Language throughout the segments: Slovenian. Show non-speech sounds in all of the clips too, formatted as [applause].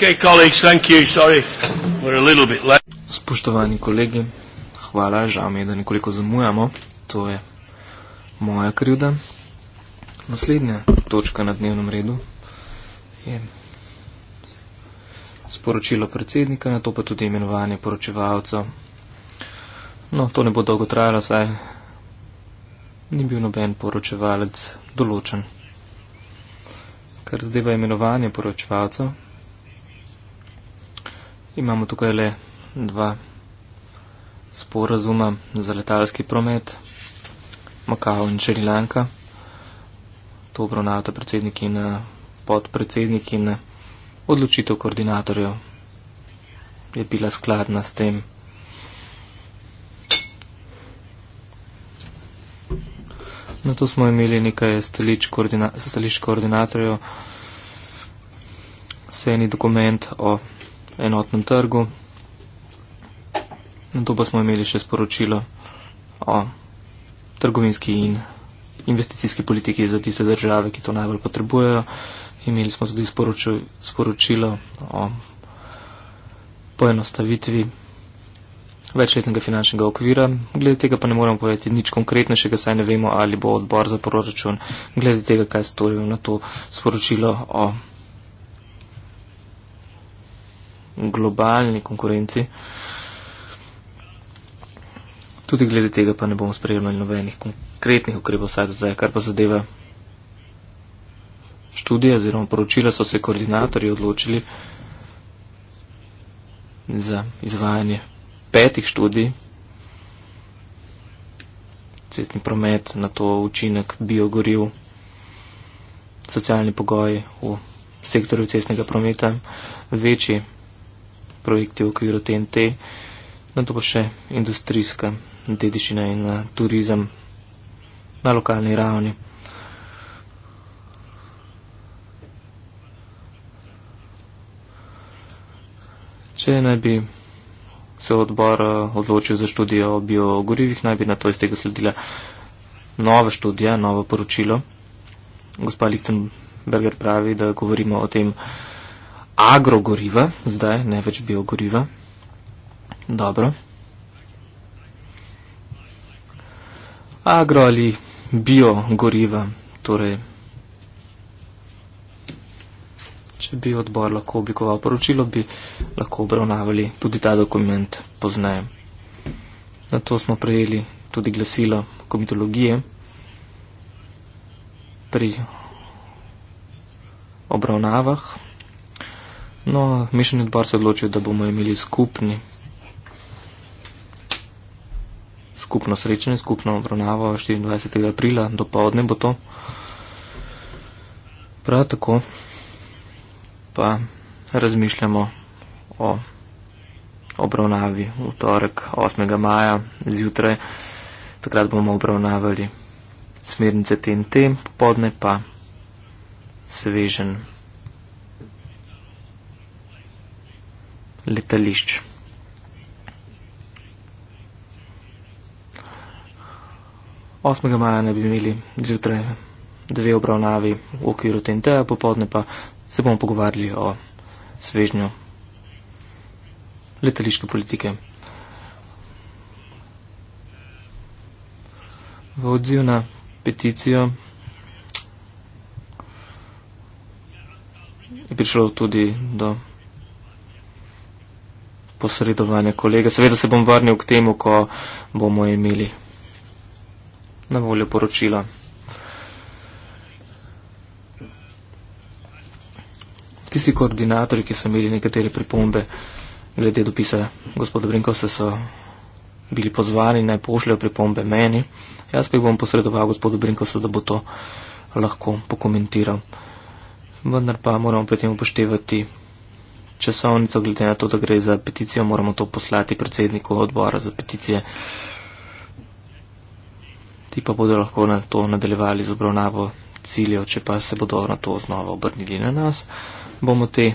Okay, colleagues, thank you. Sorry, we're a little bit late. Spoštovani kolegi, hvala, žal mi je, da nekoliko zamujamo. To je moja krivda. Naslednja točka na dnevnem redu je sporočilo predsednika, na to pa tudi imenovanje poročevalca. No, to ne bo dolgo trajalo, saj ni bil noben poročevalec določen. Kar zadeva imenovanje poročevalca, Imamo tukaj le dva sporazuma za letalski promet, Makao in Šrilanka. To obravnavata predsednik in eh, podpredsednik in eh, odločitev koordinatorjev je bila skladna s tem. Na to smo imeli nekaj stališč, koordina stališč koordinatorjev, sejni dokument o enotnem trgu. In to pa smo imeli še sporočilo o trgovinski in investicijski politiki za tiste države, ki to najbolj potrebujejo. Imeli smo tudi sporočilo, sporočilo o poenostavitvi večletnega finančnega okvira. Glede tega pa ne moremo povedati nič konkretnejšega, saj ne vemo, ali bo odbor za proračun glede tega, kaj storil na to sporočilo o. globalni konkurenci. Tudi glede tega pa ne bomo sprejemali nobenih konkretnih ukrepov vsaj do zdaj, kar pa zadeva študije oziroma poročila so se koordinatorji odločili za izvajanje petih študij. Cestni promet, na to učinek biogoriv, socialni pogoji v sektorju cestnega prometa, večji projekti v okviru TNT, na to pa še industrijska dediščina in eh, turizem na lokalni ravni. Če naj bi se odbor eh, odločil za študijo o biogorivih, naj bi na to iz tega sledila nova študija, novo poročilo. Gospa Lichtenberger pravi, da govorimo o tem, da agrogoriva, zdaj ne več biogoriva. Dobro. Agro ali biogoriva, torej, če bi odbor lahko oblikoval poročilo, bi lahko obravnavali tudi ta dokument pozneje. Na to smo prejeli tudi glasilo komitologije pri obravnavah No, mišljeni odbor se odločil, da bomo imeli skupni, skupno srečanje, skupno obravnavo 24. aprila, do povdne bo to. Prav tako pa razmišljamo o obravnavi v torek 8. maja zjutraj. Takrat bomo obravnavali smernice TNT, popodne pa svežen. letališč. Osmega maja ne bi imeli zjutraj dve obravnavi v okviru TNT-a, popovdne pa se bomo pogovarjali o svežnju letališke politike. V odziv na peticijo je prišlo tudi do posredovanja kolega. Seveda se bom vrnil k temu, ko bomo imeli na voljo poročila. Tisti koordinatorji, ki so imeli nekatere pripombe glede dopisa gospoda Brinkovsa, so bili pozvani naj pošljajo pripombe meni. Jaz pa jih bom posredoval gospodu Brinkovsu, da bo to lahko pokomentiral. Vendar pa moramo pri tem upoštevati časovnico, glede na to, da gre za peticijo, moramo to poslati predsedniku odbora za peticije. Ti pa bodo lahko na to nadaljevali z obravnavo ciljev, če pa se bodo na to znova obrnili na nas, bomo te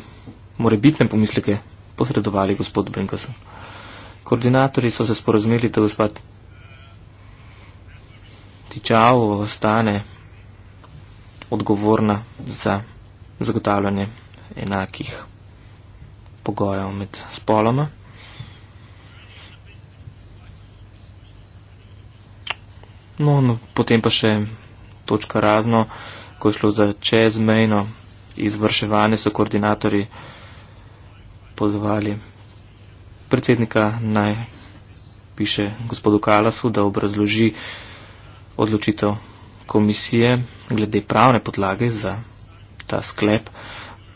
morebitne pomisleke posredovali gospodu Brinkasu. Koordinatori so se sporozumeli, da gospod Tičav ostane odgovorna za zagotavljanje enakih pogojev med spoloma. No, no, potem pa še točka razno, ko je šlo za čezmejno izvrševanje, so koordinatori pozvali predsednika naj piše gospodu Kalasu, da obrazloži odločitev komisije glede pravne podlage za ta sklep.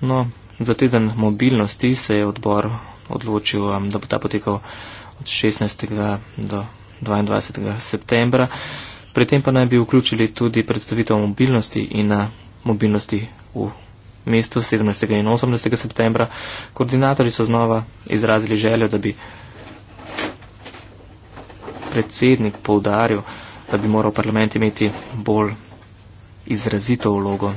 No, Za teden mobilnosti se je odbor odločil, da bo ta potekal od 16. do 22. septembra. Pri tem pa naj bi vključili tudi predstavitev mobilnosti in na eh, mobilnosti v mestu 17. in 18. septembra. Koordinatorji so znova izrazili željo, da bi predsednik poudaril, da bi moral parlament imeti bolj izrazito vlogo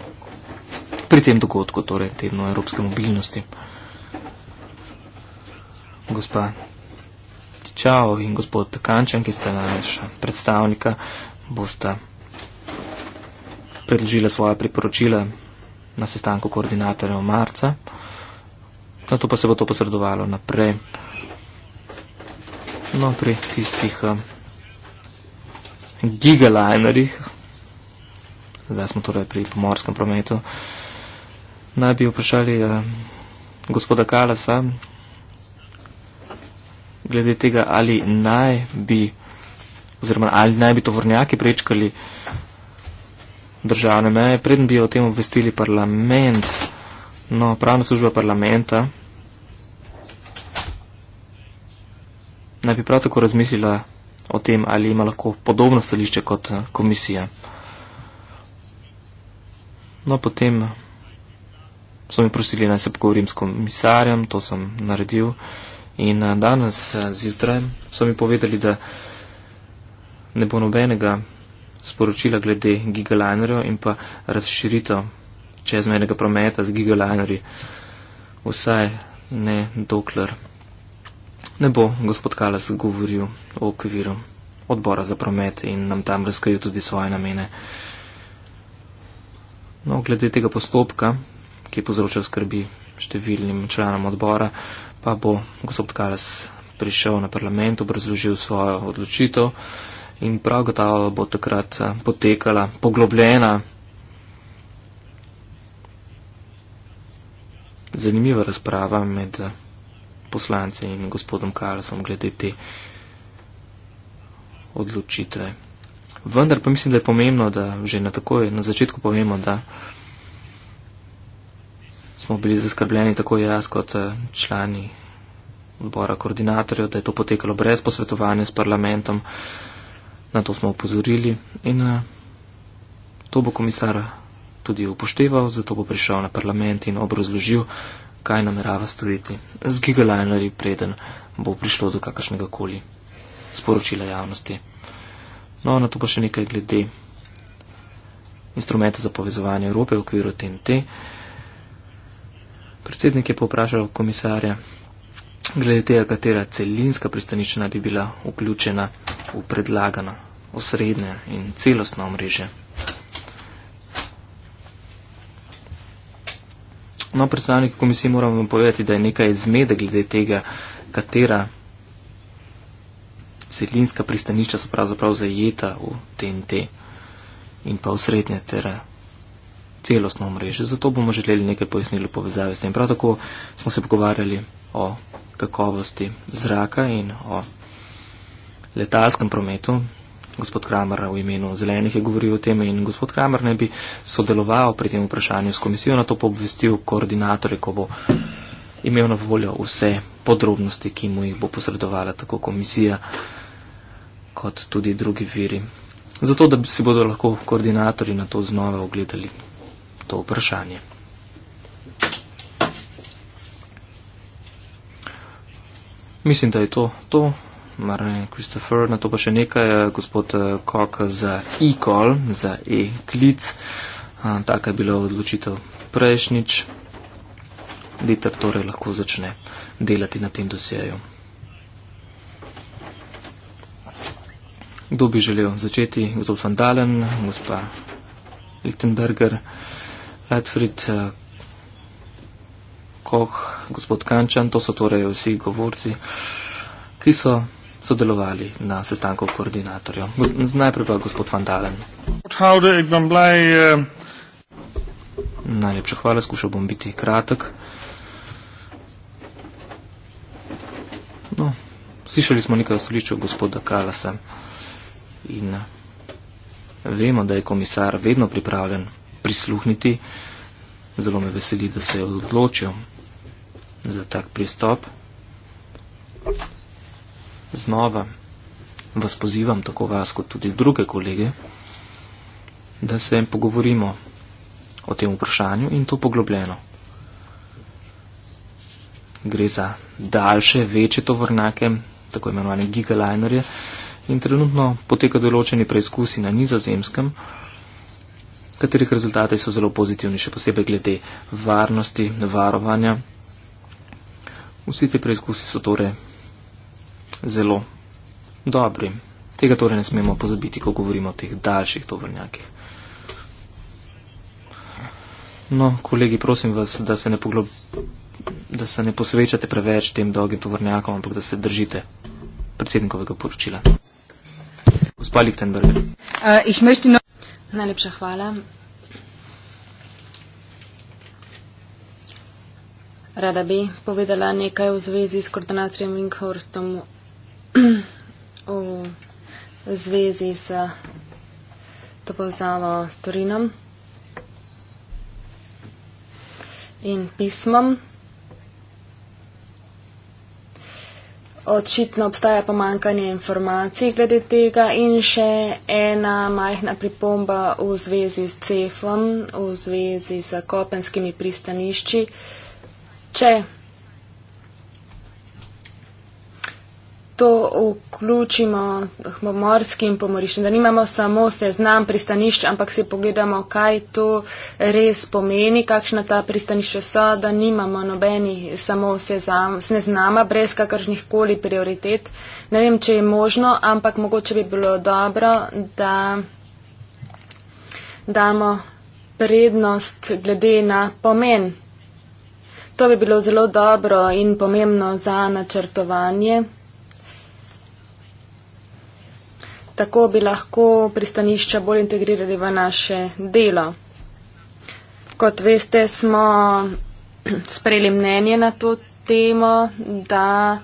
pri tem dogodku, torej tednu evropske mobilnosti. Gospa Tičao in gospod Kančan, ki sta naša predstavnika, bosta predložila svoja priporočila na sestanku koordinatorjev marca. Na to pa se bo to posredovalo naprej. No, pri tistih uh, eh, gigalinerih, zdaj smo torej pri pomorskem prometu, uh, naj bi vprašali uh, gospoda Kalasa glede tega, ali naj bi oziroma ali naj bi tovornjaki prečkali državne meje, predn bi o tem obvestili parlament, no, pravna služba parlamenta naj bi prav tako razmislila o tem, ali ima lahko podobno stališče kot eh, komisija. No, potem so mi prosili, naj se pogovorim s komisarjem, to sem naredil. In eh, danes eh, zjutraj so mi povedali, da ne bo nobenega sporočila glede gigalinerjev in pa razširitev čezmejnega prometa z gigalinerji. Vsaj ne dokler ne bo gospod Kalas govoril o okviru odbora za promet in nam tam razkril tudi svoje namene. No, glede tega postopka ki je povzročal skrbi številnim članom odbora, pa bo gospod Kalas prišel na parlament, obrazložil svojo odločitev in prav gotovo bo takrat eh, potekala poglobljena, zanimiva razprava med eh, poslanci in gospodom Kalasom glede te odločitve. Vendar pa mislim, da je pomembno, da že na, takoj, na začetku povemo, da smo bili zaskrbljeni, tako jaz kot eh, člani odbora koordinatorjev, da je to potekalo brez posvetovanja s parlamentom. Na to smo upozorili in eh, to bo komisar tudi upošteval, zato bo prišel na parlament in obrazložil, kaj namerava storiti z gigalinerji, preden bo prišlo do kakršnega koli sporočila javnosti. No, na to pa še nekaj glede instrumenta za povezovanje Evrope v okviru TNT. Predsednik je poprašal komisarja, glede tega, katera celinska pristanišča naj bi bila vključena v predlagano osrednje in celostno omrežje. No, predstavnik komisije moramo vam povedati, da je nekaj zmede glede tega, katera celinska pristanišča so pravzaprav zajeta v TNT in pa v srednje terajo celostno omrežje. Zato bomo želeli nekaj pojasnil v povezavi s tem. Prav tako smo se pogovarjali o kakovosti zraka in o letalskem prometu. Gospod Kramer v imenu zelenih je govoril o tem in gospod Kramer ne bi sodeloval pri tem vprašanju s komisijo, na to pa obvestil koordinatorje, ko bo imel na voljo vse podrobnosti, ki mu jih bo posredovala tako komisija kot tudi drugi viri. Zato, da si bodo lahko koordinatorji na to znova ogledali to vprašanje. Mislim, da je to to. Marlene Christopher, na to pa še nekaj, gospod eh, Kok za e-call, za e-klic. Taka je bila odločitev prejšnjič. Dieter torej lahko začne delati na tem dosjeju. Kdo bi želel začeti? Gospod Van Dalen, gospa Lichtenberger. Edfrid eh, Koch, gospod Kančan, to so torej vsi govorci, ki so sodelovali na sestanku koordinatorjev. Najprej pa gospod Vandalen. Eh, Najlepša hvala, skušal bom biti kratek. No, slišali smo nekaj v stoličju gospoda Kalasa in eh, vemo, da je komisar vedno pripravljen prisluhniti. Zelo me veseli, da se je odločil za tak pristop. Znova vas pozivam, tako vas kot tudi druge kolege, da se pogovorimo o tem vprašanju in to poglobljeno. Gre za daljše, večje tovornake, tako imenovane gigalinerje, in trenutno poteka določeni preizkusi na nizozemskem, katerih rezultati so zelo pozitivni, še posebej glede varnosti, varovanja. Vsi ti preizkusi so torej zelo dobri. Tega torej ne smemo pozabiti, ko govorimo o teh daljših tovrnjakih. No, kolegi, prosim vas, da se ne, poglob, da se ne posvečate preveč tem dolgim tovrnjakom, ampak da se držite predsednikovega poročila. Gospa Lichtenberger. Uh, Najlepša hvala. Rada bi povedala nekaj v zvezi s koordinatorjem Winkhorstom v zvezi s to povzavo s Torinom in pismom. očitno obstaja pomankanje informacij glede tega in še ena majhna pripomba v zvezi s cefom, v zvezi z kopenskimi pristanišči. Če to vključimo morski in pomorišni, da nimamo samo seznam pristanišč, ampak si pogledamo, kaj to res pomeni, kakšna ta pristanišča so, da nimamo nobenih samo seznama, brez kakršnih koli prioritet. Ne vem, če je možno, ampak mogoče bi bilo dobro, da damo prednost glede na pomen. To bi bilo zelo dobro in pomembno za načrtovanje. tako bi lahko pristanišča bolj integrirali v naše delo. Kot veste, smo [clears throat] sprejeli mnenje na to temo, da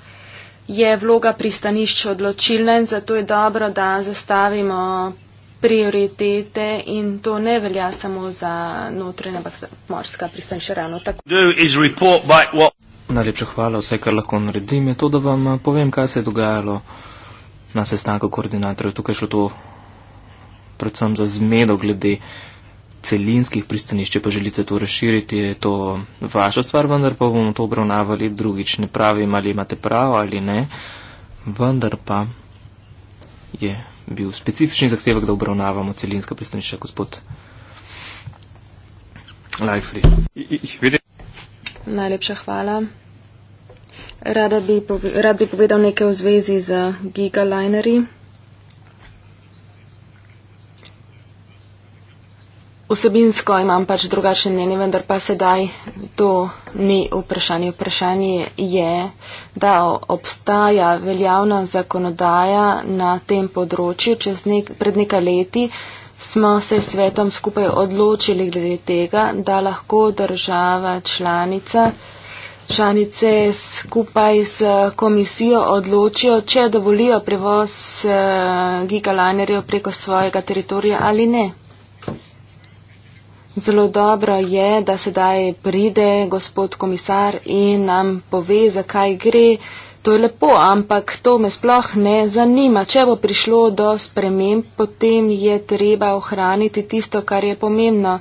je vloga pristanišča odločilna in zato je dobro, da zastavimo prioritete in to ne velja samo za notranje, ampak za morska pristanišča ravno tako. Najlepša hvala, vse, kar lahko naredim, je to, da vam povem, kaj se je dogajalo na sestanku koordinatorjev. Tukaj šlo to predvsem za zmedo glede celinskih pristanišč, če pa želite to razširiti, je to vaša stvar, vendar pa bomo to obravnavali drugič. Ne pravim, ali imate prav ali ne, vendar pa je bil specifični zahtevek, da obravnavamo celinska pristanišča, gospod Lajfri. Najlepša hvala. Rada bi pove, rad bi povedal nekaj v zvezi z gigalinerji. Vsebinsko imam pač drugačne mnenje, vendar pa sedaj to ni vprašanje. Vprašanje je, da obstaja veljavna zakonodaja na tem področju. Čez nek, pred nekaj leti smo se s svetom skupaj odločili glede tega, da lahko država članica članice skupaj s komisijo odločijo, če dovolijo prevoz eh, gigalinerjev preko svojega teritorija ali ne. Zelo dobro je, da sedaj pride gospod komisar in nam pove, zakaj gre. To je lepo, ampak to me sploh ne zanima. Če bo prišlo do sprememb, potem je treba ohraniti tisto, kar je pomembno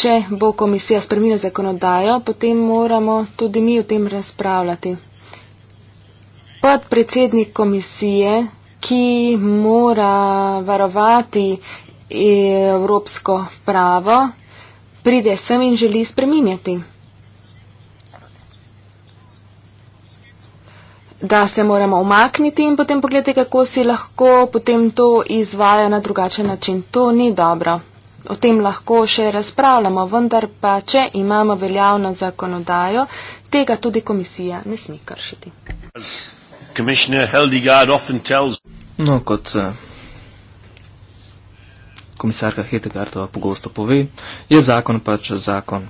če bo komisija spremenila zakonodajo, potem moramo tudi mi o tem razpravljati. Podpredsednik komisije, ki mora varovati evropsko pravo, pride sem in želi spremenjati. da se moramo omakniti in potem pogledati, kako si lahko potem to izvaja na drugačen način. To ni dobro o tem lahko še razpravljamo, vendar pa, če imamo veljavno zakonodajo, tega tudi komisija ne sme kršiti. No, kot eh, komisarka Hedegardova pogosto pove, je zakon pač zakon.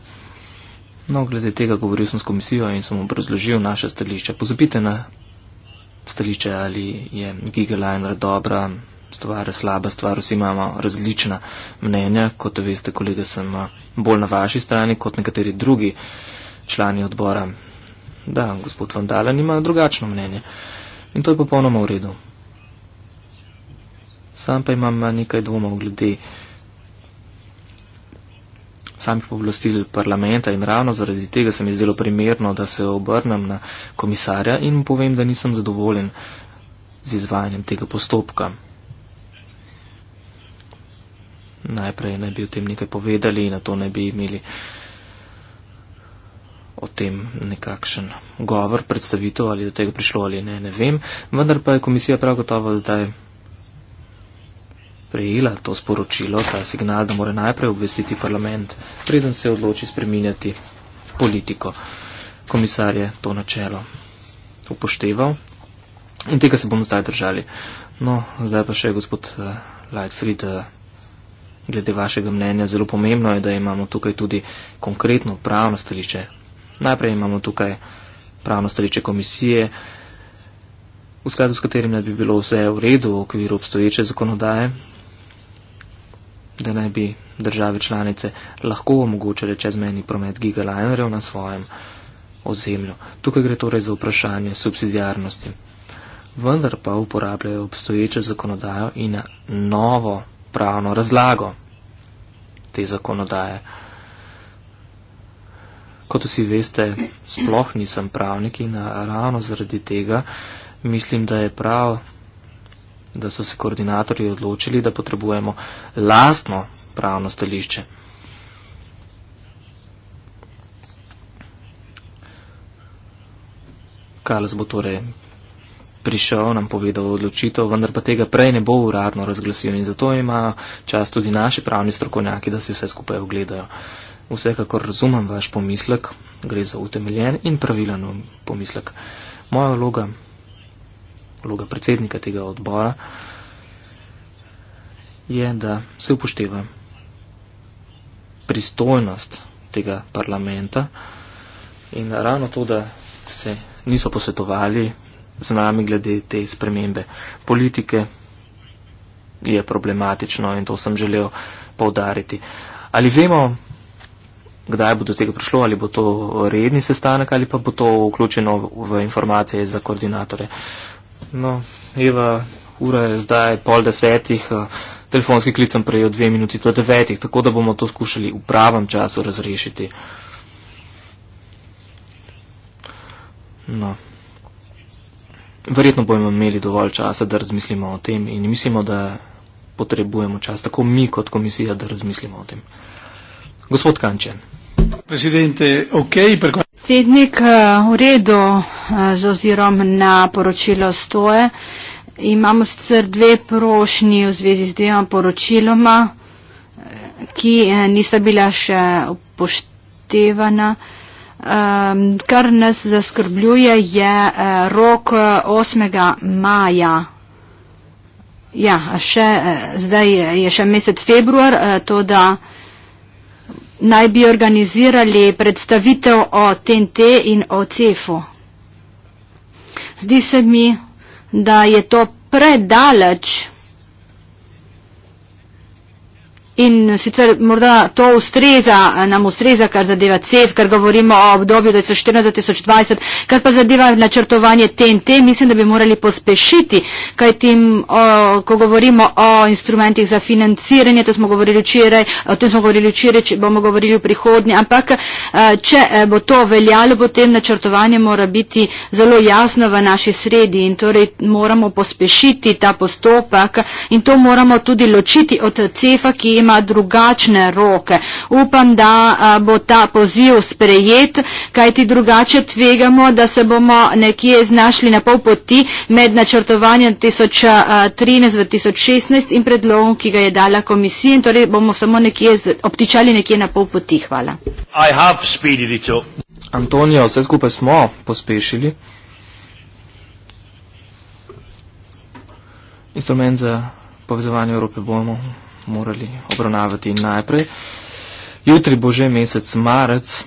No, glede tega govoril sem s komisijo in sem obrazložil naše stališče. Pozabite na stališče, ali je Gigaliner dobra, stvar, slaba stvar, vsi imamo različna mnenja. Kot veste, kolega, sem eh, bolj na vaši strani kot nekateri drugi člani odbora. Da, gospod Vandalen ima drugačno mnenje in to je popolnoma v redu. Sam pa imam eh, nekaj dvomov glede samih povlastil parlamenta in ravno zaradi tega se mi je zdelo primerno, da se obrnem na komisarja in povem, da nisem zadovoljen z izvajanjem tega postopka najprej ne bi o tem nekaj povedali in na to ne bi imeli o tem nekakšen govor, predstavitev ali do tega prišlo ali ne, ne vem. Vendar pa je komisija prav gotovo zdaj prejela to sporočilo, ta signal, da mora najprej obvestiti parlament, preden se odloči spreminjati politiko. Komisar je to načelo upošteval in tega se bomo zdaj držali. No, zdaj pa še gospod eh, Lightfried. Eh, glede vašega mnenja. Zelo pomembno je, da imamo tukaj tudi konkretno pravno stališče. Najprej imamo tukaj pravno stališče komisije, v skladu s katerim naj bi bilo vse v redu v okviru obstoječe zakonodaje, da naj bi države članice lahko omogočile čezmeni promet gigalinerjev na svojem ozemlju. Tukaj gre torej za vprašanje subsidijarnosti. Vendar pa uporabljajo obstoječo zakonodajo in novo pravno razlago te zakonodaje. Kot vsi veste, sploh nisem pravnik in eh, ravno zaradi tega mislim, da je prav, da so se koordinatorji odločili, da potrebujemo lastno pravno stališče. Karls bo torej prišel, nam povedal odločitev, vendar pa tega prej ne bo uradno razglasil in zato ima čas tudi naši pravni strokovnjaki, da si vse skupaj ogledajo. Vsekakor razumem vaš pomislek, gre za utemeljen in pravilen pomislek. Moja vloga, vloga predsednika tega odbora, je, da se upošteva pristojnost tega parlamenta in ravno to, da se niso posvetovali z nami glede te spremembe politike je problematično in to sem želel povdariti. Ali vemo, kdaj bo do tega prišlo, ali bo to redni sestanek ali pa bo to vključeno v informacije za koordinatore? No, Eva, ura je zdaj pol desetih, eh, telefonski klic sem prejel dve minuti do devetih, tako da bomo to skušali v pravem času razrešiti. No verjetno bomo imeli dovolj časa, da razmislimo o tem in mislimo, da potrebujemo čas, tako mi kot komisija, da razmislimo o tem. Gospod Kančen. Presidente, ok, preko. Sednik eh, v redu eh, z ozirom na poročilo stoje. Imamo sicer dve prošnji v zvezi z dvema poročiloma, eh, ki nista bila še upoštevana. Um, kar nas zaskrbljuje je uh, rok 8. Eh, maja. Ja, še, uh, zdaj je še mesec februar, uh, to da naj bi organizirali predstavitev o TNT in o CEFU. Zdi se mi, da je to predaleč in sicer morda to ustreza, eh, nam ustreza, kar zadeva CEF, kar govorimo o obdobju 2014-2020, kar pa zadeva načrtovanje TNT, mislim, da bi morali pospešiti, kaj tim, o, ko govorimo o instrumentih za financiranje, to smo govorili včeraj, o tem smo govorili včeraj, če bomo govorili v prihodnje, ampak eh, če eh, bo to veljalo, potem načrtovanje mora biti zelo jasno v naši sredi in torej moramo pospešiti ta postopek in to moramo tudi ločiti od CEF-a, ki ima ima drugačne roke. Upam, da bo ta poziv sprejet, kajti drugače tvegamo, da se bomo nekje znašli na pol poti med načrtovanjem 2013-2016 in predlogom, ki ga je dala komisija in torej bomo samo nekje obtičali nekje na pol poti. Hvala. Antonijo, vse skupaj smo pospešili. Instrument za povezovanje Evrope bomo morali obravnavati najprej. Jutri bo že mesec marec,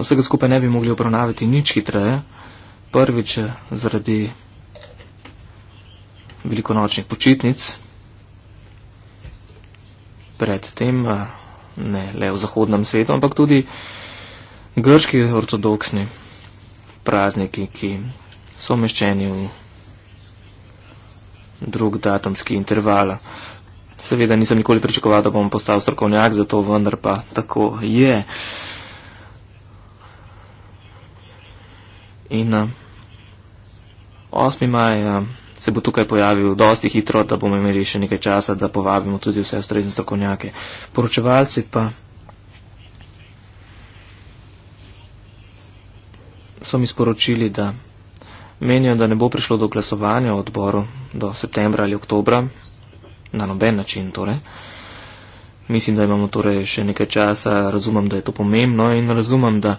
vsega skupaj ne bi mogli obravnavati nič hitreje. Prvič eh, zaradi velikonočnih počitnic. Predtem eh, ne le v zahodnem svetu, ampak tudi grški ortodoksni prazniki, ki so omeščeni v drug datumski interval. Seveda nisem nikoli pričakoval, da bom postal strokovnjak za to, vendar pa tako je. In a, eh, 8. maj a, eh, se bo tukaj pojavil dosti hitro, da bomo imeli še nekaj časa, da povabimo tudi vse ustrezne strokovnjake. Poročevalci pa so mi sporočili, da menijo, da ne bo prišlo do glasovanja v odboru do septembra ali oktobra, na noben način. Torej. Mislim, da imamo torej še nekaj časa, razumem, da je to pomembno in razumem, da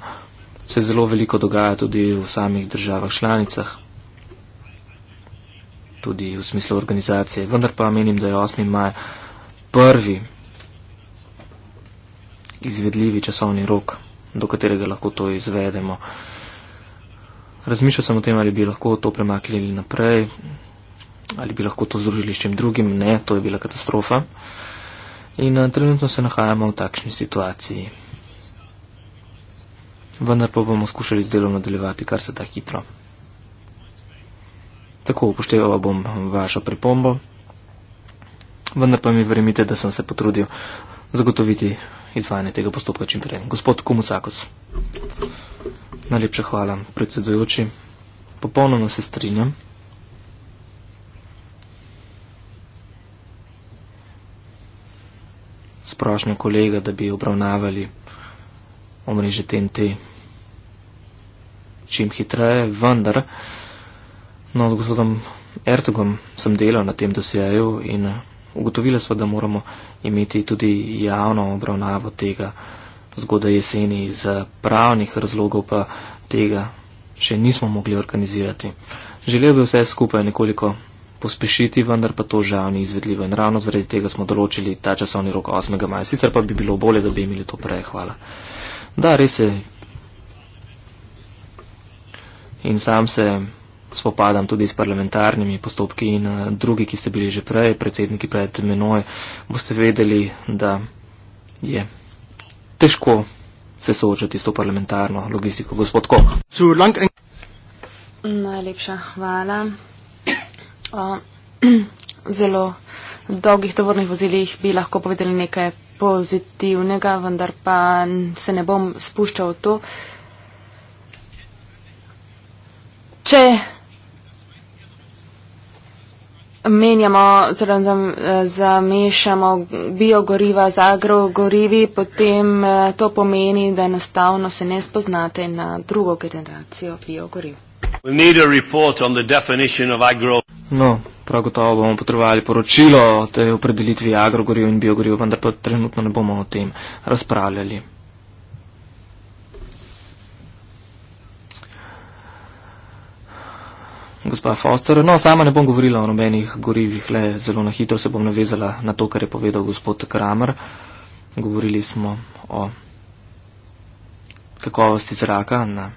se zelo veliko dogaja tudi v samih državah članicah, tudi v smislu organizacije. Vendar pa menim, da je 8. maj prvi izvedljivi časovni rok, do katerega lahko to izvedemo. Razmišljal sem o tem, ali bi lahko to premaknili naprej ali bi lahko to združili s čim drugim, ne, to je bila katastrofa. In a, eh, trenutno se nahajamo v takšni situaciji. Vendar pa bomo skušali z delom nadaljevati kar se da hitro. Tako upoštevala bom vašo pripombo, vendar pa mi verjemite, da sem se potrudil zagotoviti izvajanje tega postopka čim prej. Gospod Kumusakos, najlepša hvala, predsedujoči. Popolnoma se strinjam. sprošnjo kolega, da bi obravnavali omrežje TNT čim hitreje, vendar no, z gospodom Ertogom sem delal na tem dosjeju in ugotovili smo, da moramo imeti tudi javno obravnavo tega zgodaj jeseni, iz eh, pravnih razlogov pa tega še nismo mogli organizirati. Želel bi vse skupaj nekoliko pospešiti, vendar pa to žal ni izvedljivo. In ravno zaradi tega smo določili ta časovni rok 8. maja. Sicer pa bi bilo bolje, da bi imeli to prej. Hvala. Da, res je. In sam se spopadam tudi s parlamentarnimi postopki in eh, drugi, ki ste bili že prej, predsedniki pred menoj, boste vedeli, da je težko se soočati s to parlamentarno logistiko. Gospod Koch. Najlepša hvala. [clears throat] zelo dolgih tovornih vozilih bi lahko povedali nekaj pozitivnega, vendar pa se ne bom spuščal v to. Če menjamo, zelo zamešamo biogoriva z agrogorivi, potem eh, to pomeni, da enostavno se ne spoznate na drugo generacijo biogoriv. We need a report on the definition of agro. No, prav gotovo bomo potrebovali poročilo o tej opredelitvi agrogorijo in biogorijo, vendar pa trenutno ne bomo o tem razpravljali. Gospa Foster, no, sama ne bom govorila o nobenih gorivih, le zelo na hitro se bom navezala na to, kar je povedal gospod Kramer. Govorili smo o kakovosti zraka na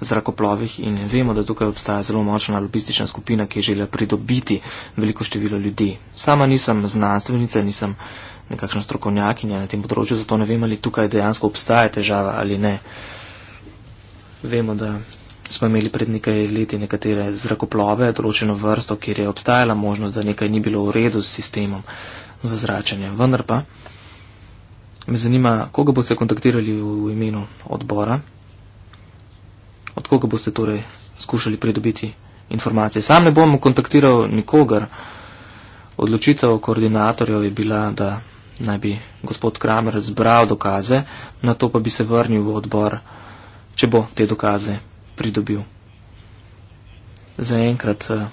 zrakoplovih in vemo, da tukaj obstaja zelo močna lobistična skupina, ki je želja pridobiti veliko število ljudi. Sama nisem znanstvenica, nisem nekakšna strokovnjakinja na tem področju, zato ne vem, ali tukaj dejansko obstaja težava ali ne. Vemo, da smo imeli pred nekaj leti nekatere zrakoplove, določeno vrsto, kjer je obstajala možnost, da nekaj ni bilo v redu s sistemom za zračanje. Vendar pa me zanima, koga boste kontaktirali v imenu odbora od koga boste torej skušali pridobiti informacije. Sam ne bom kontaktiral nikogar. Odločitev koordinatorjev je bila, da naj bi gospod Kramer zbral dokaze, na to pa bi se vrnil v odbor, če bo te dokaze pridobil. Zaenkrat eh,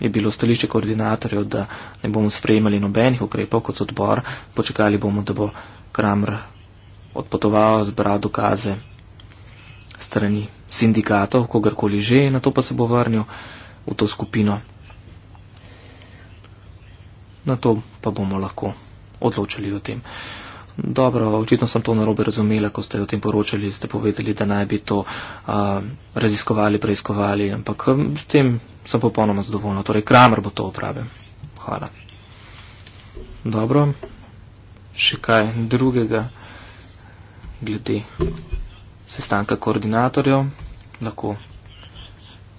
je bilo stališče koordinatorjev, da ne bomo sprejemali nobenih ukrepov kot odbor, počakali bomo, da bo Kramer odpotoval, zbral dokaze strani sindikatov, kogarkoli že, in na to pa se bo vrnil v to skupino. Na to pa bomo lahko odločili o tem. Dobro, očitno sem to narobe razumela, ko ste o tem poročali, ste povedali, da naj bi to uh, raziskovali, preiskovali, ampak s tem sem popolnoma zadovoljna. Torej, Kramer bo to opravil. Hvala. Dobro, še kaj drugega glede sestanka koordinatorjev, lahko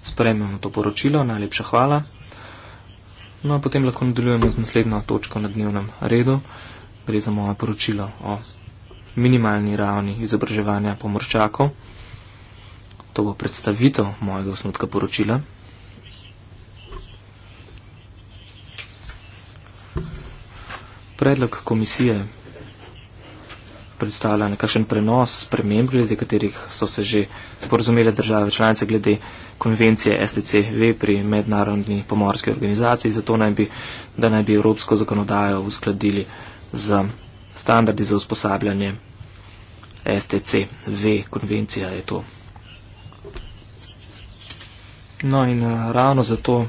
sprejmemo to poročilo, najlepša hvala. No, potem lahko nadaljujemo z naslednjo točko na dnevnem redu, gre za moje poročilo o minimalni ravni izobraževanja pomorščakov. To bo predstavitev mojega osnutka poročila. Predlog komisije predstavlja nekakšen prenos sprememb, glede katerih so se že porazumele države članice glede konvencije STCV pri mednarodni pomorski organizaciji, zato naj bi, da naj bi evropsko zakonodajo uskladili z standardi za usposabljanje STCV konvencija je to. No in eh, ravno zato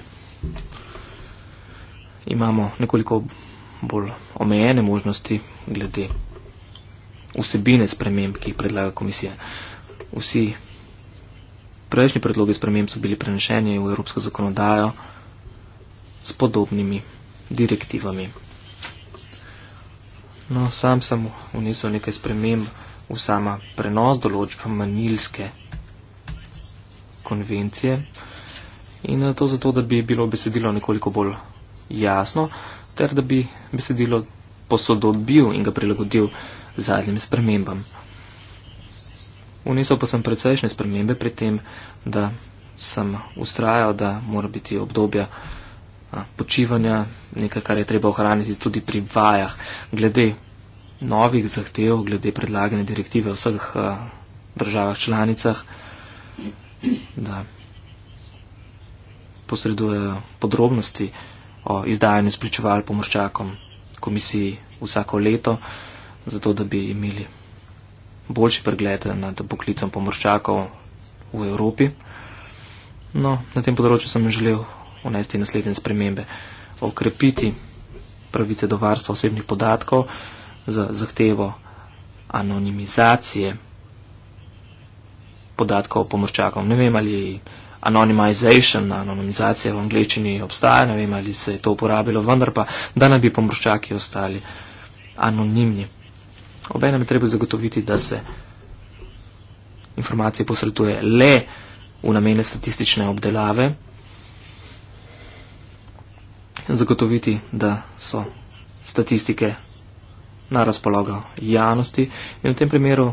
imamo nekoliko bolj omejene možnosti glede vsebine sprememb, ki jih predlaga komisija. Vsi prejšnji predlogi sprememb so bili prenešeni v evropsko zakonodajo s podobnimi direktivami. No, sam sem vnesel nekaj sprememb v sama prenos določb manjilske konvencije in eh, to zato, da bi bilo besedilo nekoliko bolj jasno, ter da bi besedilo posodobil in ga prilagodil zadnjim spremembam. Unesel pa sem precejšnje spremembe pri tem, da sem ustrajal, da mora biti obdobja počivanja nekaj, kar je treba ohraniti tudi pri vajah. Glede novih zahtev, glede predlagane direktive v vseh državah članicah, da posredujejo podrobnosti o izdajanju spričeval pomorščakom komisiji vsako leto zato da bi imeli boljši pregled nad poklicom pomorščakov v Evropi. No, na tem področju sem želel unesti naslednje spremembe. Okrepiti pravice do varstva osebnih podatkov z zahtevo anonimizacije podatkov pomorščakov. Ne vem, ali anonimization, anonimizacija v angleščini obstaja, ne vem, ali se je to uporabilo, vendar pa, da naj bi pomorščaki ostali anonimni. Obenem je treba zagotoviti, da se informacije posreduje le v namene statistične obdelave in zagotoviti, da so statistike na razpolago javnosti in v tem primeru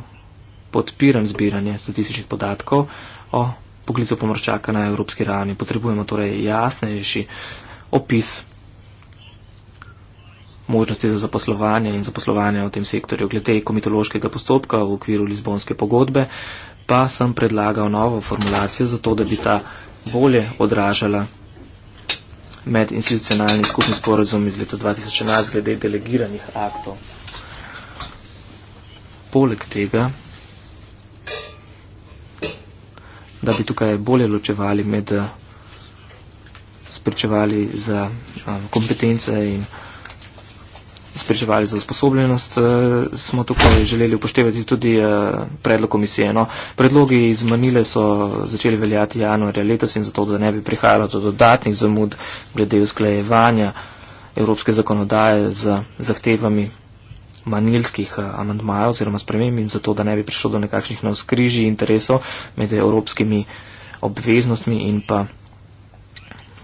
podpiram zbiranje statističnih podatkov o poklicu pomorščaka na evropski ravni. Potrebujemo torej jasnejši opis možnosti za zaposlovanje in zaposlovanje v tem sektorju glede komitološkega postopka v okviru Lizbonske pogodbe, pa sem predlagal novo formulacijo za to, da bi ta bolje odražala med institucionalni skupni sporozum iz leta 2011 glede delegiranih aktov. Poleg tega, da bi tukaj bolje ločevali med eh, spričevali za um, kompetence in spričevali za usposobljenost, eh, smo tukaj želeli upoštevati tudi eh, predlog komisije. No, predlogi iz Manile so začeli veljati januarja letos in zato, da ne bi prihajalo do dodatnih zamud glede usklajevanja evropske zakonodaje z zahtevami manilskih eh, amandmajev oziroma sprememb in zato, da ne bi prišlo do nekakšnih navskrižij interesov med evropskimi obveznostmi in pa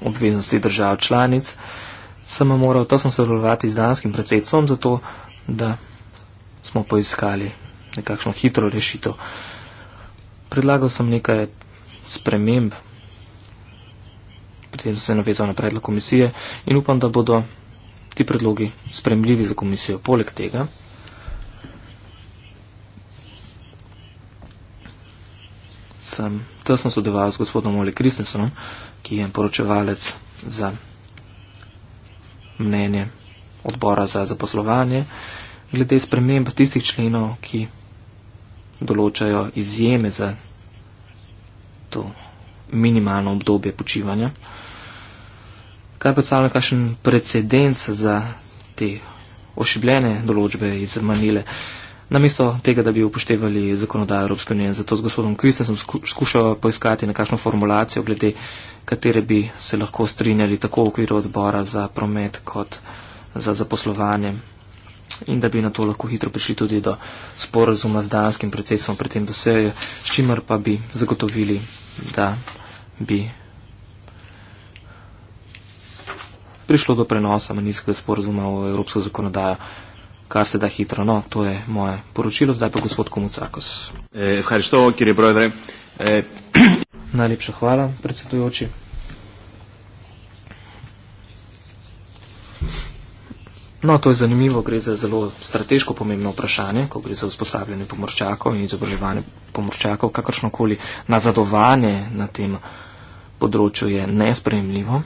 obveznosti držav članic. Uh, sem moral tesno sodelovati z danskim predsedstvom, zato da smo poiskali nekakšno hitro rešitev. Predlagal sem nekaj sprememb, potem sem se navezal na predlog komisije in upam, da bodo ti predlogi spremljivi za komisijo. Poleg tega sem tesno sodeloval z gospodom Ole Kristensenom, ki je poročevalec za mnenje odbora za zaposlovanje glede sprememb tistih členov, ki določajo izjeme za to minimalno obdobje počivanja. Kaj predstavlja kakšen precedens za te ošibljene določbe iz Manile? Uh, namesto tega, da bi upoštevali zakonodajo Evropske unije. Zato s gospodom Kristensom skušal poiskati nekakšno formulacijo, glede katere bi se lahko strinjali tako v okviru odbora za promet kot za zaposlovanje in da bi na to lahko hitro prišli tudi do sporazuma z danskim predsedstvom pri tem dosejo, s čimer pa bi zagotovili, da bi prišlo do prenosa manjskega sporazuma v evropsko zakonodajo kar se da hitro. No, to je moje poročilo, zdaj pa gospod Komucakos. Eh, Hvala što, kjer je broj, da je. Najlepša hvala, predsedujoči. No, to je zanimivo, gre za zelo strateško pomembno vprašanje, ko gre za usposabljanje pomorčakov in izobraževanje pomorčakov, kakršnokoli nazadovanje na tem področju je nespremljivo.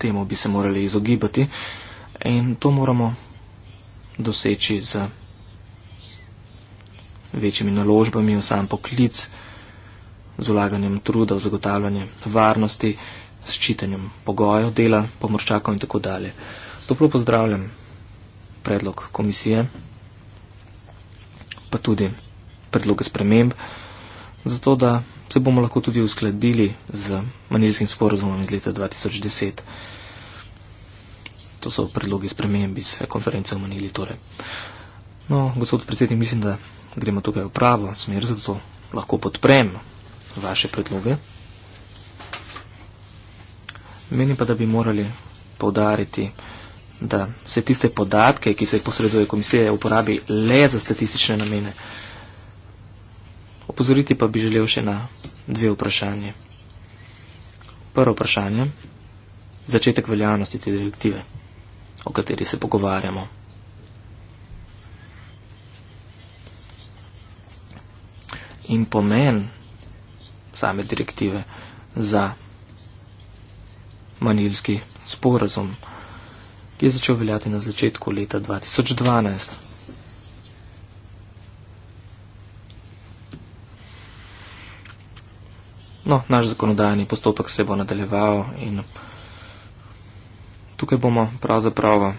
temu bi se morali izogibati in to moramo doseči z večjimi naložbami v sam poklic, z ulaganjem truda v zagotavljanje varnosti, s čitanjem pogojev dela, pomorčakov in tako dalje. Toplo pozdravljam predlog komisije, pa tudi predloge sprememb, zato da se bomo lahko tudi uskladili z manilskim sporozumom iz leta 2010. To so predlogi sprememb iz konference omenili. Torej. No, gospod predsednik, mislim, da gremo tukaj v pravo smer, zato lahko podprem vaše predloge. Menim pa, da bi morali povdariti, da se tiste podatke, ki se jih posreduje komisija, uporabi le za statistične namene. Opozoriti pa bi želel še na dve vprašanje. Prvo vprašanje, začetek veljavnosti te direktive o kateri se pogovarjamo. In pomen same direktive za manilski sporazum, ki je začel veljati na začetku leta 2012. No, naš zakonodajni postopek se bo nadaljeval in vsega tukaj bomo pravzaprav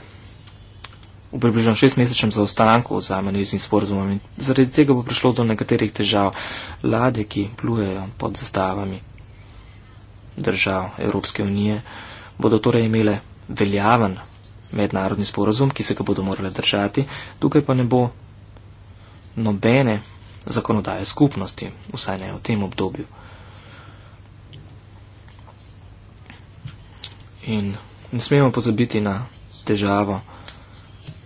v približno šestmesečnem zaostanku za manjvizijskim sporozumom in zaradi tega bo prišlo do nekaterih težav lade, ki plujejo pod zastavami držav Evropske unije, bodo torej imele veljaven mednarodni sporozum, ki se ga bodo morale držati, tukaj pa ne bo nobene zakonodaje skupnosti, vsaj ne v tem obdobju. In ne smemo pozabiti na težavo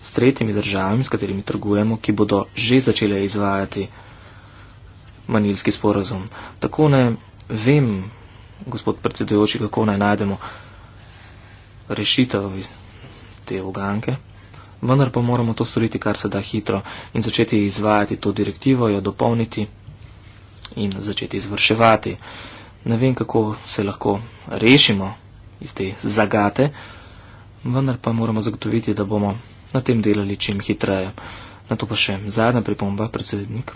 s tretjimi državami, s katerimi trgujemo, ki bodo že začele izvajati manjilski sporazum. Tako ne vem, gospod predsedujoči, kako naj najdemo rešitev te uganke, vendar pa moramo to storiti kar se da hitro in začeti izvajati to direktivo, jo dopolniti in začeti izvrševati. Ne vem, kako se lahko rešimo iz te zagate, vendar pa moramo zagotoviti, da bomo na tem delali čim hitreje. Na to pa še zadnja pripomba, predsednik.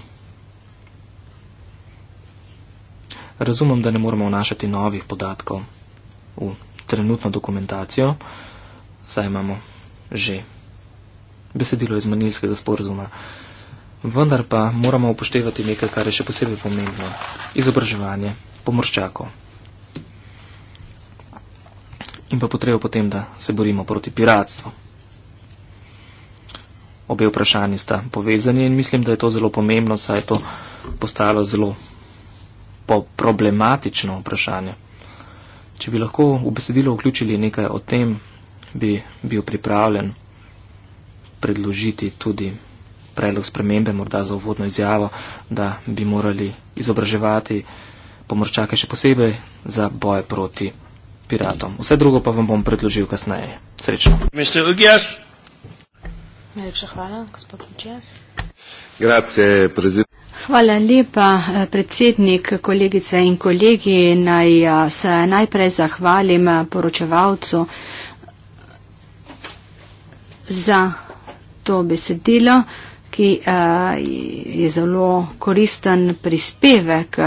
Razumem, da ne moremo vnašati novih podatkov v trenutno dokumentacijo, saj imamo že besedilo iz manjinskega sporozuma. Vendar pa moramo upoštevati nekaj, kar je še posebej pomembno. Izobraževanje pomorščakov in pa potrebo potem, da se borimo proti piratstvu. Obe vprašanji sta povezani in mislim, da je to zelo pomembno, saj je to postalo zelo problematično vprašanje. Če bi lahko v besedilo vključili nekaj o tem, bi bil pripravljen predložiti tudi predlog spremembe, morda za uvodno izjavo, da bi morali izobraževati pomorčake še posebej za boje proti piratstvu piratom. Vse drugo pa vam bom predložil kasneje. Srečno. Mr. Ugias. Najlepša hvala, gospod Ugias. Grazie, predsednik. Hvala lepa, eh, predsednik, kolegice in kolegi. Naj eh, se najprej zahvalim eh, poročevalcu za to besedilo, ki je zelo koristen prispevek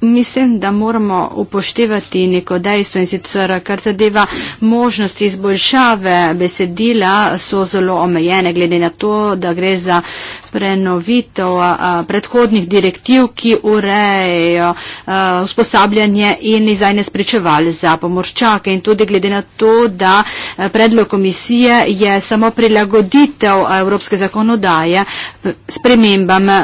mislim, da moramo upoštevati neko dejstvo in sicer, kar zadeva možnosti izboljšave besedila, so zelo omejene glede na to, da gre za prenovitev predhodnih direktiv, ki urejajo usposabljanje in izajne spričevali za pomorščake in tudi glede na to, da predlog komisije je samo prilagoditev evropske zakonodaje spremembam e,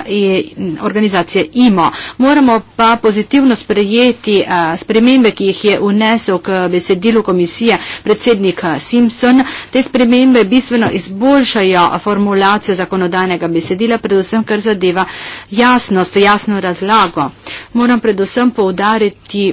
organizacije IMO. Moramo pa pozitivno pozitivno sprejeti a, spremembe, ki jih je unesel k besedilu komisija predsednik Simpson. Te spremembe bistveno izboljšajo formulacijo zakonodajnega besedila, predvsem kar zadeva jasnost, jasno razlago. Moram predvsem poudariti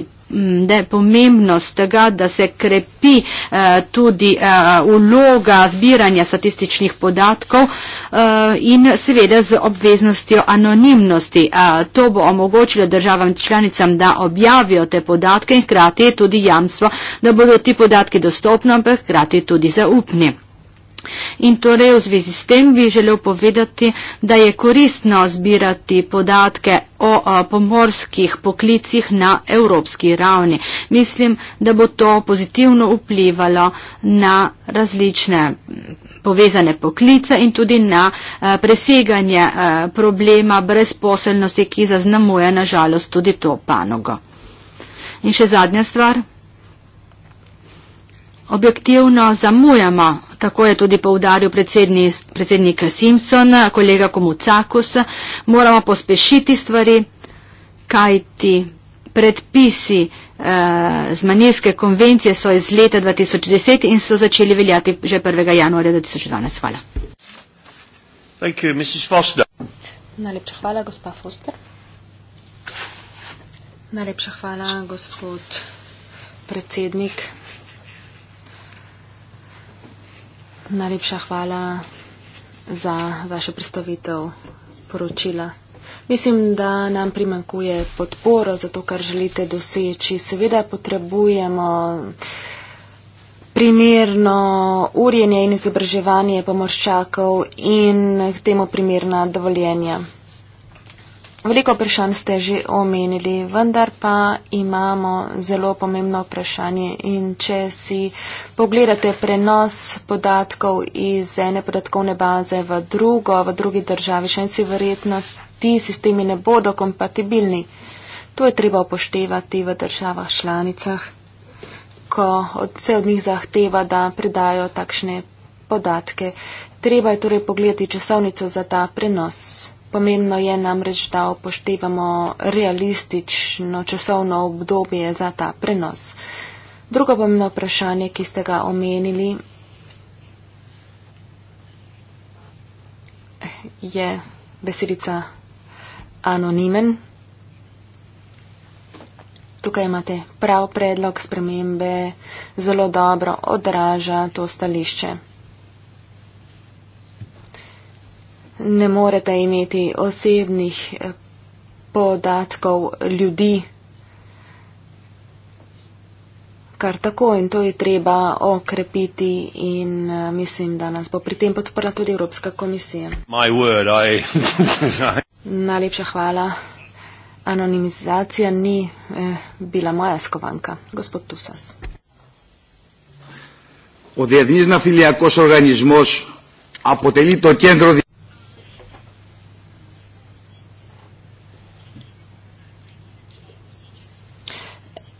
da je pomembnost tega, da se krepi eh, tudi uloga eh, zbiranja statističnih podatkov eh, in seveda z obveznostjo anonimnosti. To bo omogočilo državam članicam, da objavijo te podatke in hkrati je tudi jamstvo, da bodo ti podatki dostopni, ampak hkrati tudi zaupni. In torej v zvezi s tem bi želel povedati, da je koristno zbirati podatke o pomorskih poklicih na evropski ravni. Mislim, da bo to pozitivno vplivalo na različne povezane poklice in tudi na preseganje problema brezposelnosti, ki zaznamuje na žalost tudi to panogo. In še zadnja stvar. Objektivno zamujamo, tako je tudi povdaril predsednik, predsednik Simpson, kolega Komucakus, moramo pospešiti stvari, kajti predpisi eh, z manjinske konvencije so iz leta 2010 in so začeli veljati že 1. januarja 2012. Hvala. Thank you, Mrs. Foster. Najlepša hvala, gospa Foster. Najlepša hvala, gospod predsednik Najlepša hvala za vašo predstavitev poročila. Mislim, da nam primankuje podporo za to, kar želite doseči. Seveda potrebujemo primerno urjenje in izobraževanje pomorščakov in k temu primerna dovoljenja. Veliko vprašanj ste že omenili, vendar pa imamo zelo pomembno vprašanje in če si pogledate prenos podatkov iz ene podatkovne baze v drugo, v drugi državi, še enci verjetno ti sistemi ne bodo kompatibilni. To je treba upoštevati v državah članicah, ko od, se od njih zahteva, da predajo takšne podatke. Treba je torej pogledati časovnico za ta prenos. Pomembno je namreč, da upoštevamo realistično časovno obdobje za ta prenos. Drugo pomembno vprašanje, ki ste ga omenili, je besedica anonimen. Tukaj imate prav predlog spremembe, zelo dobro odraža to stališče. ne morete imeti osebnih eh, podatkov ljudi. Kar tako in to je treba okrepiti in eh, mislim, da nas bo pri tem podprla tudi Evropska komisija. Word, I... [laughs] Najlepša hvala. Anonimizacija ni eh, bila moja skovanka, gospod Tusas. Od jedinstva filijakos organizmos apotelito kendro. Di...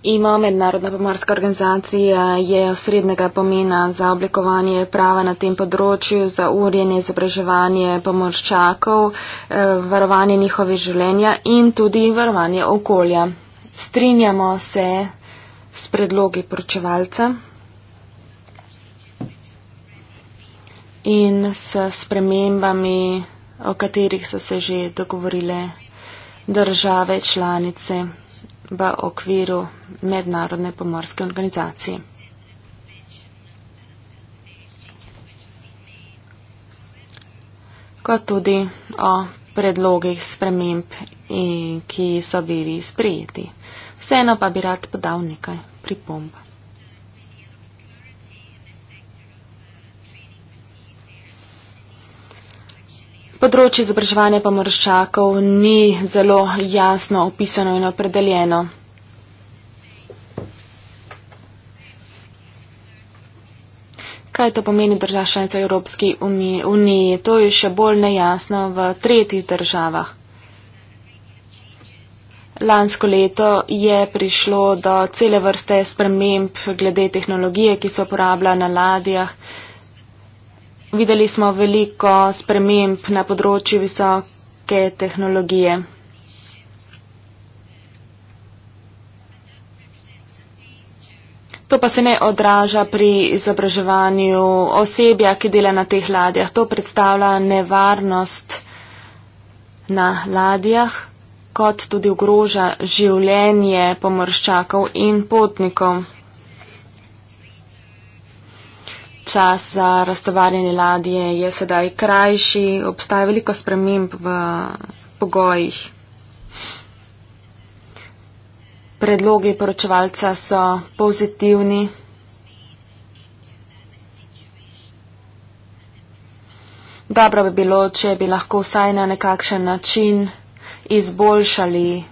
ima mednarodna pomorska organizacija, je osrednjega pomena za oblikovanje prava na tem področju, za urjenje, izobraževanje pomorščakov, eh, varovanje njihove življenja in tudi varovanje okolja. Strinjamo se s predlogi poročevalca in s spremembami, o katerih so se že dogovorile države članice v okviru mednarodne pomorske organizacije. Kot tudi o predlogih sprememb, eh, ki so bili sprijeti. Vseeno pa bi rad podal nekaj pripomb. Področje izobraževanja pa maršakov ni zelo jasno opisano in opredeljeno. Kaj to pomeni država članica Evropski uniji? To je še bolj nejasno v tretjih državah. Lansko leto je prišlo do cele vrste sprememb glede tehnologije, ki se uporablja na ladjah. Videli smo veliko sprememb na področju visoke tehnologije. To pa se ne odraža pri izobraževanju osebja, ki dela na teh ladjah. To predstavlja nevarnost na ladjah, kot tudi ogroža življenje pomorščakov in potnikov. čas za raztovarjanje ladje je sedaj krajši, obstaja veliko sprememb v pogojih. Predlogi poročevalca so pozitivni. Dobro bi bilo, če bi lahko vsaj na nekakšen način izboljšali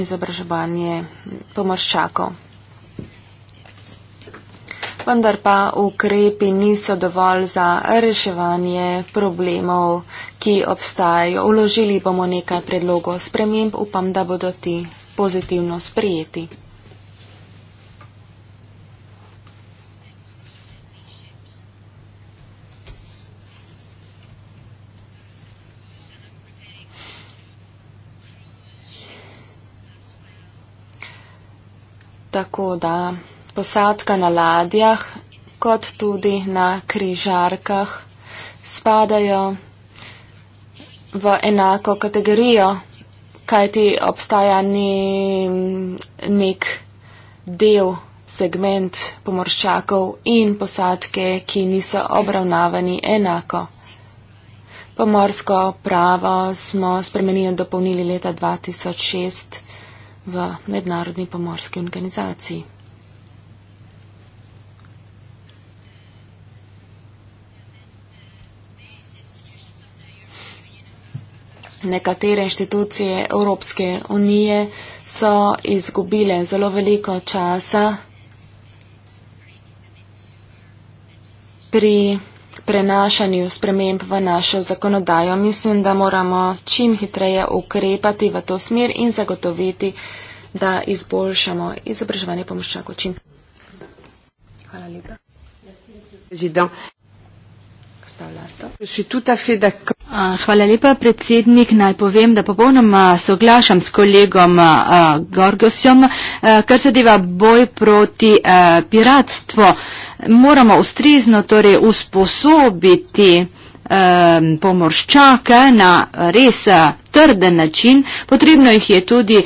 izobraževanje pomorščakov vendar pa ukrepi niso dovolj za reševanje problemov, ki obstajajo. Uložili bomo nekaj predlogov sprememb, upam, da bodo ti pozitivno sprijeti. Tako da posadka na ladjah, kot tudi na križarkah, spadajo v enako kategorijo, kajti obstaja ni nek del, segment pomorščakov in posadke, ki niso obravnavani enako. Pomorsko pravo smo spremenili in dopolnili leta 2006 v Mednarodni pomorski organizaciji. nekatere inštitucije Evropske unije so izgubile zelo veliko časa pri prenašanju sprememb v našo zakonodajo. Mislim, da moramo čim hitreje ukrepati v to smer in zagotoviti, da izboljšamo izobraževanje pomočnjakov čim. Hvala lepa razpravljate. Hvala lepa, predsednik. Naj povem, da popolnoma soglašam s kolegom uh, Gorgosjom, uh, kar se deva boj proti uh, piratstvu. Moramo ustrezno torej usposobiti pomorščake na res eh, trden način, potrebno, je tudi,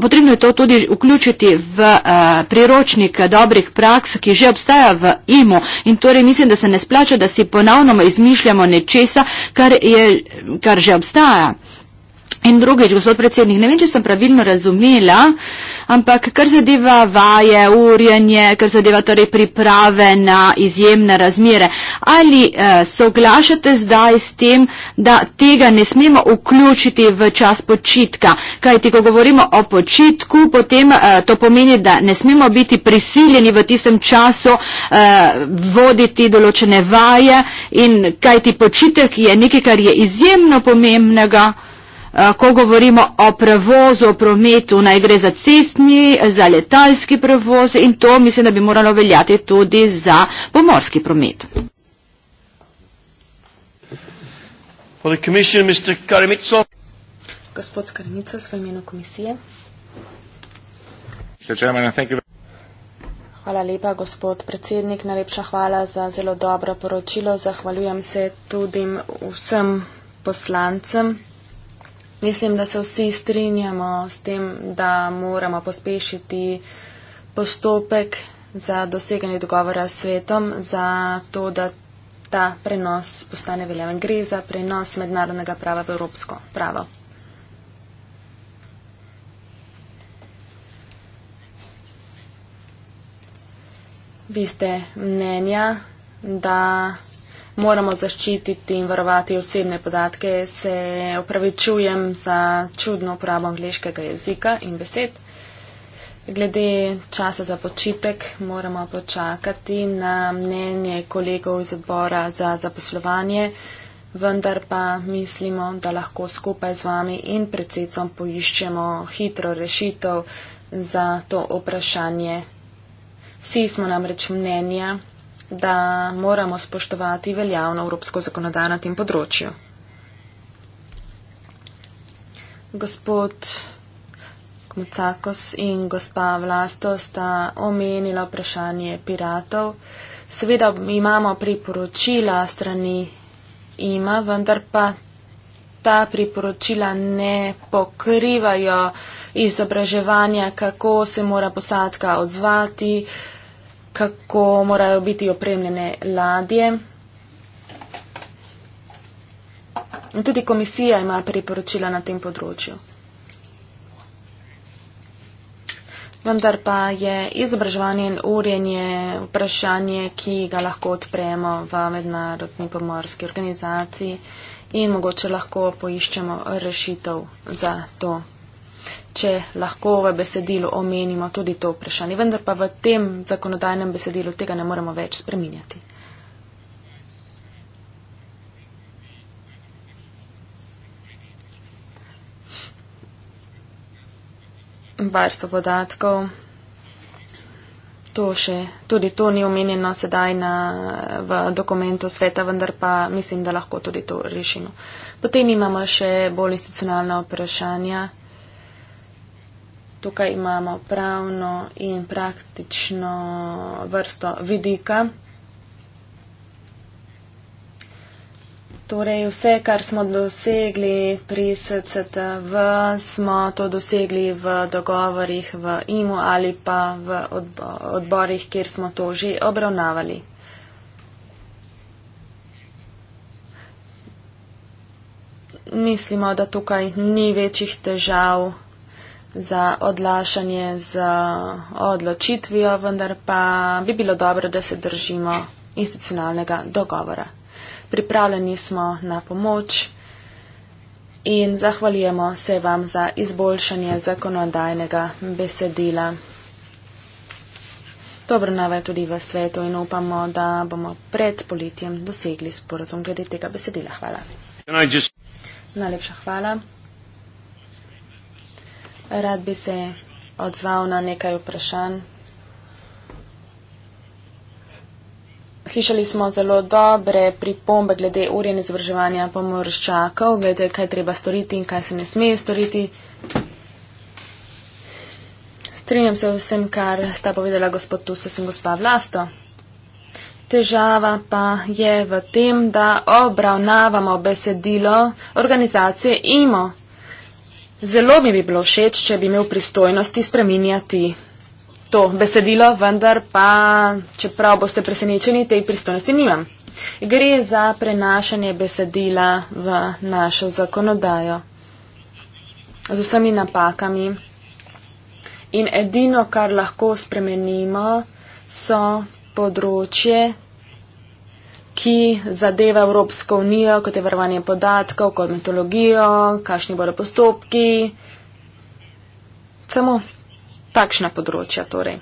potrebno je to tudi vključiti v eh, priročnik dobrih praks, ki že obstaja v IMO. In torej mislim, da se ne splača, da si ponovno izmišljamo nečesa, kar, je, kar že obstaja. In drugič, gospod predsednik, ne vem, če sem pravilno razumela, ampak kar zadeva vaje, urjanje, kar zadeva torej priprave na izjemne razmere, ali eh, soglašate zdaj s tem, da tega ne smemo vključiti v čas počitka? Kaj ti, ko govorimo o počitku, potem eh, to pomeni, da ne smemo biti prisiljeni v tistem času eh, voditi določene vaje in kaj ti počitek je nekaj, kar je izjemno pomembnega. Eh, ko govorimo o prevozu, o prometu, naj gre za cestni, za letalski prevoz in to mislim, da bi moralo veljati tudi za pomorski promet. Gospod Karnica, svoj imeno komisije. Hvala lepa, gospod predsednik. Najlepša hvala za zelo dobro poročilo. Zahvaljujem se tudi vsem poslancem. Mislim, da se vsi strinjamo s tem, da moramo pospešiti postopek za doseganje dogovora s svetom, za to, da ta prenos postane veljaven. Gre za prenos mednarodnega prava v evropsko pravo. Vi ste mnenja, da moramo zaščititi in varovati osebne podatke, se opravičujem za čudno uporabo angliškega jezika in besed. Glede časa za počitek moramo počakati na mnenje kolegov iz odbora za zaposlovanje, vendar pa mislimo, da lahko skupaj z vami in predsedcom poiščemo hitro rešitev za to vprašanje. Vsi smo namreč mnenja, da moramo spoštovati veljavno evropsko zakonodajo na tem področju. Gospod Kmucakos in gospa Vlasto sta omenila vprašanje piratov. Seveda imamo priporočila strani ima, vendar pa ta priporočila ne pokrivajo izobraževanja, kako se mora posadka odzvati, uh, kako morajo biti opremljene ladje. In tudi komisija ima priporočila na tem področju. Vendar pa je izobraževanje in urjenje vprašanje, ki ga lahko odpremo v mednarodni pomorski organizaciji in mogoče lahko poiščemo rešitev za to če lahko v besedilu omenimo tudi to vprašanje. Vendar pa v tem zakonodajnem besedilu tega ne moremo več spreminjati. Varstvo podatkov. To še, tudi to ni omenjeno sedaj na, v dokumentu sveta, vendar pa mislim, da lahko tudi to rešimo. Potem imamo še bolj institucionalna vprašanja tukaj imamo pravno in praktično vrsto vidika. Torej, vse, kar smo dosegli pri SCTV, smo to dosegli v dogovorih v IMU ali pa v odborih, kjer smo to že obravnavali. Mislimo, da tukaj ni večjih težav za odlašanje z odločitvijo, vendar pa bi bilo dobro, da se držimo institucionalnega dogovora. Pripravljeni smo na pomoč in zahvaljujemo se vam za izboljšanje zakonodajnega besedila. Dobro nove tudi v svetu in upamo, da bomo pred poletjem dosegli sporozum glede tega besedila. Hvala. Najlepša hvala. Rad bi se odzval na nekaj vprašanj. Slišali smo zelo dobre pripombe glede urjen izvrževanja pomorščakov, glede kaj treba storiti in kaj se ne smeje storiti. Strinjam se vsem, kar sta povedala gospod Tusas in gospa Vlasto. Težava pa je v tem, da obravnavamo besedilo organizacije IMO. Zelo mi bi bilo všeč, če bi imel pristojnosti spreminjati to besedilo, vendar pa, čeprav boste presenečeni, te pristojnosti nimam. Gre za prenašanje besedila v našo zakonodajo z vsemi napakami. In edino, kar lahko spremenimo, so področje ki zadeva Evropsko unijo, kot je varovanje podatkov, kot metodologijo, kakšni bodo postopki. Samo takšna področja torej.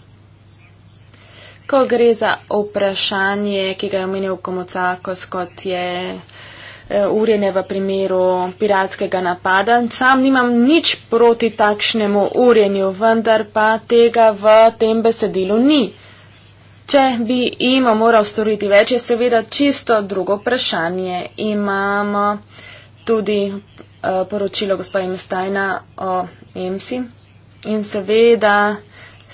Ko gre za vprašanje, ki ga je omenil Komocakos, kot je e, urjenje v primeru piratskega napada. Sam nimam nič proti takšnemu urjenju, vendar pa tega v tem besedilu ni. Če bi ima moral storiti več, je seveda čisto drugo vprašanje. Imamo tudi uh, poročilo gospoda Imestajna o EMSI in seveda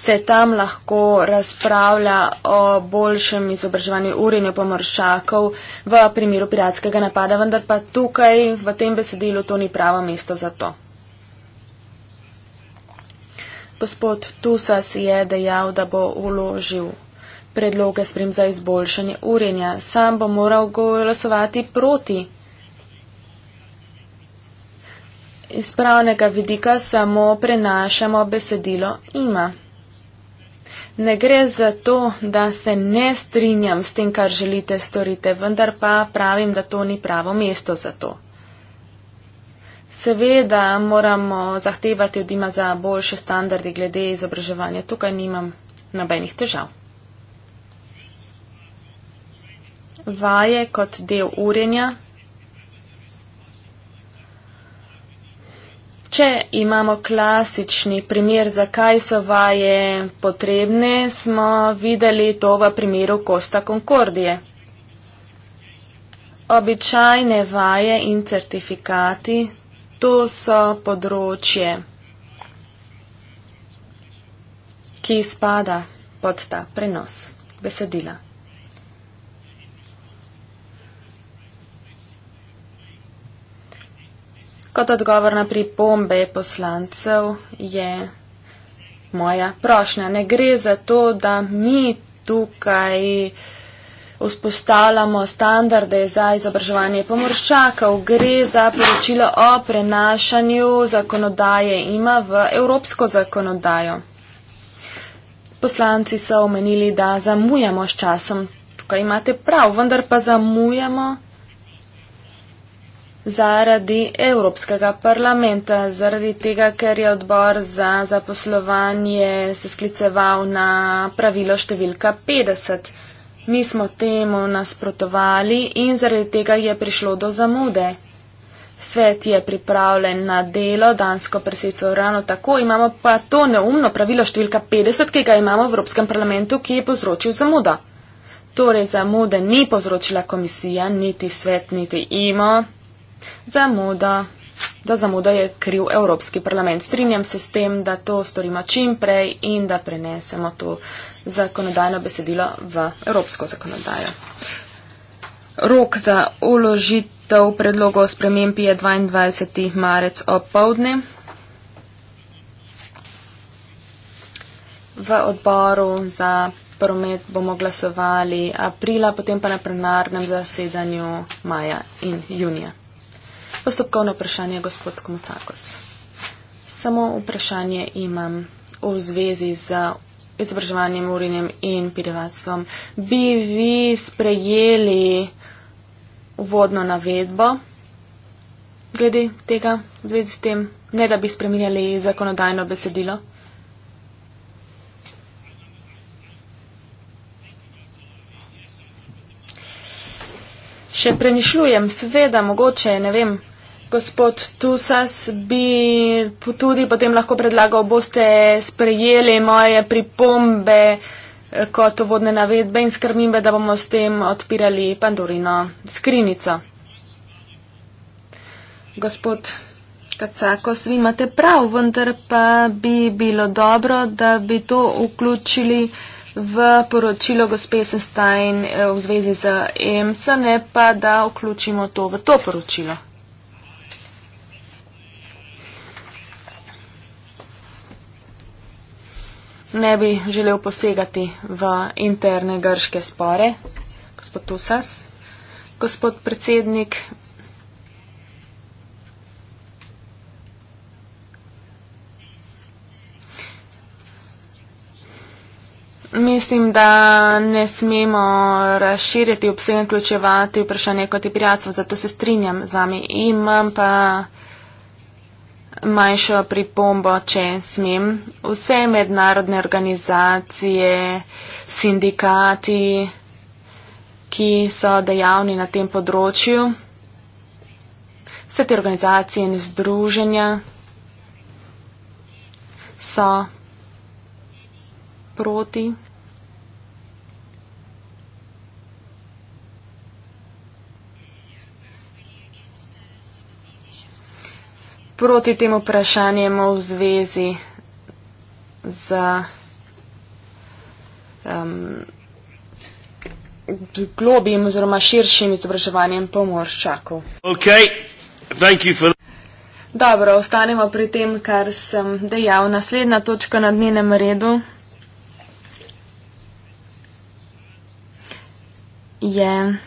se tam lahko razpravlja o boljšem izobraževanju urinja pomršakov v primeru piratskega napada, vendar pa tukaj v tem besedilu to ni pravo mesto za to. Gospod Tusas je dejal, da bo uložil predloge sprem za izboljšanje urenja. Sam bom moral glasovati proti. Iz pravnega vidika samo prenašamo besedilo ima. Ne gre za to, da se ne strinjam s tem, kar želite storite, vendar pa pravim, da to ni pravo mesto za to. Seveda moramo zahtevati od ima za boljše standardi glede izobraževanja. Tukaj nimam nobenih težav. vaje kot del urenja. Če imamo klasični primer, zakaj so vaje potrebne, smo videli to v primeru Costa Concordije. Običajne vaje in certifikati, to so področje, ki spada pod ta prenos besedila. Kot odgovor na pripombe poslancev je moja prošnja. Ne gre za to, da mi tukaj vzpostavljamo standarde za izobraževanje pomorščakov. Gre za poročilo o prenašanju zakonodaje ima v evropsko zakonodajo. Poslanci so omenili, da zamujamo s časom. Tukaj imate prav, vendar pa zamujamo zaradi Evropskega parlamenta, zaradi tega, ker je odbor za zaposlovanje se skliceval na pravilo številka 50. Mi smo temu nasprotovali in zaradi tega je prišlo do zamude. Svet je pripravljen na delo, dansko presedstvo ravno tako, imamo pa to neumno pravilo številka 50, ki ga imamo v Evropskem parlamentu, ki je povzročil zamudo. Torej zamude ni povzročila komisija, niti svet, niti imo, zamuda, da zamuda je kriv Evropski parlament. Strinjam se s tem, da to storimo čim prej in da prenesemo to zakonodajno besedilo v Evropsko zakonodajo. Rok za uložitev predlogov o spremembi je 22. marec o povdne. V odboru za promet bomo glasovali aprila, potem pa na plenarnem zasedanju maja in junija. Postopkovno vprašanje, gospod Komocakos. Samo vprašanje imam v zvezi z izobraževanjem, urinjem in pirevatstvom. Bi vi sprejeli vodno navedbo glede tega v zvezi s tem, ne da bi spremenjali zakonodajno besedilo? Še prenišljujem, sveda, mogoče, ne vem, Gospod Tusas bi tudi potem lahko predlagal, boste sprejeli moje pripombe eh, kot vodne navedbe in skrmimbe, da bomo s tem odpirali Pandorino skrinico. Gospod Kacakos, vi imate prav, vendar pa bi bilo dobro, da bi to vključili v poročilo gospe Sestajn eh, v zvezi z EMS, ne pa da vključimo to v to poročilo. ne bi želel posegati v interne grške spore, gospod Tusas. Gospod predsednik, mislim, da ne smemo razširiti obsega in vključevati vprašanje kot je prijatelj, zato se strinjam z vami. Imam pa manjša pripomba, če smem. Vse mednarodne organizacije, sindikati, ki so dejavni na tem področju, vse te organizacije in združenja so proti proti tem vprašanjem v zvezi z um, globim oziroma širšim izobraževanjem pomorščakov. Okay. Dobro, ostanemo pri tem, kar sem dejal. Naslednja točka na dnevnem redu je. Yeah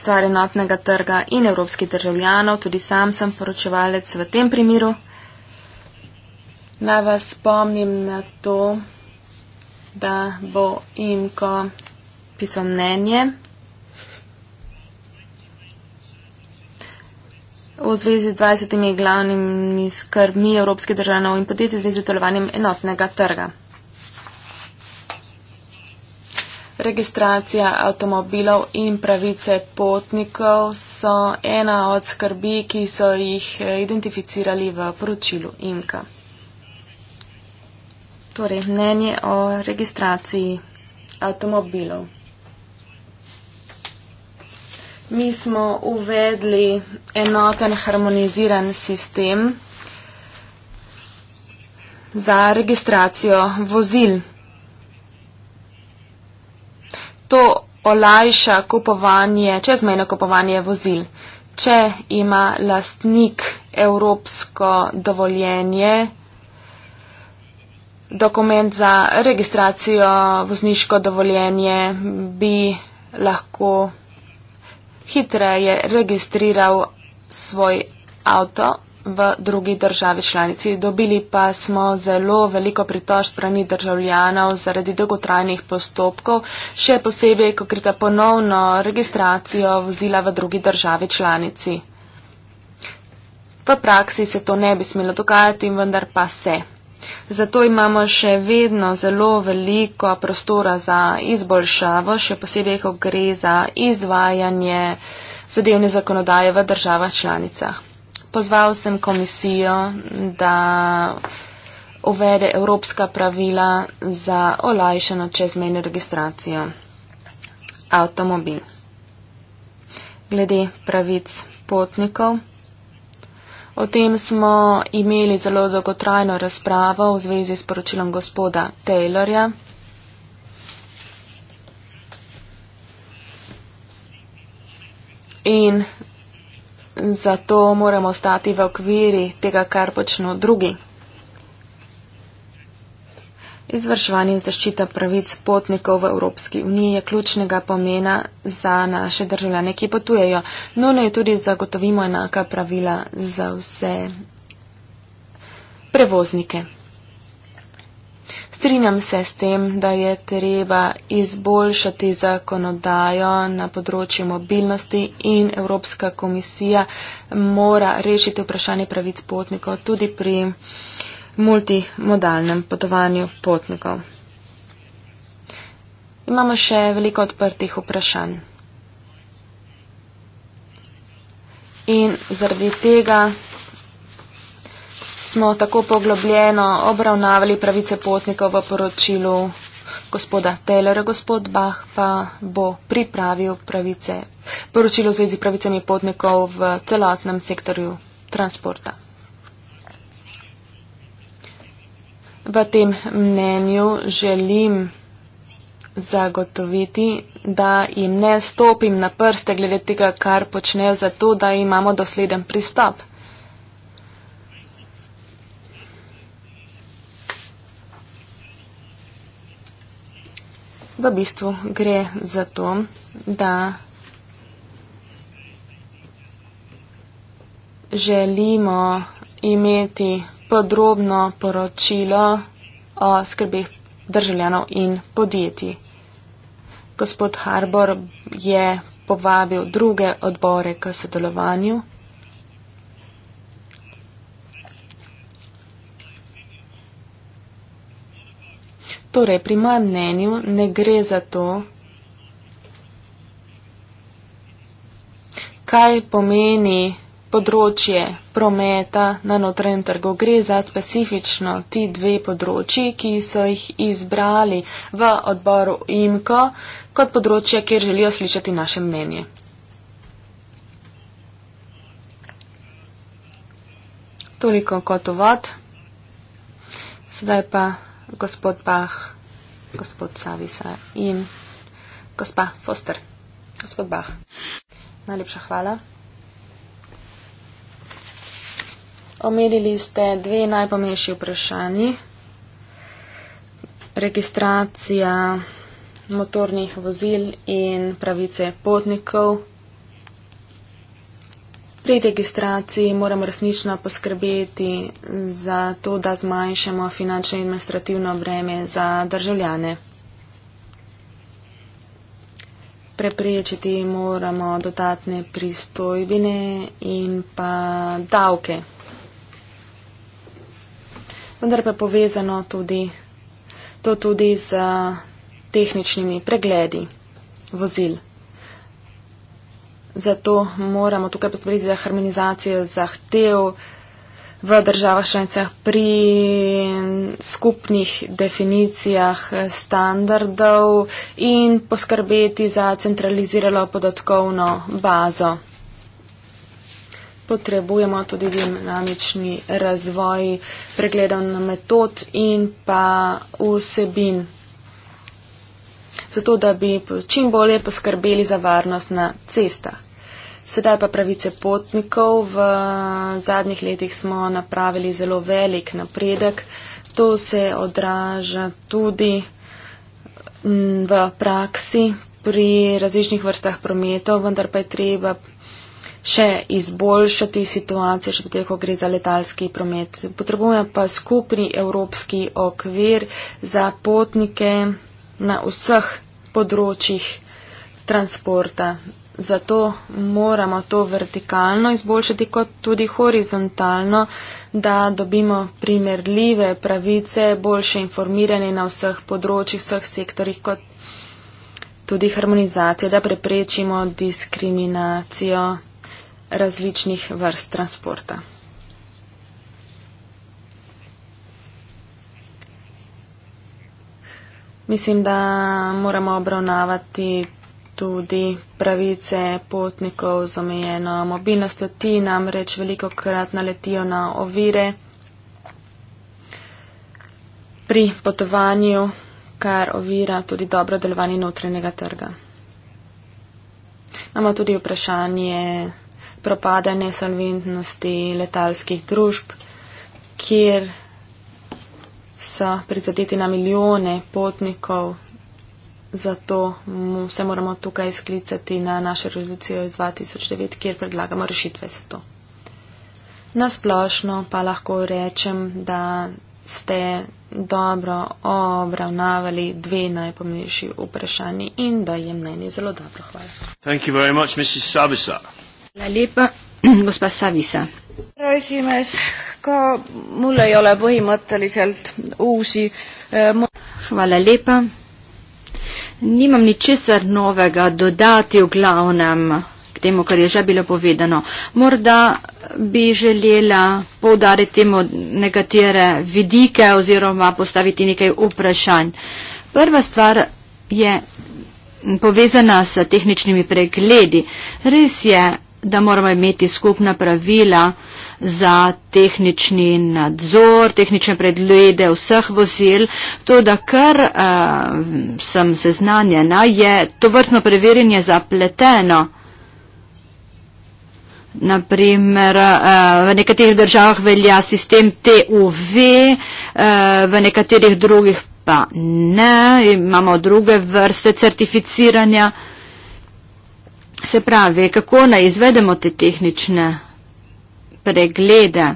stvar enotnega trga in evropskih državljanov, tudi sam sem poročevalec v tem primeru. Naj vas spomnim na to, da bo imko pisal mnenje. V zvezi z 20 glavnimi skrbmi evropskih državljanov in podjetij v zvezi z delovanjem enotnega trga. Registracija avtomobilov in pravice potnikov so ena od skrbi, ki so jih eh, identificirali v poročilu IMKA. Torej, mnenje o registraciji avtomobilov. Mi smo uvedli enoten harmoniziran sistem za registracijo vozil to olajša kupovanje, čezmejno kupovanje vozil. Če ima lastnik evropsko dovoljenje, dokument za registracijo, vozniško dovoljenje, bi lahko hitreje registriral svoj avto v drugi državi članici. Dobili pa smo zelo veliko pritož strani državljanov zaradi dolgotrajnih postopkov, še posebej, ko gre za ponovno registracijo vozila v drugi državi članici. V praksi se to ne bi smelo dogajati, vendar pa se. Zato imamo še vedno zelo veliko prostora za izboljšavo, še posebej, ko gre za izvajanje zadevne zakonodaje v državah članicah pozval sem komisijo, da uvede evropska pravila za olajšano čezmejno registracijo avtomobil. Glede pravic potnikov. O tem smo imeli zelo dolgotrajno razpravo v zvezi s poročilom gospoda Taylorja. In zato moramo stati v okviri tega, kar počnejo drugi. Izvrševanje in zaščita pravic potnikov v Evropski uniji je ključnega pomena za naše državljane, ki potujejo. Nuno je tudi zagotovimo enaka pravila za vse prevoznike. Strinjam se s tem, da je treba izboljšati zakonodajo na področju mobilnosti in Evropska komisija mora rešiti vprašanje pravic potnikov tudi pri multimodalnem potovanju potnikov. Imamo še veliko odprtih vprašanj. In zaradi tega smo tako poglobljeno obravnavali pravice potnikov v poročilu gospoda Taylora. Gospod Bach pa bo pripravil pravice, poročilo v zvezi pravicami potnikov v celotnem sektorju transporta. V tem mnenju želim zagotoviti, da jim ne stopim na prste glede tega, kar počnejo, zato da imamo dosleden pristop. v bistvu gre za to, da želimo imeti podrobno poročilo o skrbeh državljanov in podjetij. Gospod Harbor je povabil druge odbore k sodelovanju. Torej, pri mojem mnenju ne gre za to, kaj pomeni področje prometa na notranjem trgu. Gre za specifično ti dve področji, ki so jih izbrali v odboru IMKO kot področje, kjer želijo slišati naše mnenje. Toliko kot uvod. Sedaj pa gospod Bach, gospod Savisa in gospa Foster, gospod Bach. Najlepša hvala. Omerili ste dve najpomembnejši vprašanji. Registracija motornih vozil in pravice potnikov pri registraciji moramo resnično poskrbeti za to, da zmanjšamo finančno in administrativno breme za državljane. Preprečiti moramo dodatne pristojbine in pa davke. Vendar pa je povezano tudi, to tudi z tehničnimi pregledi vozil. Zato moramo tukaj poskrbeti za harmonizacijo zahtev v državah članicah pri skupnih definicijah standardov in poskrbeti za centralizirano podatkovno bazo. Potrebujemo tudi dinamični razvoj pregledov metod in pa vsebin zato da bi čim bolje poskrbeli za varnost na cestah. Sedaj pa pravice potnikov. V zadnjih letih smo napravili zelo velik napredek. To se odraža tudi mm, v praksi pri različnih vrstah prometov, vendar pa je treba še izboljšati situacijo, še potem, ko gre za letalski promet. Potrebujemo pa skupni evropski okvir za potnike na vseh področjih transporta. Zato moramo to vertikalno izboljšati, kot tudi horizontalno, da dobimo primerljive pravice, boljše informiranje na vseh področjih, vseh sektorjih, kot tudi harmonizacijo, da preprečimo diskriminacijo različnih vrst transporta. Mislim, da moramo obravnavati tudi pravice potnikov z omejeno mobilnostjo. Ti namreč veliko krat naletijo na ovire pri potovanju, kar ovira tudi dobro delovanje notrenega trga. Imamo tudi vprašanje propadanja solventnosti letalskih družb, kjer so prizadeti na milijone potnikov, zato mu se moramo tukaj sklicati na našo rezolucijo iz 2009, kjer predlagamo rešitve za to. Nasplošno pa lahko rečem, da ste dobro obravnavali dve najpomembnejši vprašanji in da je mnenje zelo dobro. Hvala. Thank you very much, Mrs. Savisa. Hvala lepa, [clears throat] gospa Savisa. Prosim, ka mul ei ole põhimõtteliselt uusi äh, Hvala lepa. Nimam ni česar novega dodati v glavnem k temu, kar je že bilo povedano. Morda bi želela poudariti temu nekatere vidike oziroma postaviti nekaj vprašanj. Prva stvar je povezana s tehničnimi pregledi. Res je, da moramo imeti skupna pravila, uh, za tehnični nadzor, tehnične predlede vseh vozil. To, da kar uh, sem seznanjena, je to vrstno preverjanje zapleteno. Naprimer, eh, v nekaterih državah velja sistem TUV, eh, v nekaterih drugih pa ne, imamo druge vrste certificiranja. Se pravi, kako naj izvedemo te tehnične preglede.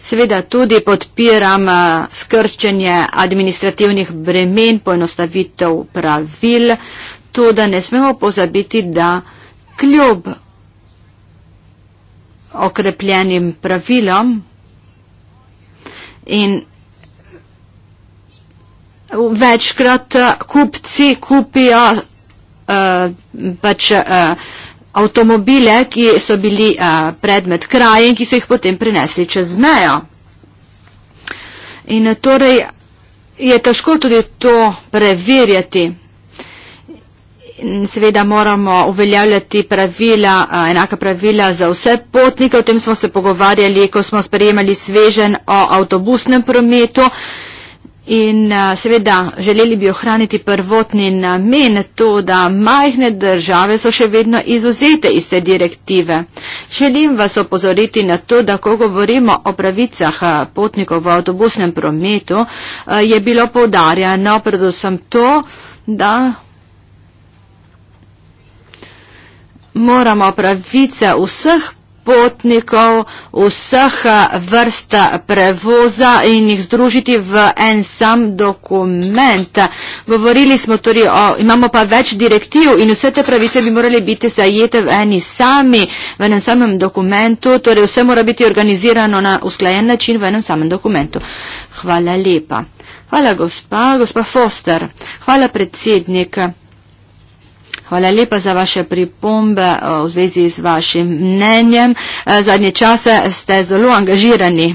Seveda tudi podpiram eh, skrčenje administrativnih bremen, poenostavitev pravil, to, da ne smemo pozabiti, da kljub okrepljenim pravilom in večkrat eh, kupci kupijo uh, pač. Uh, avtomobile, ki so bili uh, predmet kraje in ki so jih potem prinesli čez mejo. In torej je težko tudi to preverjati. In seveda moramo uveljavljati pravila, enaka pravila za vse potnike. O tem smo se pogovarjali, ko smo sprejemali svežen o avtobusnem prometu. Uh, In uh, seveda želeli bi ohraniti prvotni namen to, da majhne države so še vedno izuzete iz te direktive. Želim vas opozoriti na to, da ko govorimo o pravicah potnikov v avtobusnem prometu, uh, je bilo povdarjeno predvsem to, da. Moramo pravice vseh potnikov, vseh vrst prevoza in jih združiti v en sam dokument. Govorili smo torej, o, imamo pa več direktiv in vse te pravice bi morali biti zajete v eni sami, v enem samem dokumentu, torej vse mora biti organizirano na usklajen način v enem samem dokumentu. Hvala lepa. Hvala gospa, gospa Foster. Hvala predsednik. Hvala lepa za vaše pripombe eh, v zvezi z vašim mnenjem. Eh, zadnje čase ste zelo angažirani.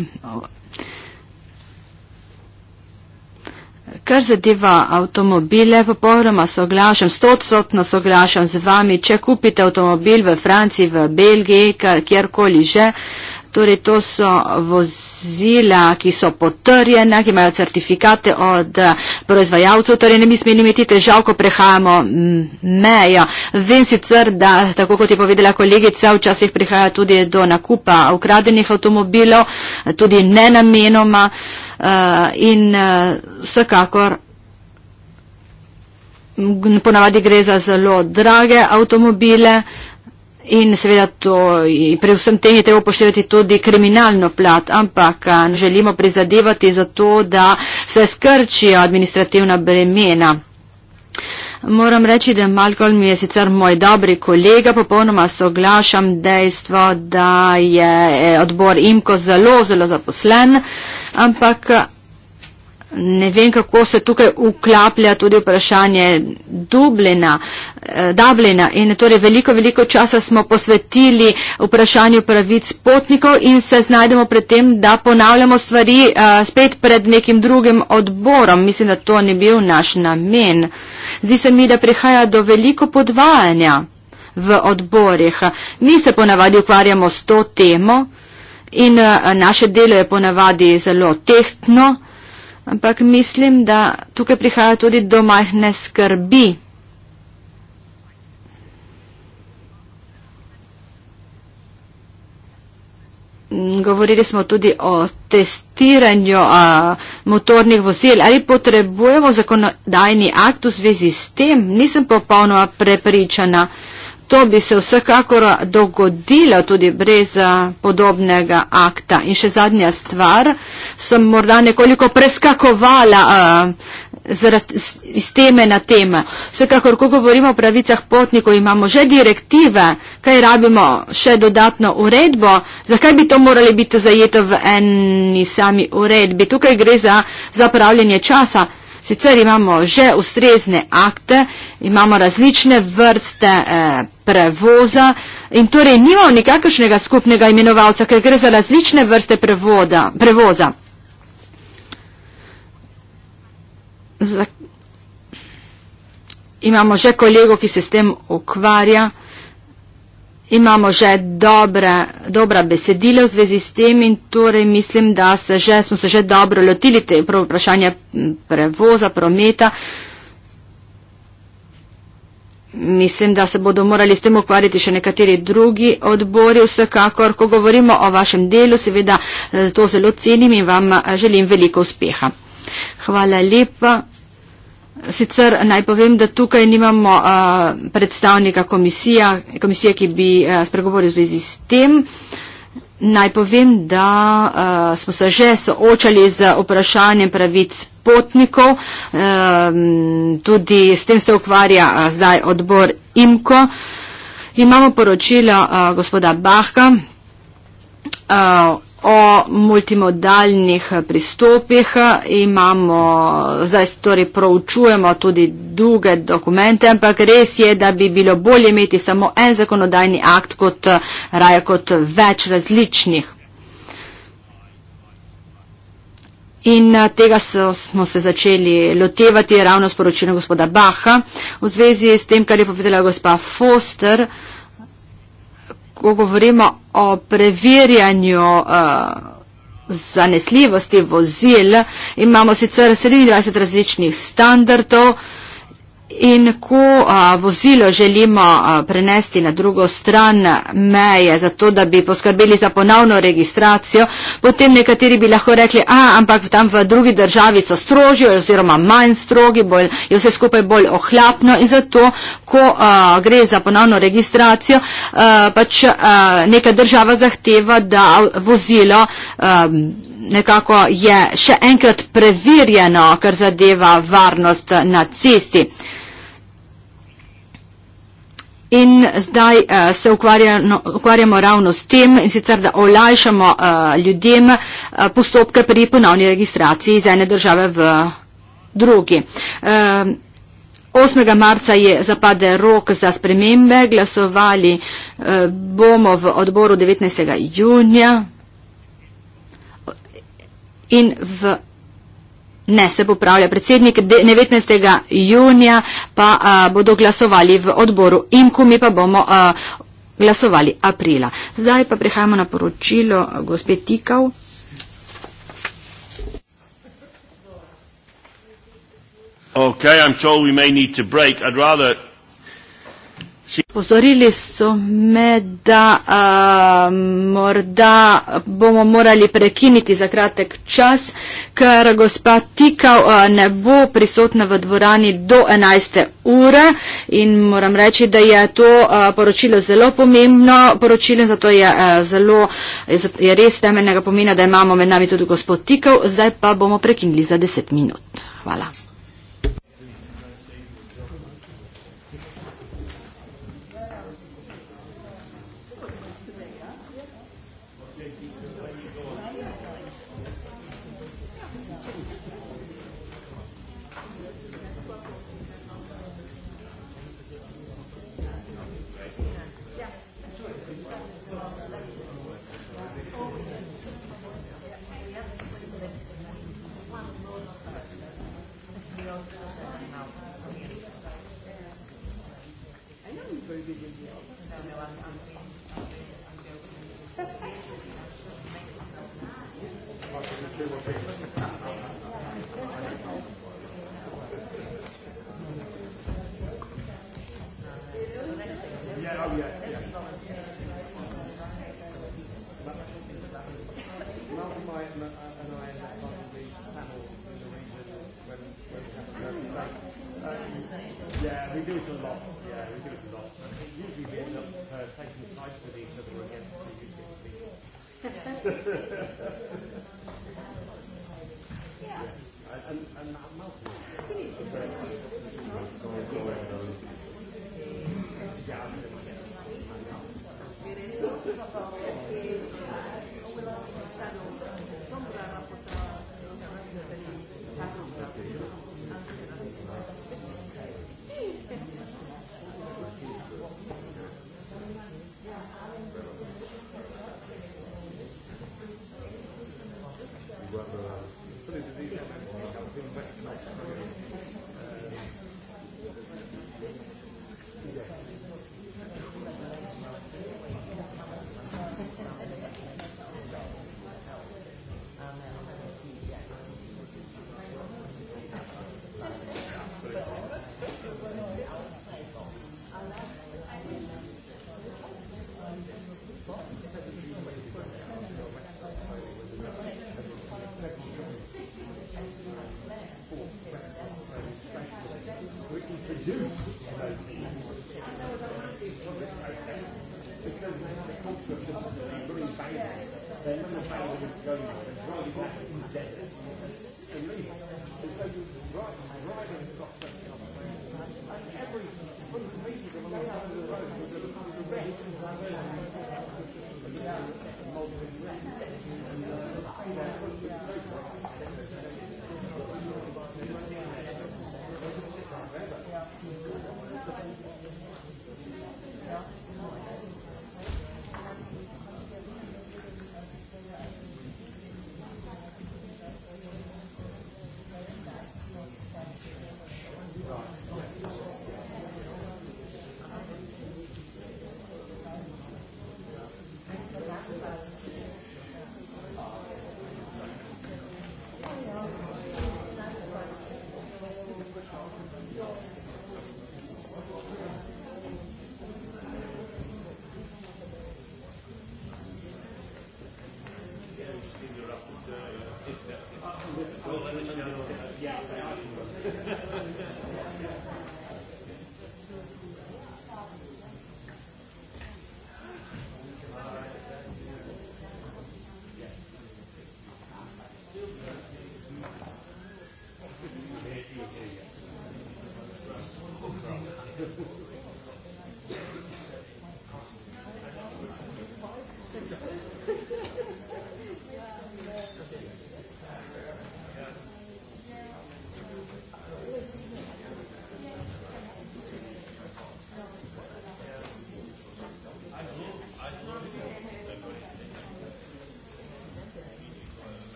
Kar zadeva avtomobile, popolnoma soglašam, stotsotno soglašam z vami, če kupite avtomobil v Franciji, v Belgiji, kjerkoli že, uh, Torej, to so vozila, ki so potrjena, ki imajo certifikate od eh, proizvajalcev, torej ne bi smeli imeti težav, ko prehajamo mejo. Vem sicer, da, tako kot je povedala kolegica, včasih prihaja tudi do nakupa ukradenih avtomobilov, tudi nenamenoma eh, in eh, vsekakor. Ponavadi gre za zelo drage avtomobile. In seveda to, in predvsem tem je treba upoštevati tudi kriminalno plat, ampak želimo prizadevati za to, da se skrčijo administrativna bremena. Moram reči, da Malcolm je sicer moj dobri kolega, popolnoma soglašam dejstvo, da je e, odbor IMKO zelo, zelo zaposlen, ampak Ne vem, kako se tukaj uklaplja tudi vprašanje Dublina, eh, Dublina. In torej veliko, veliko časa smo posvetili vprašanju pravic potnikov in se znajdemo pred tem, da ponavljamo stvari eh, spet pred nekim drugim odborom. Mislim, da to ni bil naš namen. Zdi se mi, da prihaja do veliko podvajanja v odborih. Mi se ponavadi ukvarjamo s to temo in eh, naše delo je ponavadi zelo tehtno ampak mislim, da tukaj prihaja tudi do majhne skrbi. Govorili smo tudi o testiranju a, motornih vozil. Ali potrebujemo zakonodajni akt v zvezi s tem? Nisem popolnoma prepričana. A, To bi se vsekakor dogodilo tudi brez eh, podobnega akta. In še zadnja stvar, sem morda nekoliko preskakovala eh, iz teme na teme. Vsekakor, ko govorimo o pravicah potnikov, imamo že direktive, kaj rabimo še dodatno uredbo, zakaj bi to morali biti zajeto v eni sami uredbi. Tukaj gre za zapravljanje časa. Sicer imamo že ustrezne akte, imamo različne vrste eh, prevoza in torej nimamo nikakršnega skupnega imenovalca, ker gre za različne vrste prevoda, prevoza. Za, imamo že kolego, ki se s tem ukvarja imamo že dobra, dobra besedila v zvezi s tem in torej mislim, da se že, smo se že dobro lotili te vprašanja prevoza, prometa. Mislim, da se bodo morali s tem ukvarjati še nekateri drugi odbori. Vsekakor, ko govorimo o vašem delu, seveda eh, to zelo cenim in vam eh, želim veliko uspeha. Hvala lepa. Sicer naj povem, da tukaj nimamo uh, predstavnika komisija, komisije, ki bi uh, spregovoril v zvezi s tem. Naj povem, da uh, smo se že soočali z vprašanjem pravic potnikov. Uh, tudi s tem se ukvarja uh, zdaj odbor IMKO. Imamo poročilo uh, gospoda Bahka. Uh, o multimodalnih pristopih. Imamo, zdaj torej proučujemo tudi druge dokumente, ampak res je, da bi bilo bolje imeti samo en zakonodajni akt, kot raje kot več različnih. In eh, tega so, smo se začeli lotevati ravno s poročilom gospoda Baha v zvezi s tem, kar je povedala gospa Foster. Uh, ko govorimo o preverjanju uh, zanesljivosti vozil, imamo sicer 27 različnih standardov, uh, In ko a, vozilo želimo a, prenesti na drugo stran meje, zato da bi poskrbeli za ponovno registracijo, potem nekateri bi lahko rekli, a, ampak tam v drugi državi so strožji oziroma manj strogi, bolj, je vse skupaj bolj ohlapno in zato, ko a, gre za ponovno registracijo, a, pač a, neka država zahteva, da vozilo. A, nekako je še enkrat preverjeno, kar zadeva varnost na cesti. In zdaj uh, se ukvarjamo, ukvarjamo ravno s tem in sicer, da olajšamo uh, ljudem uh, postopke pri ponovni registraciji iz ene države v drugi. Uh, 8. marca je zapade rok za spremembe, glasovali bomo v odboru 19. junija in v ne se popravlja. Predsednik 19. junija pa a, bodo glasovali v odboru Imku, mi pa bomo a, glasovali aprila. Zdaj pa prehajamo na poročilo gospe Tikav. Okay, Pozorili so me, da a, morda bomo morali prekiniti za kratek čas, ker gospa Tikal a, ne bo prisotna v dvorani do 11. ure in moram reči, da je to a, poročilo zelo pomembno poročilo, zato je, a, zelo, je res temeljnega pomena, da imamo med nami tudi gospod Tikal. Zdaj pa bomo prekinili za 10 minut. Hvala.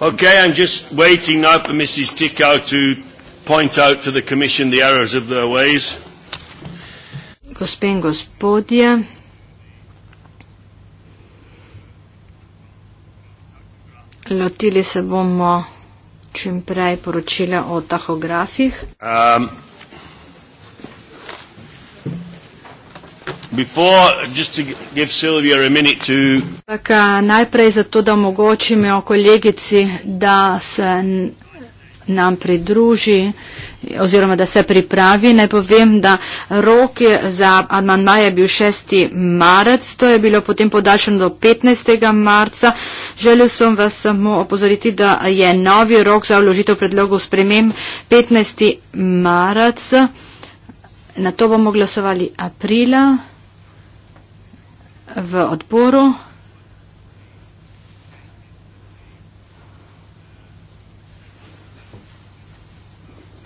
Okay, I'm just waiting now for Mrs. Tickow to point out to the Commission the errors of their ways. Gospen gospodje, lotili se bomo čim prej poročila o tahografih. Um, Before, just to give Sylvia a minute to... Skratka, eh, najprej zato, da omogočimo kolegici, da se nam pridruži oziroma da se pripravi. Naj povem, da rok za amandma je bil 6. marec, to je bilo potem podaljšano do 15. marca. Želel sem vas samo opozoriti, da je novi rok za vložitev predlogov sprememb 15. marec. Na to bomo glasovali aprila v odboru.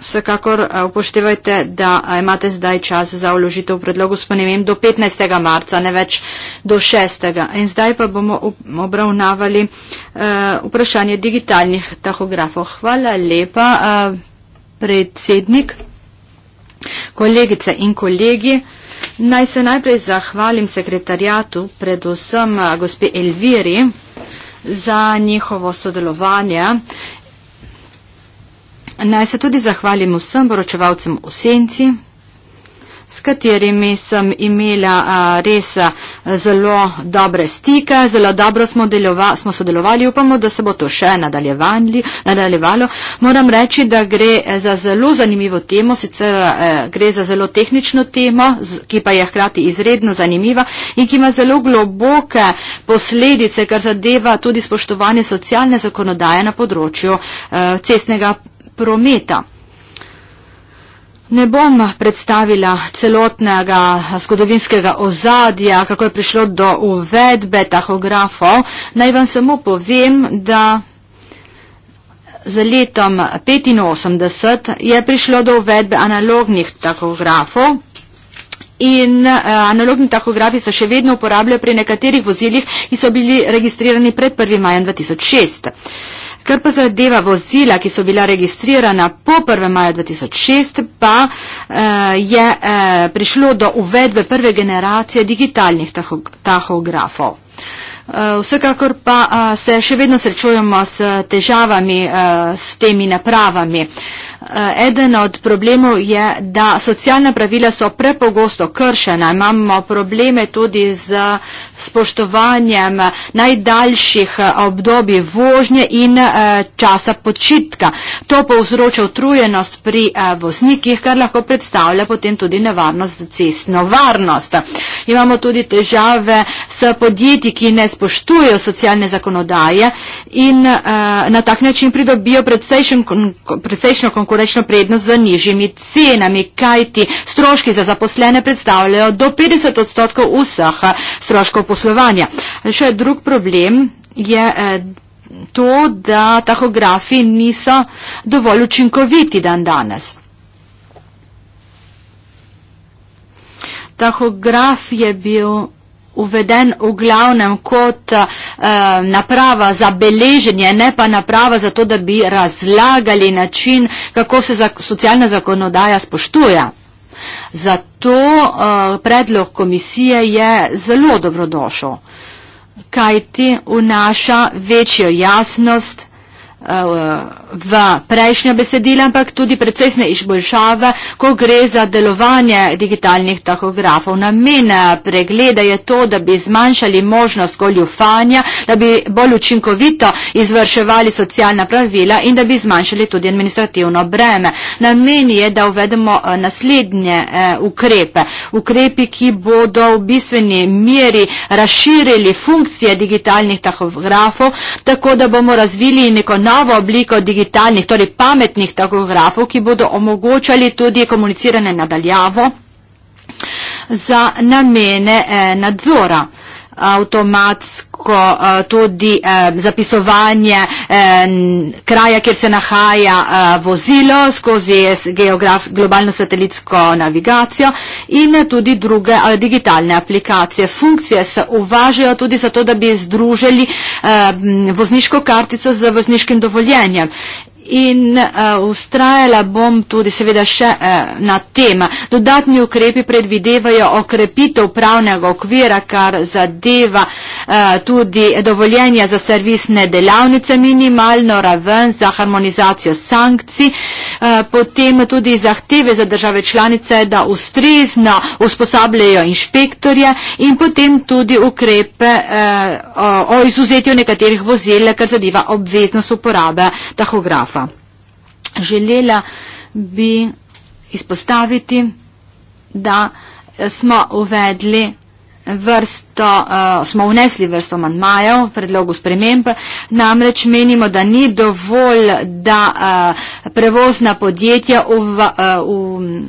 Vsekakor eh, upoštevajte, da eh, imate zdaj čas za uložitev predlogu spremem do 15. marca, ne več do 6. In zdaj pa bomo obravnavali uh, vprašanje digitalnih tahografov. Hvala lepa, uh, predsednik, kolegice in kolegi. Naj se najprej zahvalim sekretarjatu, predvsem uh, gospe Elviri, za njihovo sodelovanje Naj se tudi zahvalim vsem poročevalcem v senci, s katerimi sem imela a, res a, zelo dobre stike, zelo dobro smo, delova, smo sodelovali, upamo, da se bo to še nadaljevalo. Moram reči, da gre e, za zelo zanimivo temo, sicer a, e, gre za zelo tehnično temo, z, ki pa je hkrati izredno zanimiva in ki ima zelo globoke posledice, kar zadeva tudi spoštovanje socialne zakonodaje na področju a, e, cestnega prometa. Ne bom predstavila celotnega zgodovinskega ozadja, kako je prišlo do uvedbe tahografov. Naj vam samo povem, da za letom 1985 je prišlo do uvedbe analognih tahografov in uh, analogni tahografi se še vedno uporabljajo pri nekaterih vozilih, ki so bili registrirani pred 1. majem 2006. Kar pa zadeva vozila, ki so bila registrirana po 1. maju 2006, pa uh, je uh, prišlo do uvedbe prve generacije digitalnih tahog tahografov. Uh, Eh, vsekakor pa eh, se še vedno srečujemo s težavami eh, s temi napravami. Eden od problemov je, da socialna pravila so prepogosto kršena. Imamo probleme tudi z spoštovanjem najdaljših obdobij vožnje in časa počitka. To povzroča utrujenost pri voznikih, kar lahko predstavlja potem tudi nevarnost za cestno varnost. Imamo tudi težave s podjetji, ki ne spoštovajo spoštujejo socialne zakonodaje in uh, na tak način pridobijo precejšnjo konkurenčno prednost za nižjimi cenami, kajti stroški za zaposlene predstavljajo do 50 odstotkov vseh eh, stroškov poslovanja. Še drug problem je. Uh, to, da tahografi niso dovolj učinkoviti dan danes. Tahograf je bil uveden v glavnem kot eh, naprava za beleženje, ne pa naprava za to, da bi razlagali način, kako se socialna zakonodaja spoštuje. Zato eh, predlog komisije je zelo dobrodošel, kajti vnaša večjo jasnost, eh, v prejšnja besedila, ampak tudi precejsne izboljšave, ko gre za delovanje digitalnih tahografov. Namen eh, pregleda je to, da bi zmanjšali možnost goljufanja, da bi bolj učinkovito izvrševali socialna pravila in da bi zmanjšali tudi administrativno breme. Namen je, da uvedemo eh, naslednje eh, ukrepe. Ukrepi, ki bodo v bistveni meri razširili funkcije digitalnih tahografov, tako da bomo razvili neko novo obliko digitalnih tahografov digitalnih, torej pametnih takografov, ki bodo omogočali tudi komuniciranje nadaljavo za namene eh, nadzora avtomatsko eh, tudi eh, zapisovanje eh, kraja, kjer se nahaja vozilo skozi globalno satelitsko navigacijo in tudi druge digitalne aplikacije. Funkcije se uvažajo tudi zato, da bi združili vozniško kartico z vozniškim dovoljenjem in uh, ustrajala bom tudi seveda še uh, na tem. Dodatni ukrepi predvidevajo okrepitev pravnega okvira, kar zadeva uh, tudi dovoljenja za servisne delavnice, minimalno raven za harmonizacijo sankcij, uh, potem tudi zahteve za države članice, da ustrezno usposabljajo inšpektorje in potem tudi ukrepe uh, o izuzetju nekaterih vozil, kar zadeva obveznost uporabe tahografa. Želela bi izpostaviti, da smo uvedli vrsto, uh, smo vnesli vrsto manjmajev v predlogu sprememb, namreč menimo, da ni dovolj, da uh, prevozna podjetja v, uh, v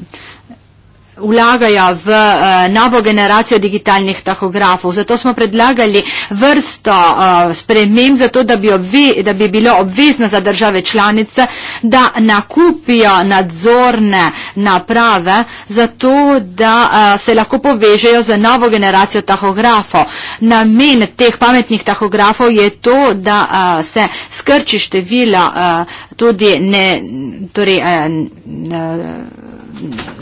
vlagajo v uh, novo generacijo digitalnih tahografov. Zato smo predlagali vrsto uh, sprememb, zato da bi, obve, da bi bilo obvezno za države članice, da nakupijo nadzorne naprave, zato da uh, se lahko povežejo z novo generacijo tahografov. Namen teh pametnih tahografov je to, da uh, se skrči število uh, tudi ne. Torej, uh, uh,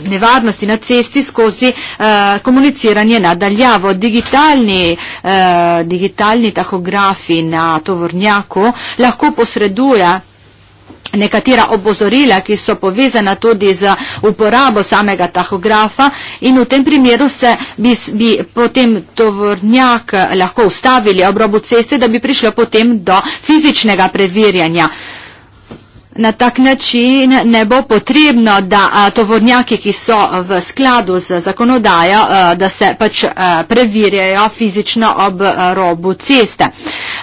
nevarnosti na cesti skozi eh, komuniciranje na daljavo. Digitalni, eh, digitalni tahografi na tovornjaku lahko posreduje nekatera opozorila, ki so povezana tudi z uporabo samega tahografa in v tem primeru se bi, bi potem tovornjak lahko ustavili ob robu ceste, da bi prišlo potem do fizičnega preverjanja. Eh, Na tak način ne bo potrebno, da tovornjaki, ki so v skladu z zakonodajo, da se pač preverjajo fizično ob robu ceste.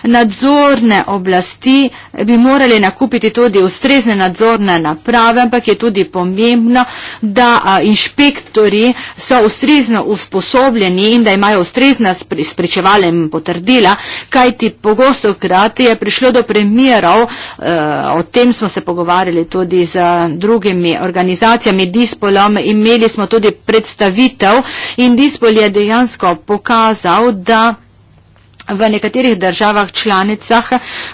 Nadzorne oblasti bi morali nakupiti tudi ustrezne nadzorne naprave, ampak je tudi pomembno, da inšpektori so ustrezno usposobljeni in da imajo ustrezna spričevala in potrdila, kajti pogosto krat je prišlo do primerov, o tem smo se pogovarjali tudi z drugimi organizacijami Dispolom, imeli smo tudi predstavitev in Dispol je dejansko pokazal, da v nekaterih državah članicah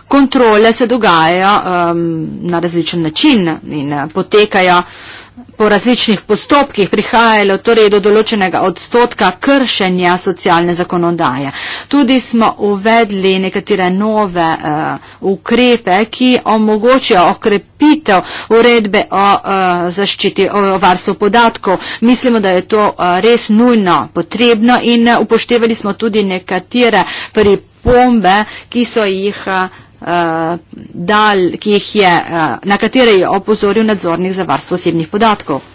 kontrole se dogajajo um, na različen način in potekajo. Um, po različnih postopkih prihajalo torej do določenega odstotka kršenja socialne zakonodaje. Tudi smo uvedli nekatere nove uh, ukrepe, ki omogočajo okrepitev uredbe o uh, zaščiti, o varstvu podatkov. Mislimo, da je to uh, res nujno potrebno in upoštevali smo tudi nekatere pripombe, ki so jih uh, uh, dal, ki jih je, uh, na katere je opozoril nadzornik za varstvo osebnih podatkov.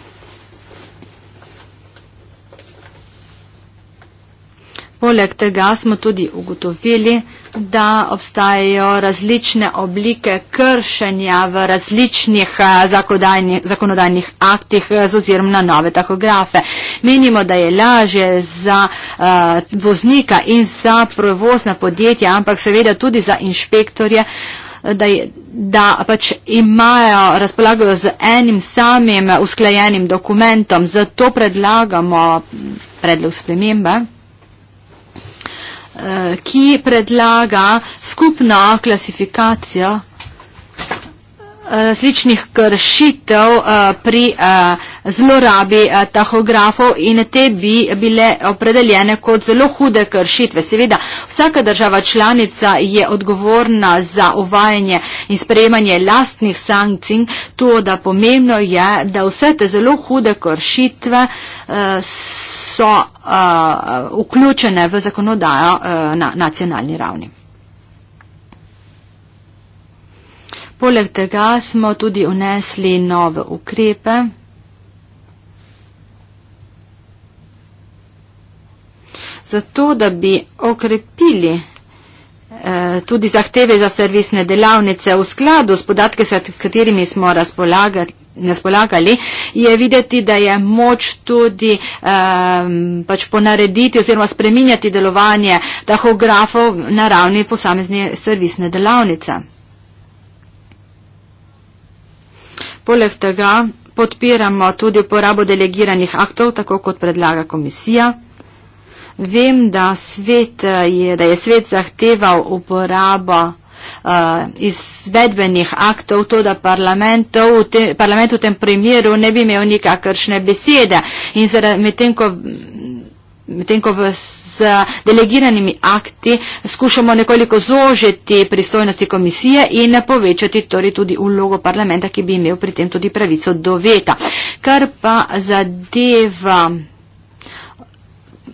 Poleg tega smo tudi ugotovili, da obstajajo različne oblike kršenja v različnih eh, zakonodajnih aktih eh, z ozirom na nove tahografe. Menimo, da je laže za uh, voznika in za prevozna podjetja, ampak seveda tudi za inšpektorje, da, je, da pač imajo razpolagajo z enim samim usklajenim dokumentom. Zato predlagamo mm, predlog spremembe. Eh, ki predlaga skupno klasifikacijo različnih kršitev eh, pri eh, zlorabi eh, tahografov in te bi bile opredeljene kot zelo hude kršitve. Seveda, vsaka država članica je odgovorna za uvajanje in sprejemanje lastnih sankcij, to da pomembno je, da vse te zelo hude kršitve so vključene v zakonodajo na nacionalni ravni. Poleg tega smo tudi unesli nove ukrepe. Zato, da bi okrepili eh, tudi zahteve za servisne delavnice v skladu s podatke, s katerimi smo razpolagali, je videti, da je moč tudi eh, pač ponarediti oziroma spreminjati delovanje tahografov na ravni posamezne servisne delavnice. Poleg tega podpiramo tudi uporabo delegiranih aktov, tako kot predlaga komisija. Vem, da, svet eh, je, da je svet zahteval uporabo uh, izvedbenih aktov, to da parlament, to v te, parlament v tem primeru ne bi imel nikakršne besede. In zaradi, medtem ko, medtem ko v delegiranimi akti skušamo nekoliko zožiti pristojnosti komisije in povečati torej tudi ulogo parlamenta, ki bi imel pri tem tudi pravico do veta. Kar pa zadeva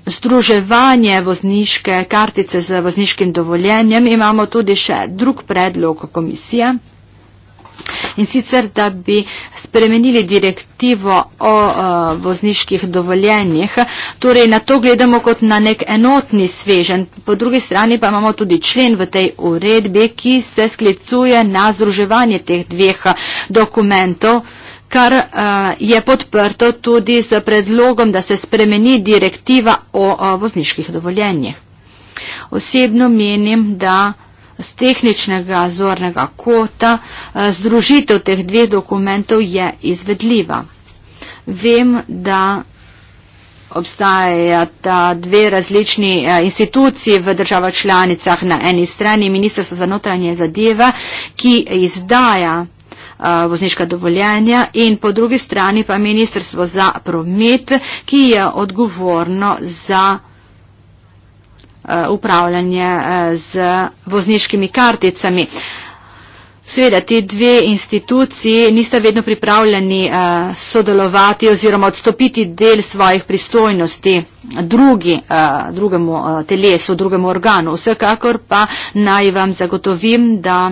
združevanje vozniške kartice z vozniškim dovoljenjem, imamo tudi še drug predlog komisije. In sicer, da bi spremenili direktivo o uh, vozniških dovoljenjih. Torej, na to gledamo kot na nek enotni svežen. Po drugi strani pa imamo tudi člen v tej uredbi, ki se sklicuje na združevanje teh dveh eh, dokumentov kar uh, je podprto tudi z predlogom, da se spremeni direktiva o, o vozniških dovoljenjih. Osebno menim, da z tehničnega zornega kota eh, združitev teh dveh dokumentov je izvedljiva. Vem, da obstajata dve različni eh, instituciji v državah članicah na eni strani, Ministrstvo za notranje zadeve, ki izdaja eh, vozniška dovoljenja in po drugi strani pa Ministrstvo za promet, ki je odgovorno za. Eh, upravljanje eh, z vozniškimi karticami. Sveda, te dve instituciji nista vedno pripravljeni uh, sodelovati oziroma odstopiti del svojih pristojnosti drugi, uh, drugemu uh, telesu, drugemu organu. Vsekakor pa naj vam zagotovim, da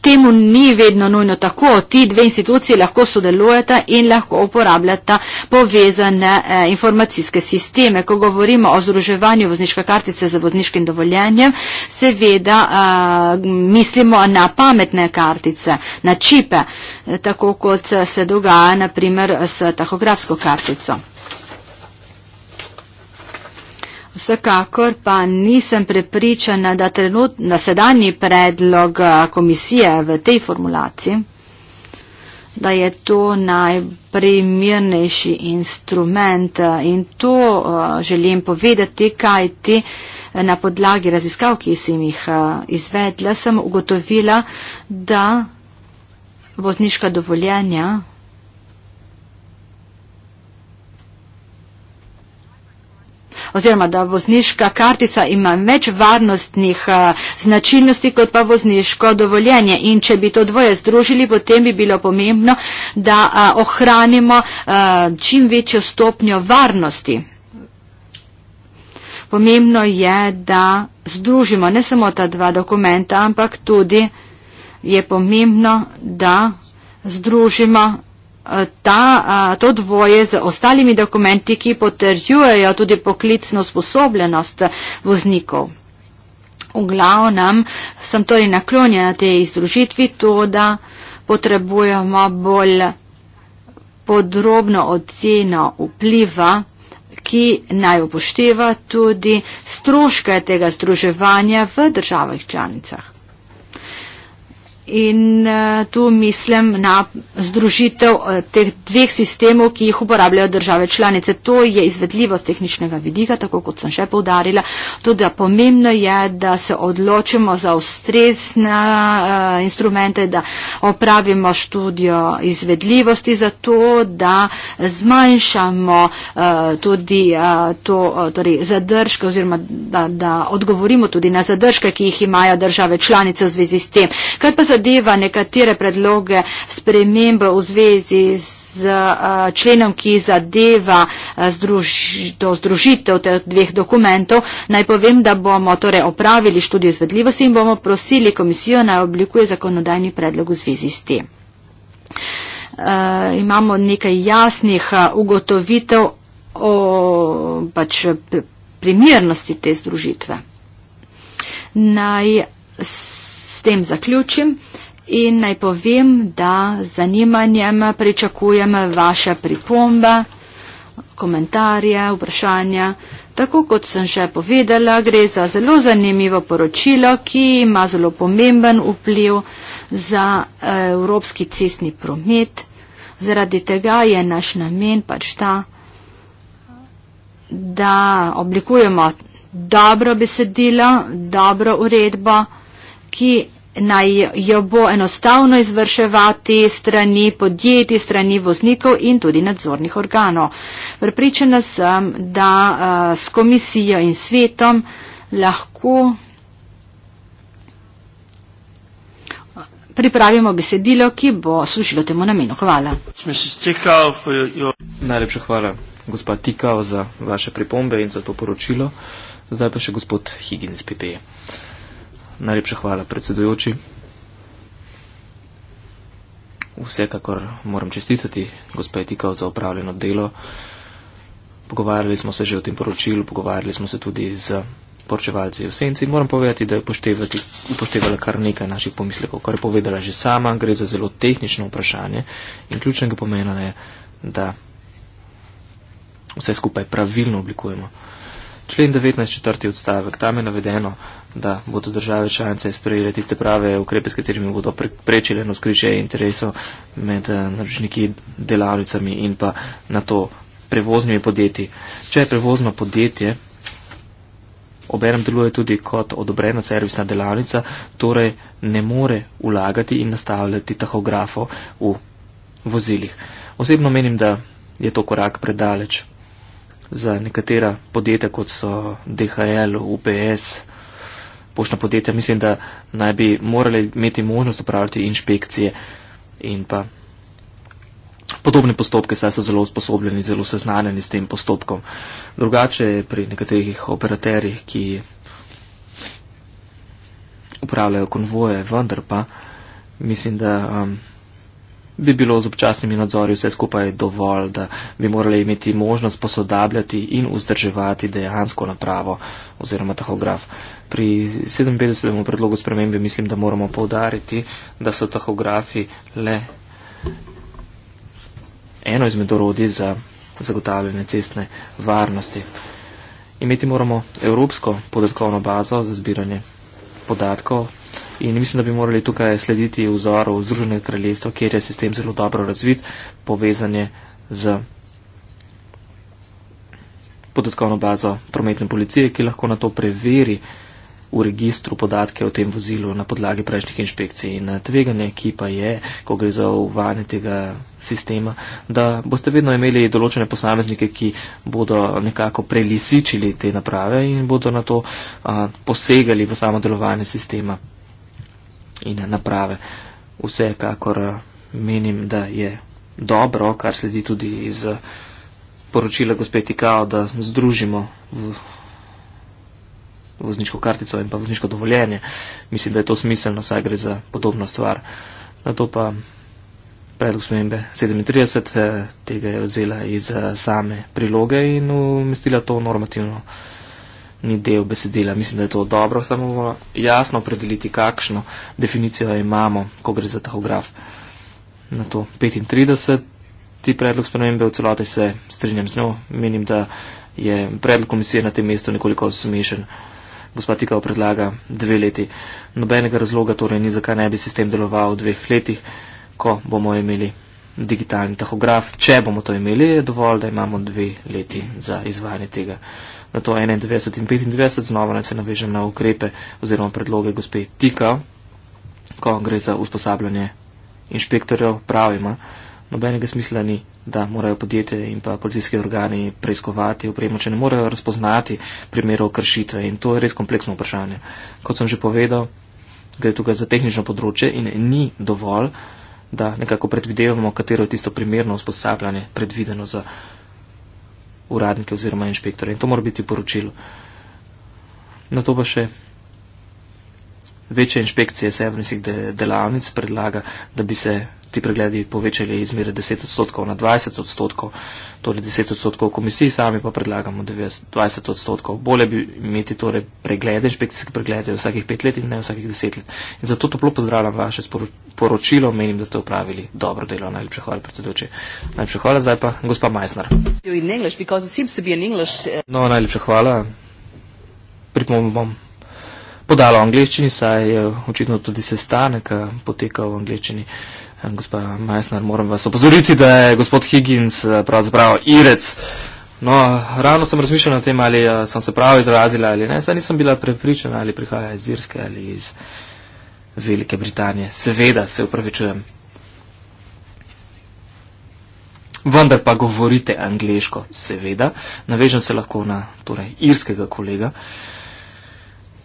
temu ni vedno nujno tako. Ti dve instituciji lahko sodelujeta in lahko uporabljata povezane eh, informacijske sisteme. Ko govorimo o združevanju vozniške kartice za vozniškim dovoljenjem, seveda eh, mislimo na pametne kartice, na čipe, eh, tako kot se dogaja naprimer s tahografsko kartico. Vsekakor pa nisem prepričana, da trenutno sedanji predlog eh, komisije v tej formulaciji, da je to najprimernejši instrument eh, in to uh, želim povedati, kaj ti na podlagi raziskav, ki sem jih uh, izvedla, sem ugotovila, da vozniška dovoljenja oziroma da vozniška kartica ima več varnostnih eh, značilnosti kot pa vozniško dovoljenje. In če bi to dvoje združili, potem bi bilo pomembno, da eh, ohranimo eh, čim večjo stopnjo varnosti. Pomembno je, da združimo ne samo ta dva dokumenta, ampak tudi je pomembno, da združimo Eh, ta, eh, to dvoje z ostalimi dokumenti, ki potrjujejo tudi poklicno sposobljenost voznikov. V glavnem sem torej naklonjena tej izdružitvi, to da potrebujemo bolj podrobno oceno vpliva, ki naj upošteva tudi stroške tega združevanja v državah članicah. In uh, tu mislim na združitev uh, teh dveh sistemov, ki jih uporabljajo države članice. To je izvedljivo z tehničnega vidika, tako kot sem še povdarila. Tudi pomembno je, da se odločimo za ustrezne uh, instrumente, da opravimo študijo izvedljivosti za to, da zmanjšamo uh, tudi uh, to, uh, torej zadržke oziroma da, da odgovorimo tudi na zadržke, ki jih imajo države članice v zvezi s tem zadeva nekatere predloge spremembe v zvezi z z eh, členom, ki zadeva eh, do združitev teh dveh dokumentov. Naj povem, da bomo torej opravili študijo izvedljivosti in bomo prosili komisijo, naj oblikuje zakonodajni predlog v zvezi s tem. Eh, imamo nekaj jasnih ugotovitev o pač primernosti te združitve. Naj S tem zaključim in naj povem, da z zanimanjem pričakujem vaše pripombe, komentarje, vprašanja. Tako kot sem že povedala, gre za zelo zanimivo poročilo, ki ima zelo pomemben vpliv za eh, evropski cestni promet. Zaradi tega je naš namen pač ta, da oblikujemo dobro besedilo, dobro uredbo ki naj jo bo enostavno izvrševati strani podjetij, strani voznikov in tudi nadzornih organov. Pripričana sem, da s komisijo in svetom lahko pripravimo besedilo, ki bo služilo temu namenu. Hvala. Najlepša hvala, gospod Tikao, za vaše pripombe in za to poročilo. Zdaj pa še gospod Higgins PPE. Najlepša hvala, predsedujoči. Vsekakor moram čestitati gospe Tikov za upravljeno delo. Pogovarjali smo se že o tem poročilu, pogovarjali smo se tudi z poročevalci v senci. Moram povedati, da je upoštevala kar nekaj naših pomislekov, kar je povedala že sama. Gre za zelo tehnično vprašanje in ključnega pomena je, da vse skupaj pravilno oblikujemo. Člen 19. četrti odstavek, tam je navedeno, da bodo države članice sprejele tiste prave ukrepe, s katerimi bodo preprečile eno skrižje interesov med eh, naročniki delavnicami in pa na to prevoznimi podjetji. Če je prevozno podjetje, obenem deluje tudi kot odobrena servisna delavnica, torej ne more vlagati in nastavljati tahografo v vozilih. Osebno menim, da je to korak predaleč za nekatera podjetja, kot so DHL, UPS, poštna podjetja, mislim, da naj bi morali imeti možnost upravljati inšpekcije in pa podobne postopke, saj so zelo usposobljeni, zelo seznanjeni s tem postopkom. Drugače je pri nekaterih operaterjih, ki upravljajo konvoje, vendar pa mislim, da. Um, bi bilo z občasnimi nadzori vse skupaj dovolj, da bi morali imeti možnost posodabljati in vzdrževati dejansko napravo oziroma tahograf. Pri 57. predlogu spremembe mislim, da moramo povdariti, da so tahografi le eno izmed orodij za zagotavljanje cestne varnosti. Imeti moramo evropsko podatkovno bazo za zbiranje podatkov In mislim, da bi morali tukaj slediti vzoru Združenega kraljestva, kjer je sistem zelo dobro razvit, povezanje z podatkovno bazo prometne policije, ki lahko na to preveri v registru podatke o tem vozilu na podlagi prejšnjih inšpekcij. In eh, tveganje, ki pa je, ko gre za uvajanje tega sistema, da boste vedno imeli določene posameznike, ki bodo nekako prelisičili te naprave in bodo na to a, eh, posegali v samo delovanje sistema in naprave. Vsekakor menim, da je dobro, kar sledi tudi iz poročila gospe Tikao, da združimo v vozniško kartico in pa vozniško dovoljenje. Mislim, da je to smiselno, saj gre za podobno stvar. Na to pa predlog smembe 37, eh, tega je vzela iz eh, same priloge in umestila to normativno ni del besedila. Mislim, da je to dobro, samo jasno opredeliti, kakšno definicijo imamo, ko gre za tahograf. Na to 35. Ti predlog spremembe v celoti se strinjam z njo. Menim, da je predlog komisije na tem mestu nekoliko smešen. Gospod Tikao predlaga dve leti. Nobenega razloga torej ni, zakaj ne bi sistem deloval v dveh letih, ko bomo imeli digitalni tahograf. Če bomo to imeli, je dovolj, da imamo dve leti za izvajanje tega na to 91 in 95, znova naj se navežem na ukrepe oziroma predloge gospe Tika, ko gre za usposabljanje inšpektorjev, pravima, nobenega smisla ni, da morajo podjetje in pa policijski organi preiskovati opremo, če ne morejo razpoznati primerov kršitve in to je res kompleksno vprašanje. Kot sem že povedal, gre tukaj za tehnično področje in ni dovolj, da nekako predvidevamo, katero je tisto primerno usposabljanje predvideno za uradnike oziroma inšpektore in to mora biti poročilo. Na to pa še večje inšpekcije 70 delavnic predlaga, da bi se ti pregledi povečali izmere 10 odstotkov na 20 odstotkov, torej 10 odstotkov komisiji, sami pa predlagamo 20 odstotkov. Bolje bi imeti torej preglede, inšpekcijske preglede vsakih pet let in ne vsakih deset let. In zato toplo pozdravljam vaše poročilo, menim, da ste upravili dobro delo. Najlepša hvala, predsedujoči. Najlepša hvala, zdaj pa gospa Majsnar. Eh. No, najlepša hvala. Pripomnil bom. Podalo v angliščini, saj je eh, očitno tudi sestanek eh, potekal v angliščini gospa Majsner, moram vas opozoriti, da je gospod Higgins eh, pravzaprav irec. No, ravno sem razmišljal o tem, ali eh, sem se prav izrazila ali ne, saj nisem bila prepričana, ali prihaja iz Irske ali iz Velike Britanije. Seveda se upravičujem. Vendar pa govorite angliško, seveda, navežem se lahko na torej, irskega kolega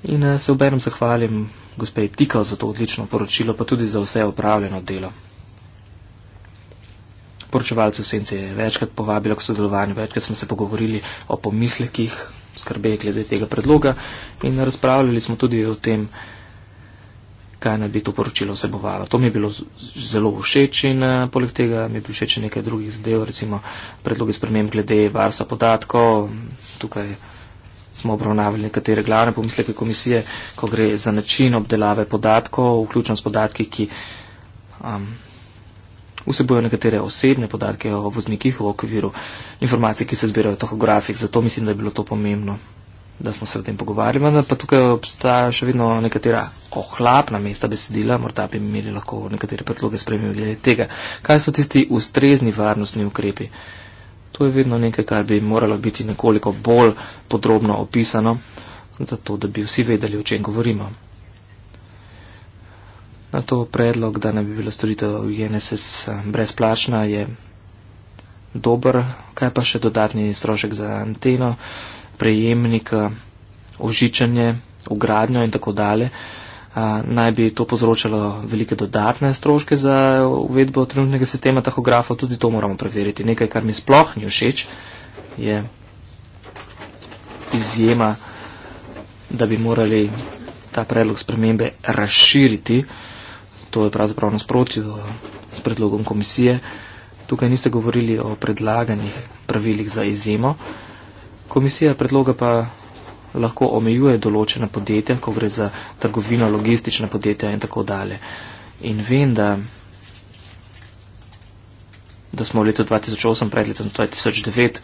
in eh, se obenem zahvalim gospe Tikal za to odlično poročilo, pa tudi za vse opravljeno delo poročevalcev Sence je večkrat povabilo k sodelovanju, večkrat smo se pogovorili o pomislekih, skrbe glede tega predloga in razpravljali smo tudi o tem, kaj naj bi to poročilo vsebovalo. To mi je bilo zelo všeč in eh, poleg tega mi je bilo všeč nekaj drugih zadev, recimo predloge sprememb glede varstva podatkov. Tukaj smo obravnavali nekatere glavne pomisleke komisije, ko gre za način obdelave podatkov, vključno s podatki, ki um, vsebujejo nekatere osebne podatke o voznikih v okviru informacij, ki se zbirajo v tohografih. Zato mislim, da je bilo to pomembno, da smo se o tem pogovarjali. Vendar pa tukaj obstajajo še vedno nekatera ohlapna mesta besedila, morda bi imeli lahko nekatere predloge spremljali glede tega, kaj so tisti ustrezni varnostni ukrepi. To je vedno nekaj, kar bi moralo biti nekoliko bolj podrobno opisano, zato da bi vsi vedeli, o čem govorimo. Na to predlog, da ne bi bila storitev v INSS eh, brezplačna, je dober, kaj pa še dodatni strošek za anteno, prejemnik, eh, ožičanje, ugradnjo in tako dalje. Eh, naj bi to povzročalo velike dodatne stroške za uvedbo trenutnega sistema tahografov, tudi to moramo preveriti. Nekaj, kar mi sploh ni všeč, je izjema, da bi morali ta predlog spremembe razširiti. To je pravzaprav nasprotju s predlogom komisije. Tukaj niste govorili o predlaganih pravilih za izjemo. Komisija predloga pa lahko omejuje določena podjetja, ko gre za trgovino, logistična podjetja in tako dalje. In vem, da, da smo v letu 2008, pred letom 2009,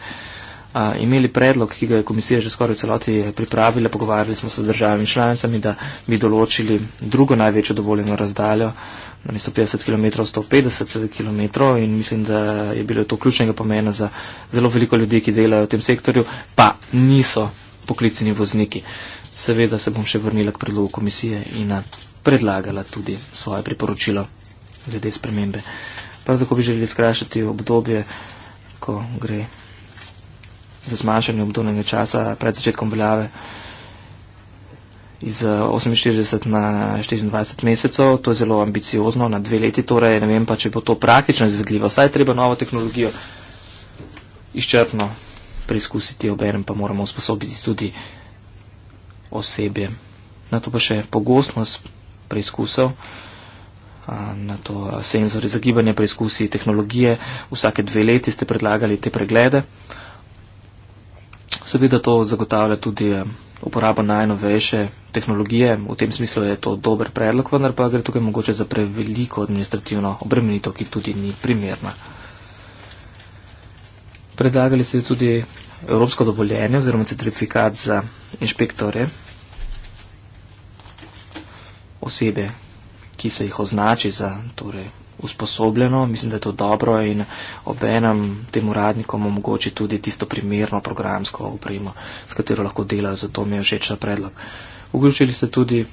imeli predlog, ki ga je komisija že skoraj celoti eh, pripravila, pogovarjali smo se z državami članicami, da bi določili drugo največjo dovoljeno razdaljo, namesto 50 km, 150 km in mislim, da je bilo to ključnega pomena za zelo veliko ljudi, ki delajo v tem sektorju, pa niso poklicni vozniki. Seveda se bom še vrnila k predlogu komisije in eh, predlagala tudi svoje priporočilo glede spremembe. Prav tako bi želeli skrašati obdobje, ko gre za zmanjšanje obdobnega časa pred začetkom veljave iz 48 eh, na 24 mesecev. To je zelo ambiciozno, na dve leti torej, ne vem pa, če bo to praktično izvedljivo. Saj je treba novo tehnologijo izčrpno preizkusiti, obenem pa moramo usposobiti tudi osebje. Na to pa še pogostnost preizkusov, na to senzori za gibanje preizkusi tehnologije. Vsake dve leti ste predlagali te preglede. Seveda to zagotavlja tudi eh, uporaba najnovejše tehnologije, v tem smislu je to dober predlog, vendar pa gre tukaj mogoče za preveliko administrativno obremenitev, ki tudi ni primerna. Predlagali ste tudi evropsko dovoljenje oziroma certifikat za inšpektore, osebe, ki se jih označi za torej, usposobljeno, mislim, da je to dobro in obenem tem uradnikom omogoči tudi tisto primerno programsko upremo, s katero lahko dela, zato mi je všeč ta predlog. Vključili ste tudi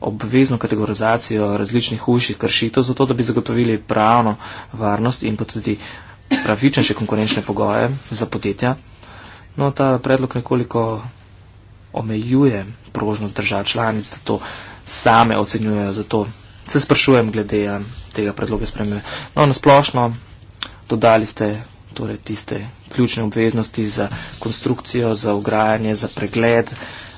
obvezno kategorizacijo različnih hujših kršitev, zato da bi zagotovili pravno varnost in pa tudi pravičnejše konkurenčne pogoje za podjetja. No, ta predlog nekoliko omejuje prožnost držav članic, da to same ocenjujejo, zato se sprašujem glede ja, tega predloga spremembe. No, nasplošno dodali ste torej, tiste ključne obveznosti za konstrukcijo, za ugrajanje, za pregled,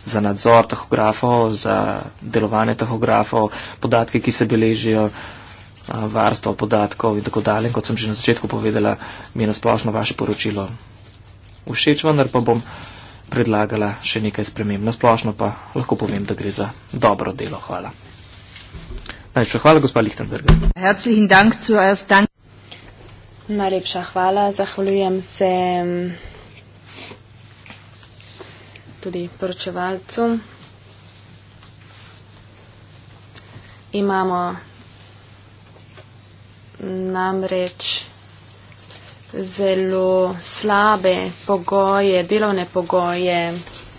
za nadzor tahografov, za delovanje tahografov, podatke, ki se beležijo, varstvo podatkov in tako dalje. Kot sem že na začetku povedala, mi je nasplošno vaše poročilo všeč, vendar pa bom predlagala še nekaj sprememb. Nasplošno pa lahko povem, da gre za dobro delo. Hvala. Najlepša hvala, gospa Lichtenberg. Najlepša hvala, zahvaljujem se mm, tudi poročevalcu. Imamo namreč zelo slabe pogoje, delovne pogoje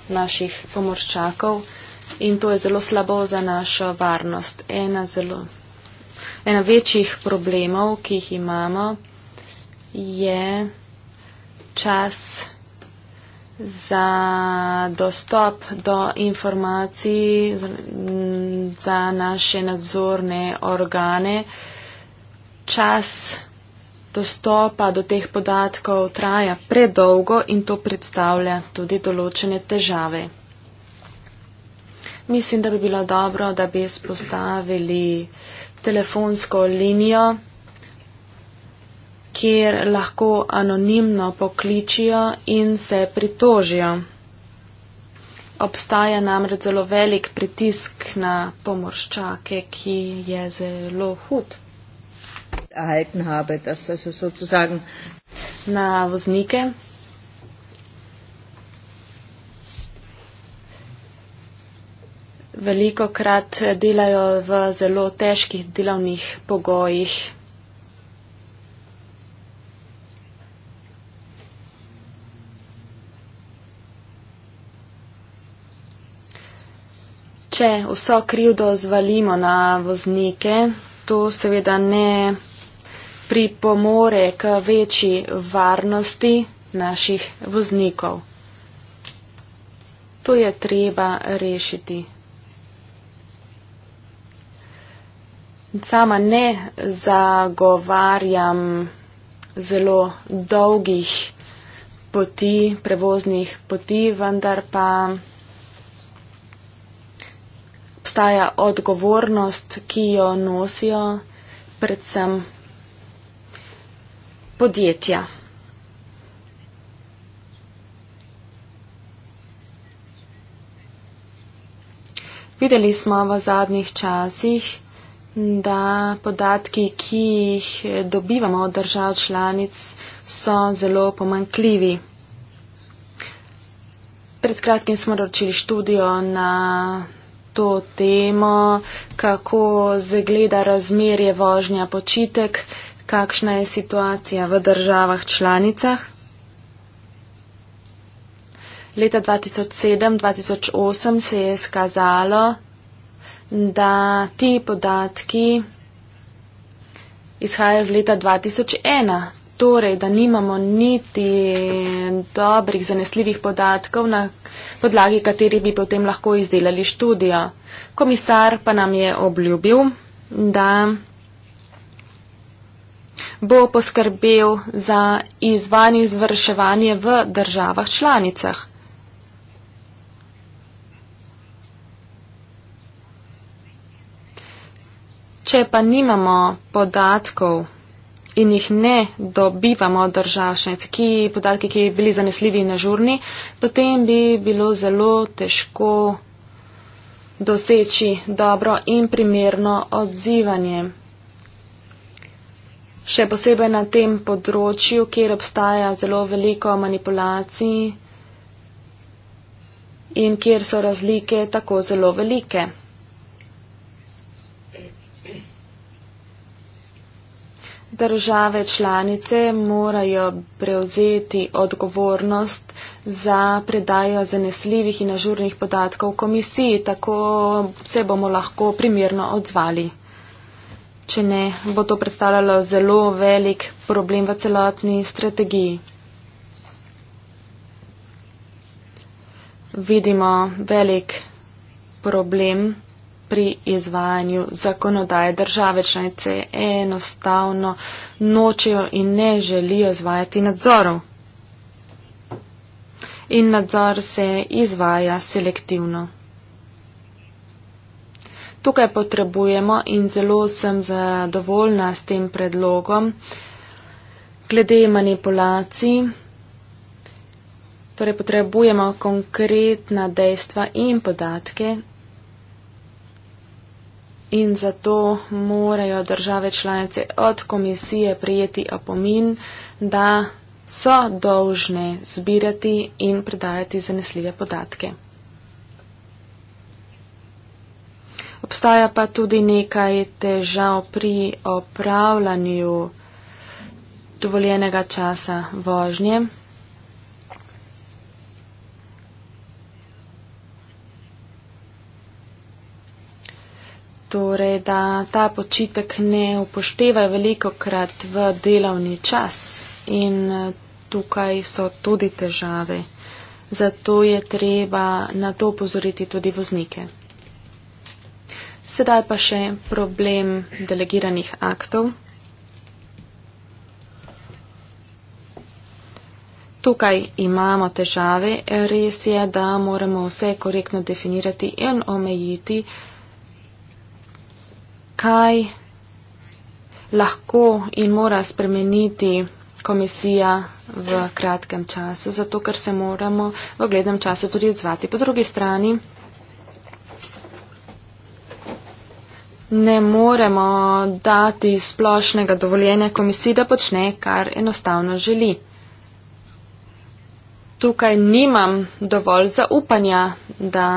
naših pomorščakov in to je zelo slabo za našo varnost. Ena, zelo, ena večjih problemov, ki jih imamo, je čas za dostop do informacij za naše nadzorne organe. Čas dostopa do teh podatkov traja predolgo in to predstavlja tudi določene težave mislim, da bi bilo dobro, da bi spostavili telefonsko linijo, kjer lahko anonimno pokličijo in se pritožijo. Obstaja namreč zelo velik pritisk na pomorščake, ki je zelo hud. Na voznike, veliko krat delajo v zelo težkih delovnih pogojih. Če vso krivdo zvalimo na voznike, to seveda ne pripomore k večji varnosti naših voznikov. To je treba rešiti. sama ne zagovarjam zelo dolgih poti, prevoznih poti, vendar pa obstaja odgovornost, ki jo nosijo predvsem podjetja. Videli smo v zadnjih časih, da podatki, ki jih dobivamo od držav članic, so zelo pomankljivi. Pred kratkim smo naročili študijo na to temo, kako zagleda razmerje vožnja počitek, kakšna je situacija v državah članicah. Leta 2007-2008 se je skazalo, da ti podatki izhajajo iz leta 2001, torej da nimamo niti dobrih zanesljivih podatkov, na podlagi katerih bi potem lahko izdelali študijo. Komisar pa nam je obljubil, da bo poskrbel za izvanje izvrševanje v državah članicah. Če pa nimamo podatkov in jih ne dobivamo od državšnic, ki podatki, ki bi bili zanesljivi in nažurni, potem bi bilo zelo težko doseči dobro in primerno odzivanje. Še posebej na tem področju, kjer obstaja zelo veliko manipulacij in kjer so razlike tako zelo velike. države članice morajo prevzeti odgovornost za predajo zanesljivih in nažurnih podatkov komisiji, tako se bomo lahko primerno odzvali. Če ne, bo to predstavljalo zelo velik problem v celotni strategiji. Vidimo velik problem pri izvajanju zakonodaje. Države članice enostavno nočejo in ne želijo izvajati nadzorov. In nadzor se izvaja selektivno. Tukaj potrebujemo in zelo sem zadovoljna s tem predlogom glede manipulacij. Torej potrebujemo konkretna dejstva in podatke in zato morajo države članice od komisije prijeti opomin, da so dolžne zbirati in predajati zanesljive podatke. Obstaja pa tudi nekaj težav pri opravljanju dovoljenega časa vožnje. torej, da ta počitek ne upošteva veliko krat v delavni čas in eh, tukaj so tudi težave. Zato je treba na to upozoriti tudi voznike. Sedaj pa še problem delegiranih aktov. Tukaj imamo težave. Res je, da moramo vse korektno definirati in omejiti, kaj lahko in mora spremeniti komisija v kratkem času, zato ker se moramo v glednem času tudi odzvati. Po drugi strani ne moremo dati splošnega dovoljenja komisiji, da počne, kar enostavno želi. Tukaj nimam dovolj zaupanja, da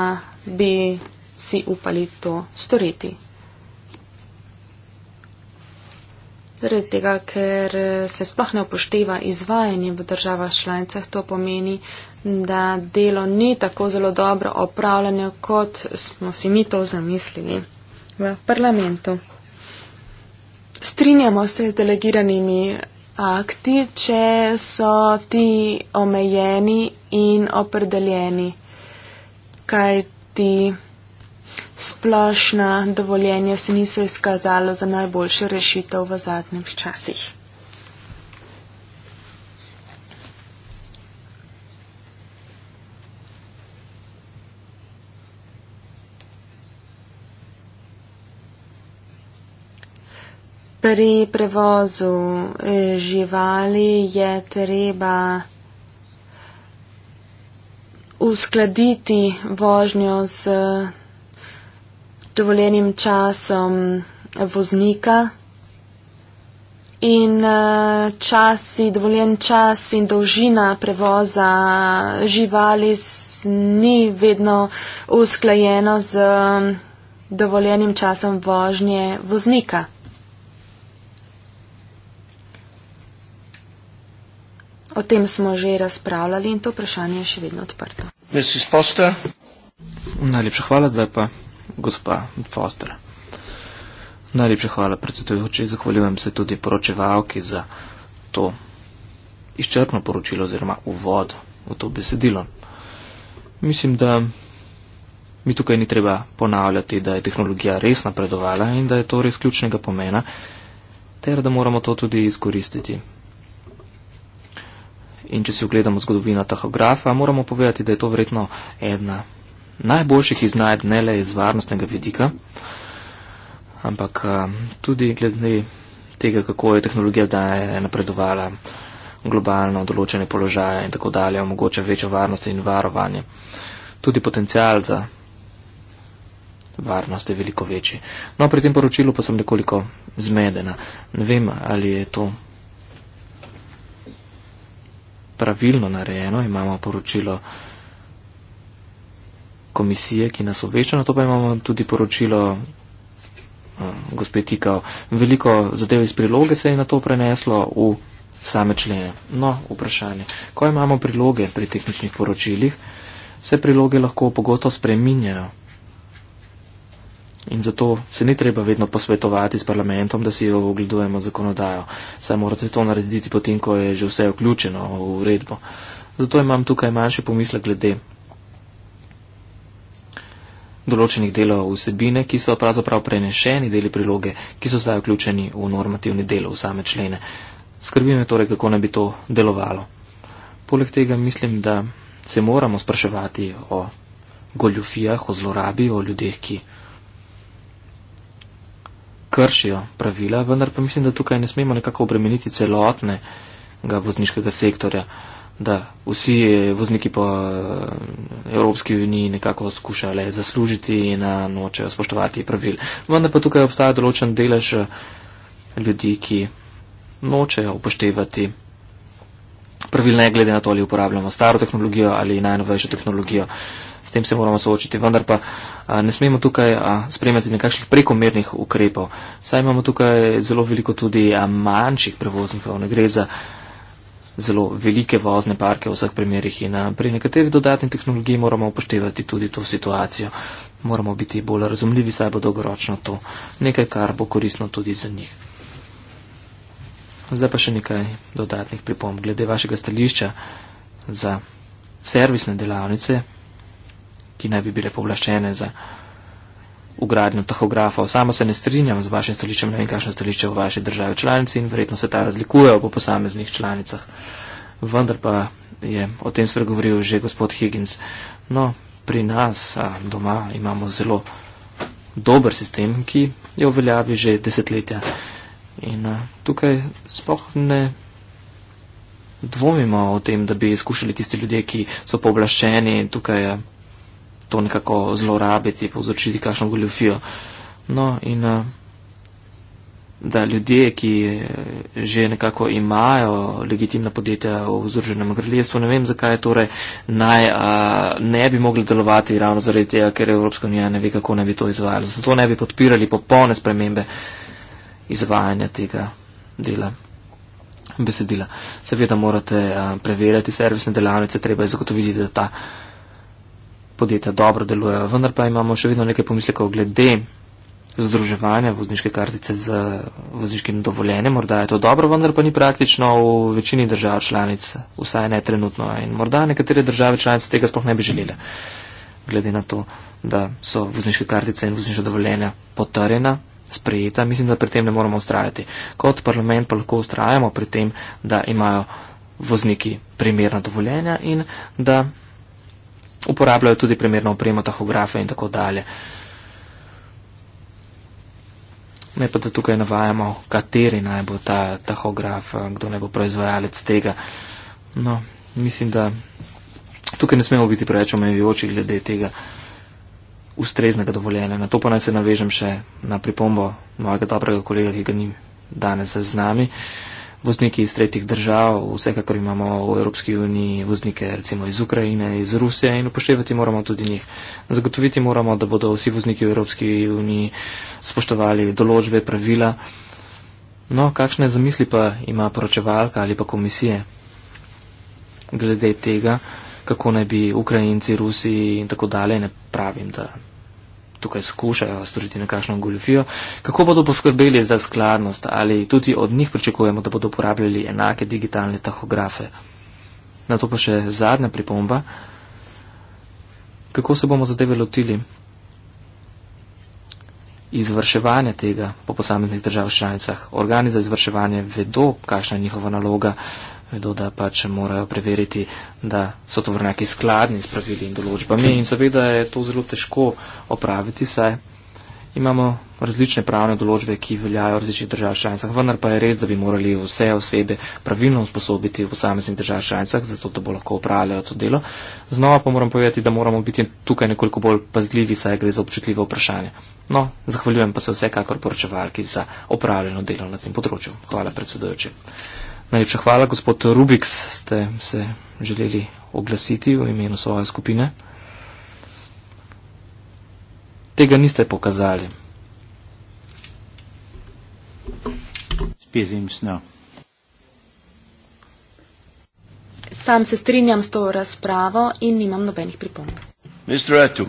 bi si upali to storiti. Zaradi tega, ker se sploh ne upošteva izvajanje v državah članicah, to pomeni, da delo ni tako zelo dobro opravljeno, kot smo si mi to zamislili v parlamentu. Strinjamo se z delegiranimi akti, če so ti omejeni in opredeljeni. Kaj ti? splošna dovoljenja se niso izkazala za najboljšo rešitev v zadnjem časih. Pri prevozu eh, živali je treba uskladiti vožnjo z dovoljenim časom voznika in eh, časi, dovoljen čas in dolžina prevoza živali ni vedno usklajeno z mm, dovoljenim časom vožnje voznika. O tem smo že razpravljali in to vprašanje je še vedno odprto. Najlepša hvala, zdaj pa gospa Foster. Najlepša hvala, predsedujoči. Zahvaljujem se tudi poročevalki za to izčrpno poročilo oziroma uvod v to besedilo. Mislim, da mi tukaj ni treba ponavljati, da je tehnologija res napredovala in da je to res ključnega pomena, ter da moramo to tudi izkoristiti. In če si ogledamo zgodovino tahografa, moramo povedati, da je to vredno ena najboljših iznajd ne le iz varnostnega vidika, ampak eh, tudi glede tega, kako je tehnologija zdaj napredovala globalno, določene položaje in tako dalje, omogoča večjo varnost in varovanje. Tudi potencial za varnost je veliko večji. No, pri tem poročilu pa sem nekoliko zmedena. Ne vem, ali je to pravilno narejeno. Imamo poročilo komisije, ki nas obvešča, na to pa imamo tudi poročilo eh, gospe Tikao. Veliko zadev iz priloge se je na to preneslo v same člene. No, vprašanje. Ko imamo priloge pri tehničnih poročilih, se priloge lahko pogosto spreminjajo. In zato se ni treba vedno posvetovati s parlamentom, da si jo ogledujemo zakonodajo. Saj morate to narediti potem, ko je že vse vključeno v uredbo. Zato imam tukaj manjše pomisle glede določenih delov vsebine, ki so pravzaprav prenešeni deli priloge, ki so zdaj vključeni v normativni del v same člene. Skrbi me torej, kako naj bi to delovalo. Poleg tega mislim, da se moramo spraševati o goljufijah, o zlorabi, o ljudeh, ki kršijo pravila, vendar pa mislim, da tukaj ne smemo nekako obremeniti celotnega vozniškega sektorja da vsi vozniki po eh, Evropski uniji nekako skušale zaslužiti in eh, nočejo spoštovati pravil. Vendar pa tukaj obstaja določen delež eh, ljudi, ki nočejo upoštevati pravil, ne glede na to, ali uporabljamo staro tehnologijo ali najnovejšo tehnologijo. S tem se moramo soočiti, vendar pa a, ne smemo tukaj sprejemati nekakšnih prekomernih ukrepov. Saj imamo tukaj zelo veliko tudi a, manjših prevoznikov. Ne gre za zelo velike vozne parke v vseh primerjih in eh, pri nekaterih dodatnih tehnologij moramo upoštevati tudi to situacijo. Moramo biti bolj razumljivi, saj bo dolgoročno to nekaj, kar bo koristno tudi za njih. Zdaj pa še nekaj dodatnih pripomb. Glede vašega stališča za servisne delavnice, ki naj bi bile povlaščene za ugradnjo tahografov. Sama se ne strinjam z vašim stoličem, ne vem, kakšno stoličje v vaši državi članici in verjetno se ta razlikuje po posameznih članicah. Vendar pa je o tem spregovoril že gospod Higgins. No, pri nas a, doma imamo zelo dober sistem, ki je v veljavi že desetletja. In a, tukaj spoh ne. Dvomimo o tem, da bi skušali tisti ljudje, ki so povlaščeni tukaj to nekako zlorabiti, povzročiti kakšno goljofijo. No, in eh, da ljudje, ki eh, že nekako imajo legitimna podjetja v Združenem kraljestvu, ne vem, zakaj torej naj, a, eh, ne bi mogli delovati ravno zaradi tega, ker Evropska unija ne ve, kako naj bi to izvajala. Zato ne bi podpirali popolne spremembe izvajanja tega dela besedila. Seveda morate a, preverjati servisne delavnice, treba je zagotoviti, da ta podjetja dobro delujejo, vendar pa imamo še vedno nekaj pomislekov glede združevanja vozniške kartice z vozniškim dovoljenjem. Morda je to dobro, vendar pa ni praktično v večini držav članic, vsaj ne trenutno. In morda nekatere države članice tega sploh ne bi želele, glede na to, da so vozniške kartice in vozniška dovoljenja potrjena. Sprejeta. Mislim, da pri tem ne moramo ustrajati. Kot parlament pa lahko ustrajamo pri tem, da imajo vozniki primerna dovoljenja in da uporabljajo tudi primerno opremo, tahografe in tako dalje. Ne pa, da tukaj navajamo, kateri naj bo ta tahograf, kdo naj bo proizvajalec tega. No, mislim, da tukaj ne smemo biti preveč omejujoči glede tega ustreznega dovoljenja. Na to pa naj se navežem še na pripombo mojega dobrega kolega, ki ga ni danes z nami. Uh, vozniki iz tretjih držav, vsekakor imamo v Evropski uniji voznike recimo iz Ukrajine, iz Rusije in upoštevati moramo tudi njih. Zagotoviti moramo, da bodo vsi vozniki v Evropski uniji spoštovali določbe, pravila. No, kakšne zamisli pa ima poročevalka ali pa komisije glede tega, kako naj bi Ukrajinci, Rusi in tako dalje, ne pravim, da tukaj skušajo storiti nekakšno goljofijo. Kako bodo poskrbeli za skladnost ali tudi od njih pričakujemo, da bodo uporabljali enake digitalne tahografe? Na to pa še zadnja pripomba. Kako se bomo zadeve lotili izvrševanja tega po posameznih državah članicah? Organi za izvrševanje vedo, kakšna je njihova naloga, vedo, da pač morajo preveriti, da so to vrnjaki skladni s pravili in določbami in seveda je to zelo težko opraviti, saj imamo različne pravne določbe, ki veljajo v različnih držav članicah, vendar pa je res, da bi morali vse osebe pravilno usposobiti v posameznih držav članicah, zato da bo lahko upravljali to delo. Znova pa moram povedati, da moramo biti tukaj nekoliko bolj pazljivi, saj gre za občutljivo vprašanje. No, zahvaljujem pa se vsekakor poročevalki za opravljeno delo na tem področju. Hvala predsedujoči. Najlepša hvala, gospod Rubiks, ste se želeli oglasiti v imenu svoje skupine. Tega niste pokazali. Sam se strinjam s to razpravo in nimam nobenih pripomb. Mr. Ertug.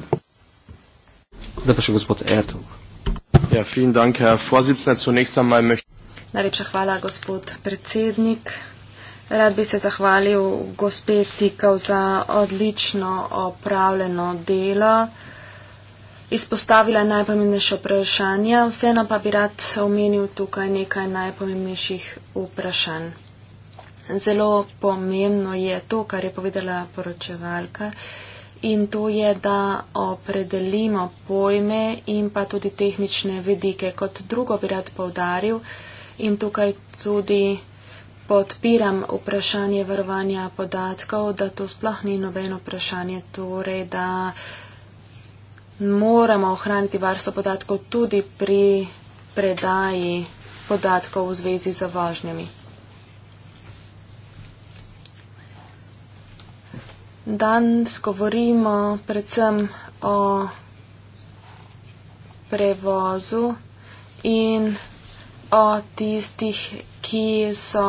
Da pa še gospod Ertug. Ja, vielen Dank, Herr Vorsitzender. Zunächst einmal möchte Najlepša hvala, gospod predsednik. Rad bi se zahvalil gospe Tikov za odlično opravljeno delo. Izpostavila je najpomembnejše vprašanja, vseeno pa bi rad omenil tukaj nekaj najpomembnejših vprašanj. Zelo pomembno je to, kar je povedala poročevalka in to je, da opredelimo pojme in pa tudi tehnične vedike. Kot drugo bi rad povdaril, in tukaj tudi podpiram vprašanje varovanja podatkov, da to sploh ni nobeno vprašanje, torej da moramo ohraniti varstvo podatkov tudi pri predaji podatkov v zvezi z vožnjami. Danes govorimo predvsem o prevozu in o tistih, ki so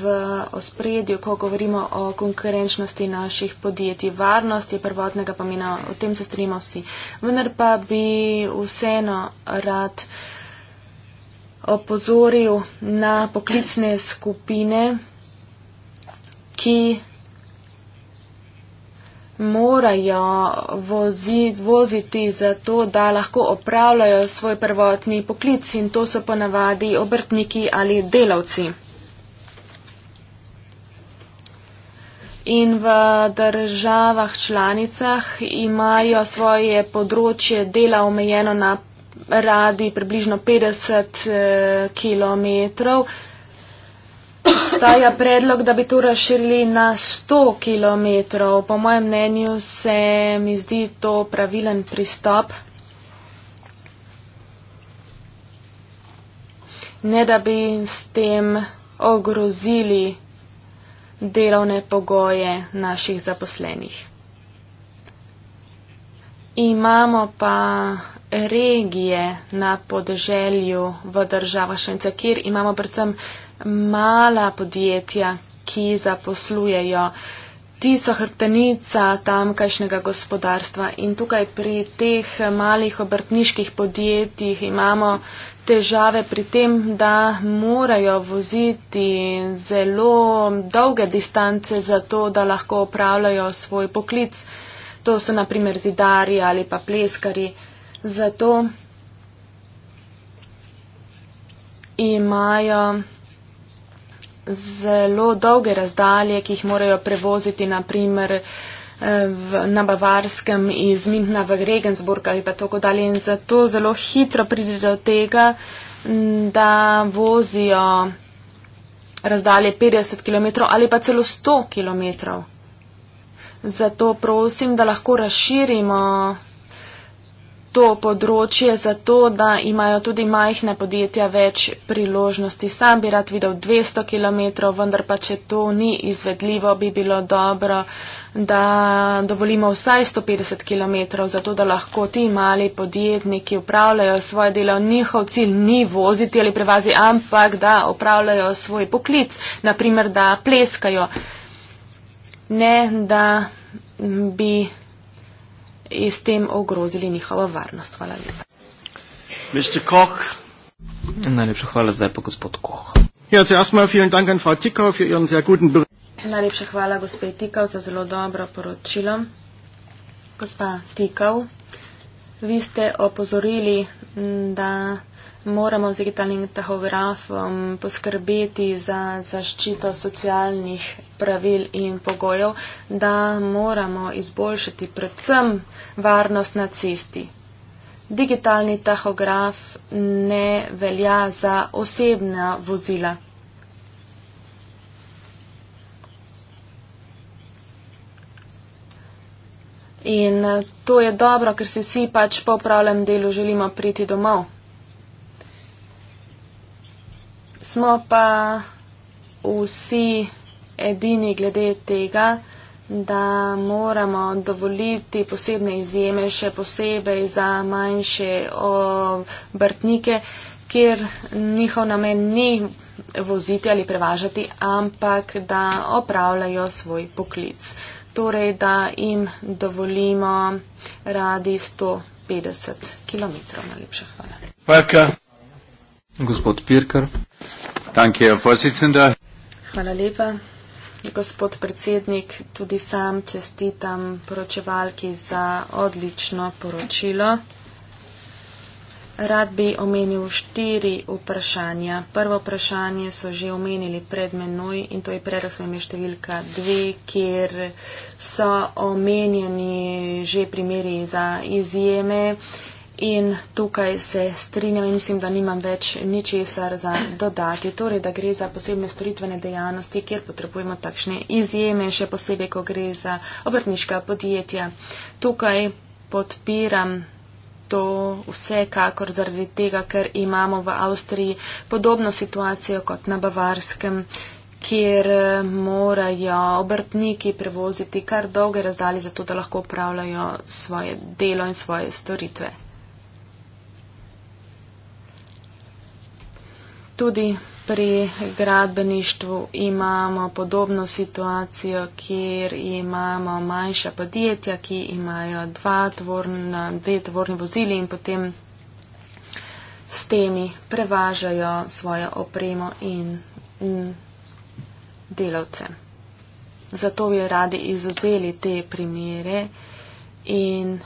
v ospredju, ko govorimo o konkurenčnosti naših podjetij. Varnost je prvotnega pomena, o tem se strinjamo vsi. Vendar pa bi vseeno rad opozoril na poklicne skupine, ki morajo vozi, voziti za to, da lahko opravljajo svoj prvotni poklic in to so ponavadi obrtniki ali delavci. In v državah članicah imajo svoje področje dela omejeno na radi približno 50 eh, km obstaja predlog, da bi to razširili na 100 km. Po mojem mnenju se mi zdi to pravilen pristop. Ne da bi s tem ogrozili delovne pogoje naših zaposlenih. Imamo pa regije na podeželju v državah Švence, kjer imamo predvsem mala podjetja, ki zaposlujejo. Ti so hrbtenica tamkajšnjega gospodarstva in tukaj pri teh malih obrtniških podjetjih imamo težave pri tem, da morajo voziti zelo dolge distance za to, da lahko upravljajo svoj poklic. To so naprimer zidari ali pa pleskari. Zato imajo zelo dolge razdalje, ki jih morajo prevoziti naprimer eh, v, na Bavarskem iz Mintna v Regensburg ali pa tako dalje in zato zelo hitro pride do tega, da vozijo razdalje 50 km ali pa celo 100 km. Zato prosim, da lahko razširimo to področje zato, da imajo tudi majhne podjetja več priložnosti. Sam bi rad videl 200 km, vendar pa če to ni izvedljivo, bi bilo dobro, da dovolimo vsaj 150 km, zato da lahko ti mali podjetniki upravljajo svoje delo. Njihov cilj ni voziti ali prevazi, ampak da upravljajo svoj poklic, naprimer, da pleskajo. Ne, da bi in s tem ogrozili njihovo varnost. Hvala lepa. Najlepša hvala zdaj pa gospod Koh. Ja, Najlepša hvala gospe Tikov za zelo dobro poročilo. Gospa Tikov, vi ste opozorili, da moramo z digitalnim tahografom poskrbeti za zaščito socialnih pravil in pogojev, da moramo izboljšati predvsem varnost na cesti. Digitalni tahograf ne velja za osebna vozila. In eh, to je dobro, ker si vsi pač po upravljem delu želimo priti domov. Smo pa vsi edini glede tega, da moramo dovoliti posebne izjeme, še posebej za manjše obrtnike, kjer njihov namen ni voziti ali prevažati, ampak da opravljajo svoj poklic. Torej, da jim dovolimo radi 150 km. Najlepša hvala. Hvala. Gospod Pirker. Danke, Herr Vorsitzender. Hvala lepa gospod predsednik, tudi sam čestitam poročevalki za odlično poročilo. Rad bi omenil štiri vprašanja. Prvo vprašanje so že omenili pred menoj in to je predosvojme številka dve, kjer so omenjeni že primeri za izjeme, eh, In tukaj se strinjam in mislim, da nimam več ničesar za dodati. Torej, da gre za posebne storitvene dejavnosti, kjer potrebujemo takšne izjeme, še posebej, ko gre za obrtniška podjetja. Tukaj podpiram to vsekakor zaradi tega, ker imamo v Avstriji podobno situacijo kot na Bavarskem kjer eh, morajo obrtniki prevoziti kar dolge razdalje, zato da lahko upravljajo svoje delo in svoje storitve. Tudi pri gradbeništvu imamo podobno situacijo, kjer imamo manjša podjetja, ki imajo dva tvorn, dve tvorni vozili in potem s temi prevažajo svojo opremo in delavce. Zato bi radi izuzeli te primere in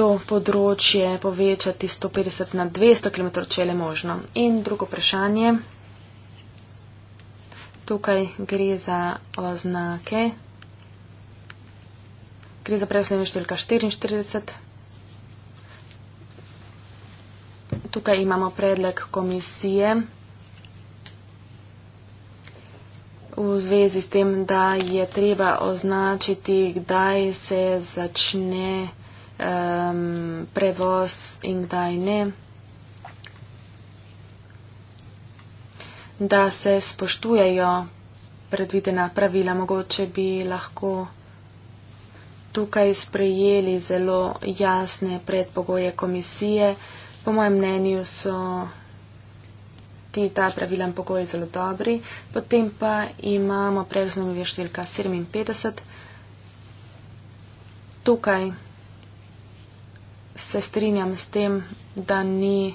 to področje povečati 150 na 200 km, če je možno. In drugo vprašanje. Tukaj gre za oznake. Gre za preslednje številka 44. Tukaj imamo predlog komisije v zvezi s tem, da je treba označiti, kdaj se začne um, prevoz in kdaj ne. Da se spoštujejo predvidena pravila, mogoče bi lahko tukaj sprejeli zelo jasne predpogoje komisije. Po mojem mnenju so ti ta pravila in pogoji zelo dobri. Potem pa imamo preznamo veštevka 57. Tukaj se strinjam s tem, da ni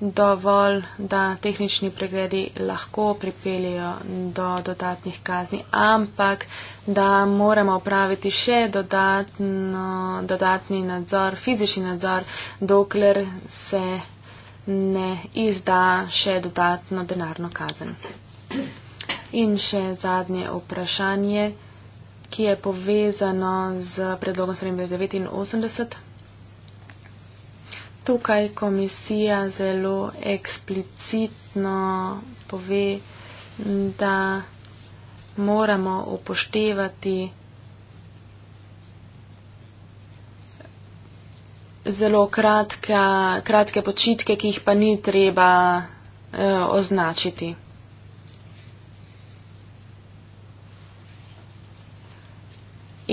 dovolj, da tehnični pregledi lahko pripeljajo do dodatnih kazni, ampak da moramo upraviti še dodatno, dodatni nadzor, fizični nadzor, dokler se ne izda še dodatno denarno kazen. In še zadnje vprašanje, ki je povezano z predlogom 789 tukaj komisija zelo eksplicitno pove, da moramo upoštevati zelo kratka, kratke počitke, ki jih pa ni treba eh, označiti.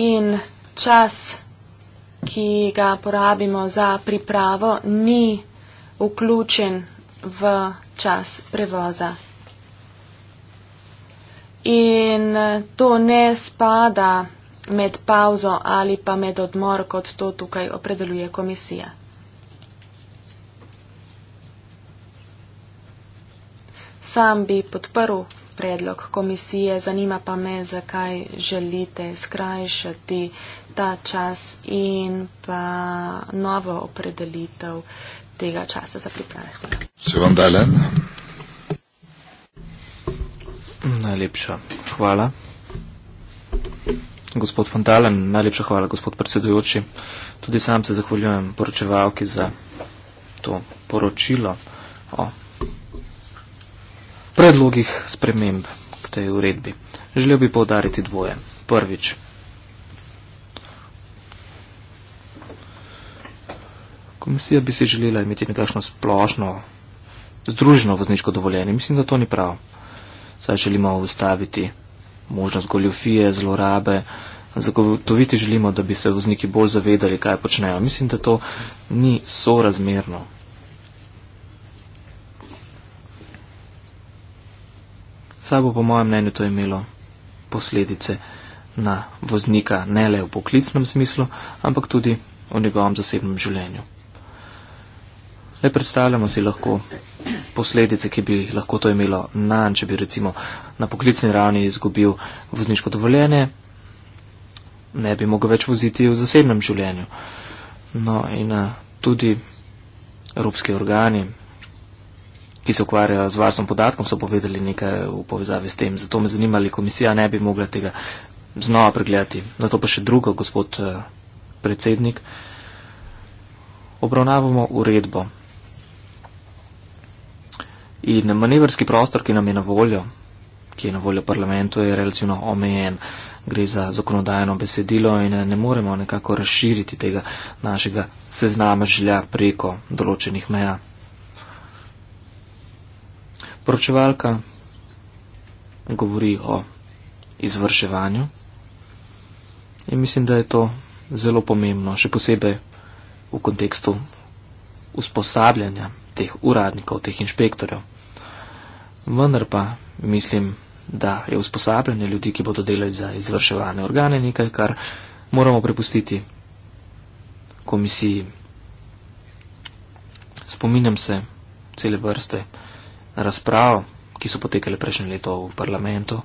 In čas ki ga porabimo za pripravo, ni vključen v čas prevoza. In to ne spada med pauzo ali pa med odmor, kot to tukaj opredeljuje komisija. Sam bi podprl predlog komisije, zanima pa me, zakaj želite skrajšati ta čas in pa novo opredelitev tega časa za priprave. Hvala. Se vam da len? Najlepša hvala. Gospod Fontalen, najlepša hvala, gospod predsedujoči. Tudi sam se zahvaljujem poročevalki za to poročilo o predlogih sprememb k tej uredbi. Želel bi poudariti dvoje. Prvič, Komisija bi si želela imeti nekakšno splošno, združeno vozniško dovoljenje. Mislim, da to ni prav. Saj želimo ustaviti možnost goljofije, zlorabe, zagotoviti želimo, da bi se vozniki bolj zavedali, kaj počnejo. Mislim, da to ni sorazmerno. Saj bo po mojem mnenju to imelo posledice na voznika ne le v poklicnem smislu, ampak tudi v njegovem zasebnem življenju. Le predstavljamo si lahko posledice, ki bi lahko to imelo na, če bi recimo na poklicni ravni izgubil vozniško dovoljenje, ne bi mogel več voziti v zasebnem življenju. No in eh, tudi evropski organi, ki se ukvarjajo z varstvom podatkom, so povedali nekaj v povezavi s tem. Zato me zanima, ali komisija ne bi mogla tega znova pregledati. Na to pa še drugo, gospod eh, predsednik. Obravnavamo uredbo In manevrski prostor, ki nam je na voljo, ki je na voljo parlamentu, je relativno omejen. Gre za zakonodajno besedilo in eh, ne moremo nekako razširiti tega našega seznama želja preko določenih meja. Poročevalka govori o izvrševanju in mislim, da je to zelo pomembno, še posebej v kontekstu usposabljanja teh uradnikov, teh inšpektorjev vendar pa mislim, da je usposabljanje ljudi, ki bodo delali za izvrševane organe, nekaj, kar moramo prepustiti komisiji. Spominjam se cele vrste razprav, ki so potekale prejšnje leto v parlamentu,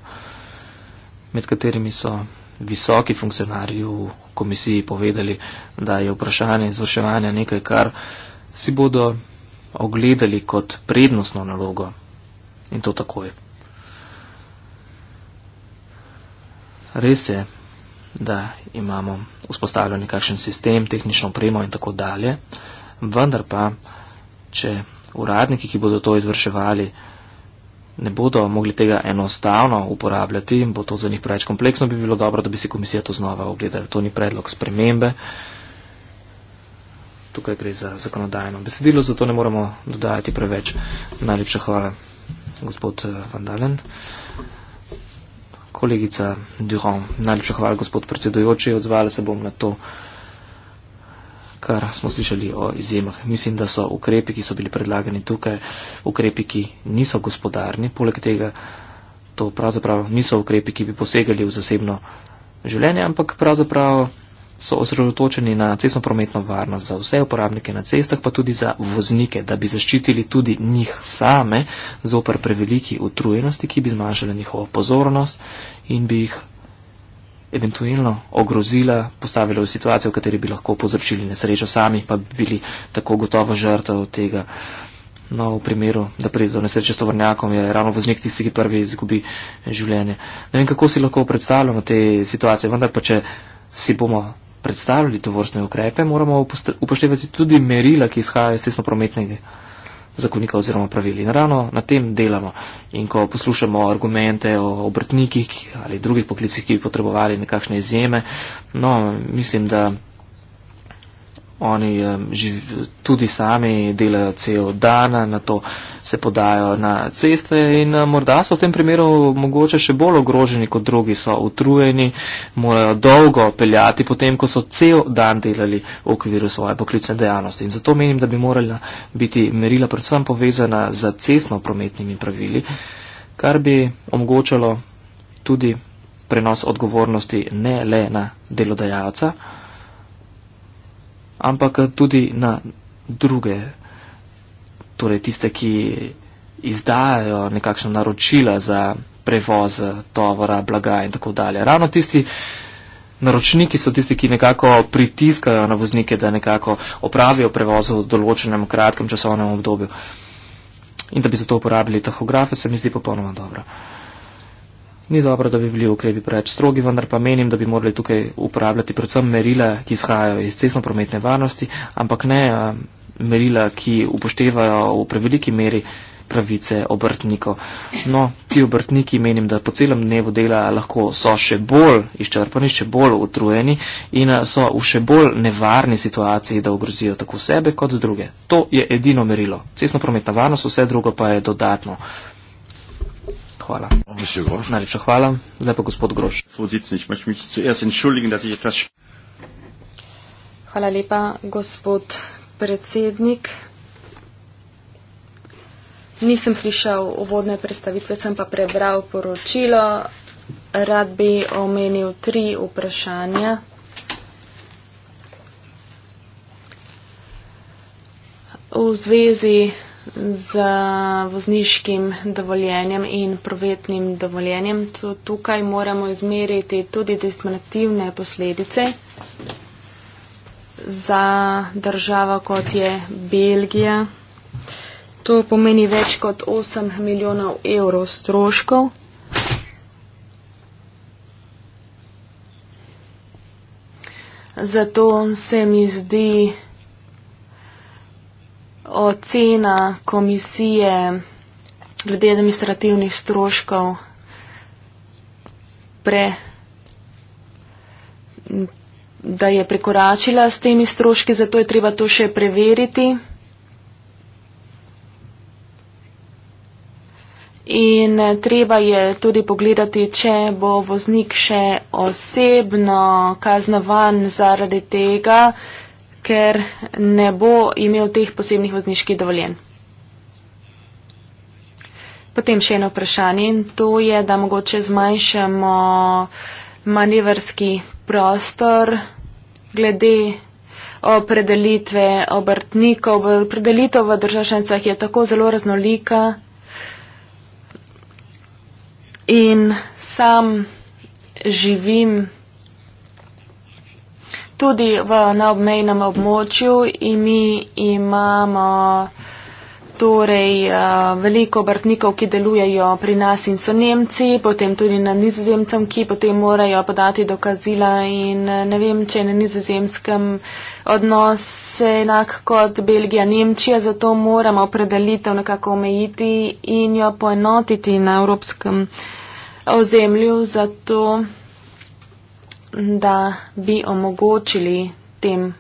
med katerimi so visoki funkcionarji v komisiji povedali, da je vprašanje izvrševanja nekaj, kar si bodo ogledali kot prednostno nalogo in to takoj. Res je, da imamo vzpostavljen nekakšen sistem, tehnično opremo in tako dalje, vendar pa, če uradniki, ki bodo to izvrševali, ne bodo mogli tega enostavno uporabljati in bo to za njih preveč kompleksno, bi bilo dobro, da bi si komisija to znova ogledala. To ni predlog spremembe. Tukaj gre za zakonodajno besedilo, zato ne moremo dodajati preveč. Najlepša hvala gospod eh, Vandalen. Kolegica Durand, najlepša hvala, gospod predsedujoči, odzvala se bom na to, kar smo slišali o izjemah. Mislim, da so ukrepi, ki so bili predlagani tukaj, ukrepi, ki niso gospodarni, poleg tega to pravzaprav niso ukrepi, ki bi posegali v zasebno življenje, ampak pravzaprav so osredotočeni na cestno prometno varnost za vse uporabnike na cestah, pa tudi za voznike, da bi zaščitili tudi njih same zoper preveliki utrujenosti, ki bi zmanjšala njihovo pozornost in bi jih eventualno ogrozila, postavila v situacijo, v kateri bi lahko povzročili nesrečo sami, pa bi bili tako gotovo žrtev tega. No, v primeru, da pride do nesreče s tovrnjakom, je ravno voznik tisti, ki prvi izgubi življenje. Ne vem, kako si lahko predstavljamo te situacije, vendar pa če si bomo predstavljali to vrstne ukrepe, moramo upoštevati tudi merila, ki izhajajo iz cestno-prometnega zakonika oziroma pravili. Naravno na tem delamo in ko poslušamo argumente o obrtnikih ali drugih poklicih, ki bi potrebovali nekakšne izjeme, no, mislim, da. Oni um, živi, tudi sami delajo cel dan, na to se podajo na ceste in uh, morda so v tem primeru mogoče še bolj ogroženi kot drugi, so utrujeni, morajo dolgo peljati potem, ko so cel dan delali v okviru svoje poklicne dejavnosti. In zato menim, da bi morala biti merila predvsem povezana z cestno-prometnimi pravili, kar bi omogočalo tudi prenos odgovornosti ne le na delodajalca, ampak tudi na druge, torej tiste, ki izdajajo nekakšna naročila za prevoz tovora, blaga in tako dalje. Ravno tisti naročniki so tisti, ki nekako pritiskajo na voznike, da nekako opravijo prevoz v določenem kratkem časovnem obdobju. In da bi za to uporabili tahografe, se mi zdi popolnoma dobro. Ni dobro, da bi bili ukrepi preveč strogi, vendar pa menim, da bi morali tukaj uporabljati predvsem merila, ki izhajajo iz cestno-prometne varnosti, ampak ne eh, merila, ki upoštevajo v preveliki meri pravice obrtnikov. No, ti obrtniki menim, da po celem dnevu dela lahko so še bolj izčrpani, še bolj utrujeni in eh, so v še bolj nevarni situaciji, da ogrozijo tako sebe kot druge. To je edino merilo. Cestno prometna varnost, vse drugo pa je dodatno hvala. Najlepša hvala. Zdaj pa gospod Groš. Hvala lepa, gospod predsednik. Nisem slišal uvodne predstavitve, sem pa prebral poročilo. Rad bi omenil tri vprašanja. V zvezi z vozniškim dovoljenjem in provetnim dovoljenjem. Tukaj moramo izmeriti tudi destinativne posledice za državo, kot je Belgija. To pomeni več kot 8 milijonov evrov stroškov. Zato se mi zdi, da ocena komisije glede administrativnih stroškov pre, da je prekoračila s temi stroški, zato je treba to še preveriti. In eh, treba je tudi pogledati, če bo voznik še osebno kaznovan zaradi tega, ker ne bo imel teh posebnih vozniških dovoljen. Potem še eno vprašanje in to je, da mogoče zmanjšamo manevrski prostor glede opredelitve obrtnikov. Opredelitev v državšnicah je tako zelo raznolika in sam živim tudi v neobmejnem območju in mi imamo torej eh, veliko obrtnikov, ki delujejo pri nas in so Nemci, potem tudi na nizozemcem, ki potem morajo podati dokazila in eh, ne vem, če je na nizozemskem odnos enak kot Belgija-Nemčija, zato moramo predelitev nekako omejiti in jo poenotiti na evropskem ozemlju. Zato da bi omogočili tem eh,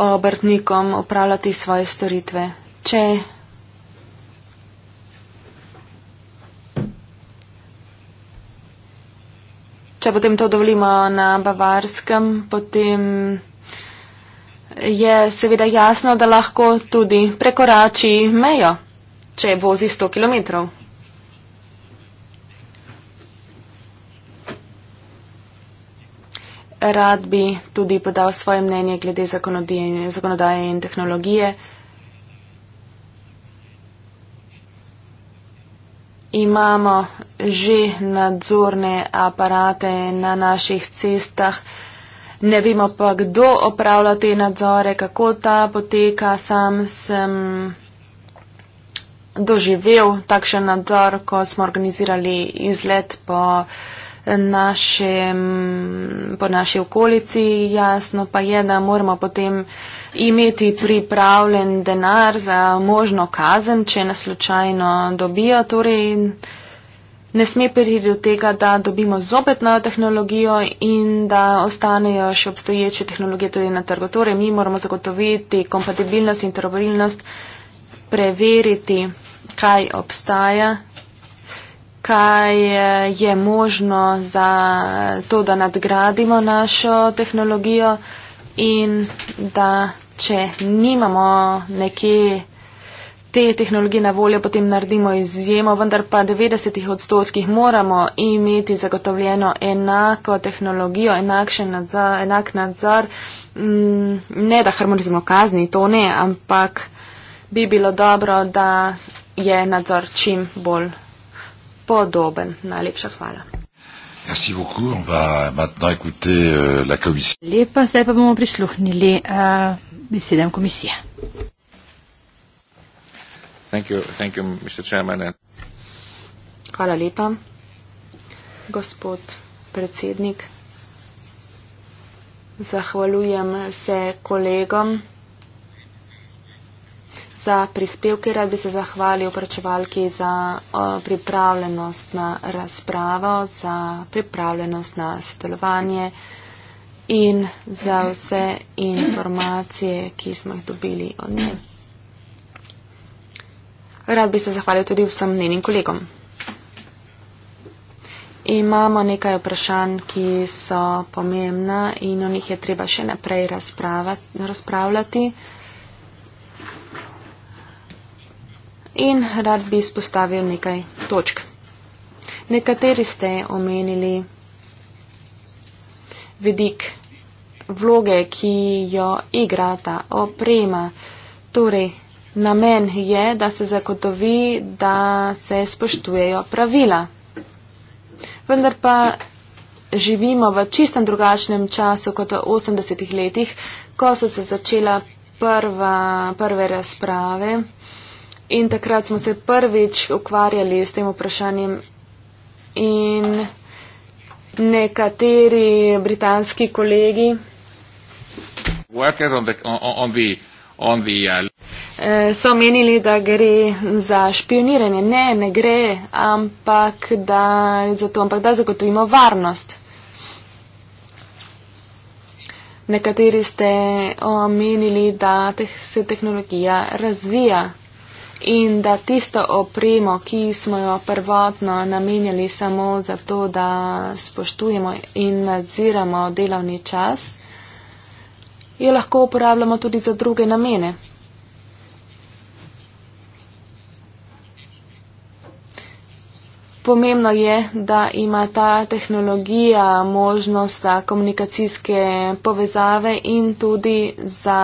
obrtnikom upravljati svoje storitve. Če Če potem to dovolimo na bavarskem, potem je seveda jasno, da lahko tudi prekorači mejo, če vozi 100 km. rad bi tudi podal svoje mnenje glede zakonodaje in tehnologije. Imamo že nadzorne aparate na naših cestah, ne vemo pa, kdo opravlja te nadzore, kako ta poteka. Sam sem doživel takšen nadzor, ko smo organizirali izlet po našem, po naši okolici. Jasno pa je, da moramo potem imeti pripravljen denar za možno kazen, če nas slučajno dobijo. Torej, Ne sme priti do tega, da dobimo zopet novo tehnologijo in da ostanejo še obstoječe tehnologije tudi na trgu. Torej, mi moramo zagotoviti kompatibilnost in interoperabilnost, preveriti, kaj obstaja kaj je možno za to, da nadgradimo našo tehnologijo in da če nimamo nekje te tehnologije na voljo, potem naredimo izjemo, vendar pa 90 odstotkih moramo imeti zagotovljeno enako tehnologijo, nadzor, enak nadzor. Mm, ne, da harmonizmo kazni, to ne, ampak bi bilo dobro, da je nadzor čim bolj podoben. Najlepša hvala. Merci beaucoup. On va maintenant écouter euh, la commission. Lepa, zdaj pa bomo prisluhnili uh, eh, besedem komisije. Thank you, thank you, Mr. Chairman. Hvala lepa, gospod predsednik. Zahvaljujem se kolegom za prispevke. Rad bi se zahvalil vprašalki za pripravljenost na razpravo, za pripravljenost na sodelovanje in za vse informacije, ki smo jih dobili od nje. Rad bi se zahvalil tudi vsem njenim kolegom. Imamo nekaj vprašanj, ki so pomembna in o njih je treba še naprej razpravljati. in rad bi izpostavil nekaj točk. Nekateri ste omenili vidik vloge, ki jo igrata, oprema. Torej, namen je, da se zagotovi, da se spoštujejo pravila. Vendar pa živimo v čistem drugačnem času kot v 80-ih letih, ko so se začela prva, prve razprave In takrat smo se prvič ukvarjali s tem vprašanjem in nekateri britanski kolegi. Uh, eh, so menili, da gre za špioniranje. Ne, ne gre, ampak da, zato, ampak da zagotovimo varnost. Nekateri ste omenili, da teh, se tehnologija razvija in da tisto opremo, ki smo jo prvotno namenjali samo za to, da spoštujemo in nadziramo delovni čas, jo lahko uporabljamo tudi za druge namene. Pomembno je, da ima ta tehnologija možnost za komunikacijske povezave in tudi za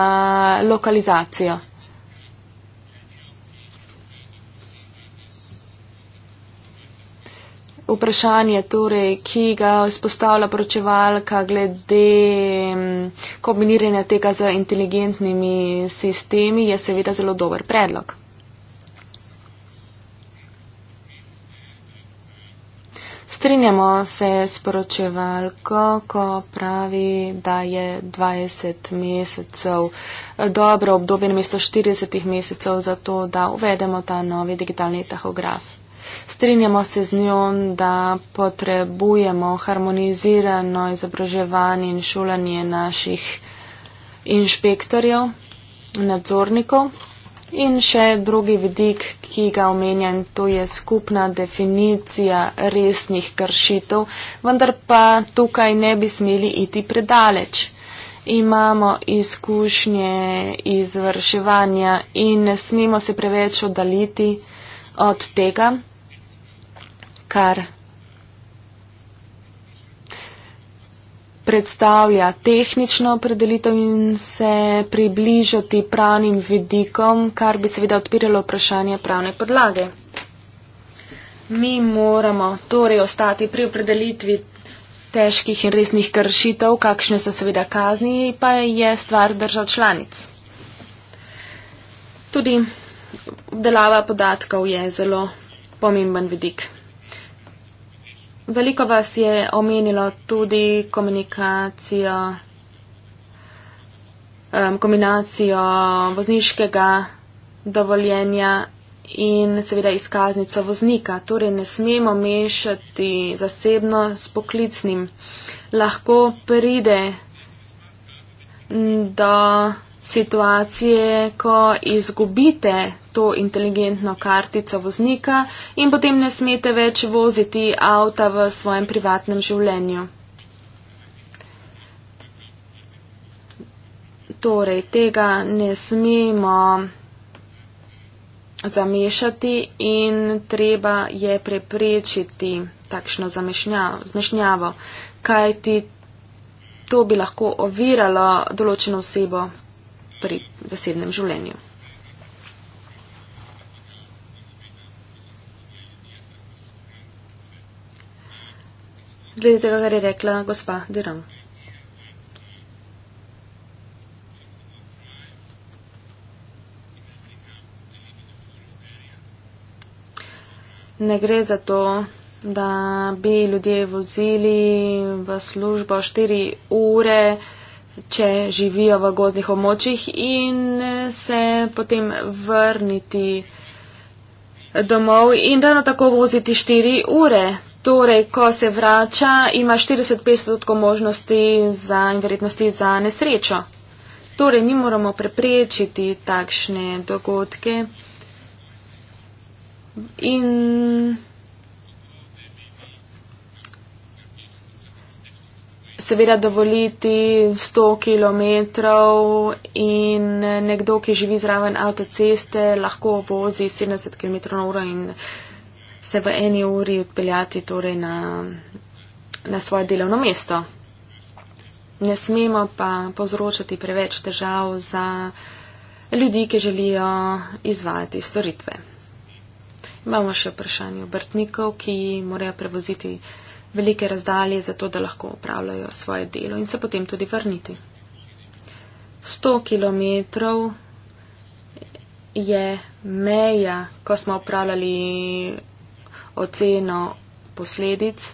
lokalizacijo. vprašanje, torej, ki ga spostavlja poročevalka glede mm, kombiniranja tega z inteligentnimi sistemi, je seveda zelo dober predlog. Strinjamo se s poročevalko, ko pravi, da je 20 mesecev eh, dobro obdobje namesto 40 mesecev za to, da uvedemo ta novi digitalni tahograf strinjamo se z njo, da potrebujemo harmonizirano izobraževanje in šolanje naših inšpektorjev, nadzornikov. In še drugi vidik, ki ga omenjam, to je skupna definicija resnih kršitev, vendar pa tukaj ne bi smeli iti predaleč. Imamo izkušnje izvrševanja in ne smemo se preveč oddaliti od tega, kar predstavlja tehnično opredelitev in se približati pravnim vidikom, kar bi seveda odpiralo vprašanje pravne podlage. Mi moramo torej ostati pri opredelitvi težkih in resnih kršitev, kakšne so seveda kazni, pa je stvar držav članic. Tudi obdelava podatkov je zelo pomemben vidik. Veliko vas je omenilo tudi komunikacijo, um, kombinacijo vozniškega dovoljenja in seveda izkaznico voznika. Torej ne smemo mešati zasebno s poklicnim. Lahko pride do situacije, ko izgubite to inteligentno kartico voznika in potem ne smete več voziti avta v svojem privatnem življenju. Torej, tega ne smemo zamešati in treba je preprečiti takšno zmešnjavo, kajti to bi lahko oviralo določeno osebo pri zasebnem življenju. Glede tega, kar je rekla gospa Diran. Ne gre za to, da bi ljudje vozili v službo 4 ure, če živijo v gozdnih območjih in eh, se potem vrniti domov in da na tako voziti 4 ure. Torej, ko se vrača, ima 40-50% možnosti za in verjetnosti za nesrečo. Torej, mi moramo preprečiti takšne dogodke. In seveda dovoliti 100 km in nekdo, ki živi zraven avtoceste, lahko vozi 70 km na uro in se v eni uri odpeljati torej na, na svoje delovno mesto. Ne smemo pa povzročati preveč težav za ljudi, ki želijo izvajati storitve. Imamo še vprašanje obrtnikov, ki morajo prevoziti velike razdalje, zato da lahko opravljajo svoje delo in se potem tudi vrniti. 100 km je meja, ko smo upravljali oceno posledic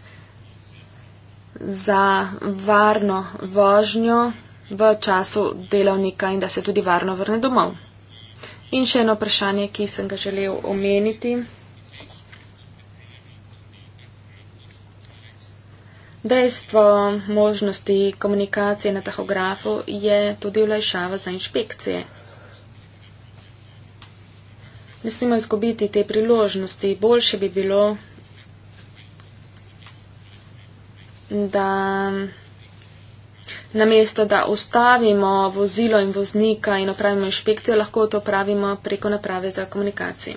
za varno vožnjo v času delovnika in da se tudi varno vrne domov. In še eno vprašanje, ki sem ga želel omeniti. Dejstvo možnosti komunikacije na tahografu je tudi olajšava za inšpekcije. Ne smemo izgubiti te priložnosti. Boljše bi bilo, da namesto, da ustavimo vozilo in voznika in opravimo inšpekcijo, lahko to opravimo preko naprave za komunikacijo.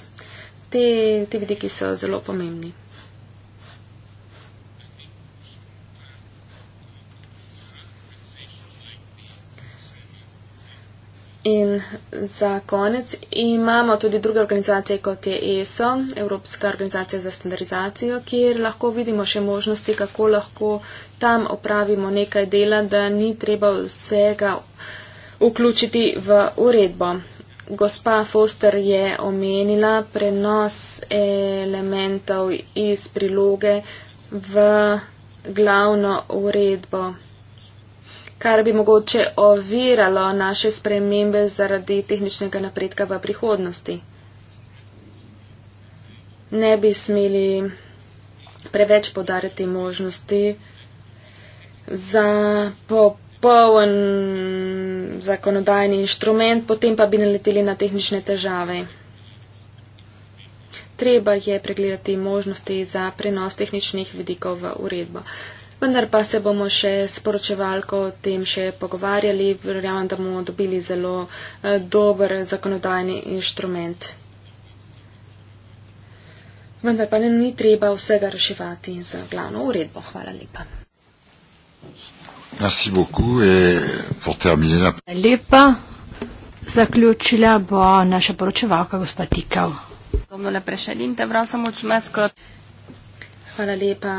Te, te vidiki so zelo pomembni. In za konec imamo tudi druge organizacije, kot je ESO, Evropska organizacija za standardizacijo, kjer lahko vidimo še možnosti, kako lahko tam opravimo nekaj dela, da ni treba vsega vključiti v uredbo. Gospa Foster je omenila prenos elementov iz priloge v glavno uredbo kar bi mogoče oviralo naše spremembe zaradi tehničnega napredka v prihodnosti. Ne bi smeli preveč podariti možnosti za popoln zakonodajni inštrument, potem pa bi naleteli na tehnične težave. Treba je pregledati možnosti za prenos tehničnih vidikov v uredbo vendar pa se bomo še s poročevalko o tem še pogovarjali. Verjamem, da bomo dobili zelo eh, dober zakonodajni inštrument. Vendar pa nam ni treba vsega reševati z glavno uredbo. Hvala lepa. Merci beaucoup et pour Lepa, zaključila bo naša poročevalka gospa Tikal. Hvala lepa,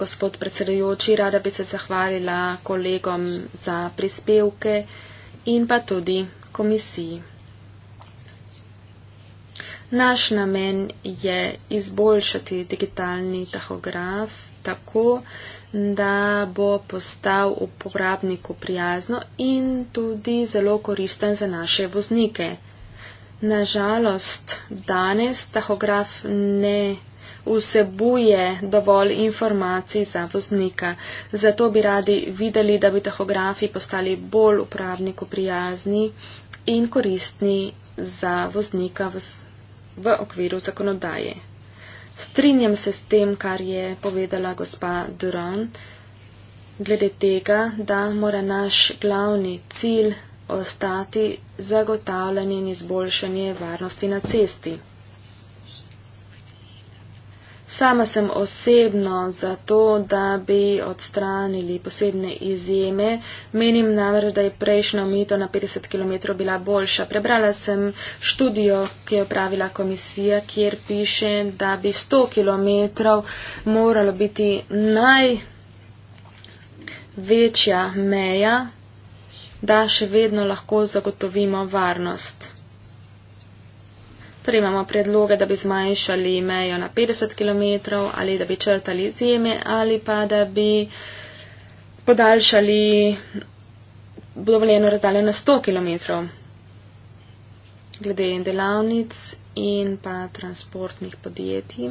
gospod predsedujoči. Rada bi se zahvalila kolegom za prispevke in pa tudi komisiji. Naš namen je izboljšati digitalni tahograf tako, da bo postal uporabniku prijazno in tudi zelo koristen za naše voznike. Nažalost, danes tahograf ne vsebuje dovolj informacij za voznika. Zato bi radi videli, da bi tahografi postali bolj upravniku prijazni in koristni za voznika v, v okviru zakonodaje. Strinjam se s tem, kar je povedala gospa Duran, glede tega, da mora naš glavni cilj ostati zagotavljanje in izboljšanje varnosti na cesti. Sama sem osebno za to, da bi odstranili posebne izjeme. Menim namreč, da je prejšnja omito na 50 km bila boljša. Prebrala sem študijo, ki je upravila komisija, kjer piše, da bi 100 km moralo biti največja meja, da še vedno lahko zagotovimo varnost. Torej imamo predloge, da bi zmanjšali mejo na 50 km ali da bi črtali izjeme ali pa da bi podaljšali dovoljeno razdaljo na 100 km. Glede delavnic in pa transportnih podjetij.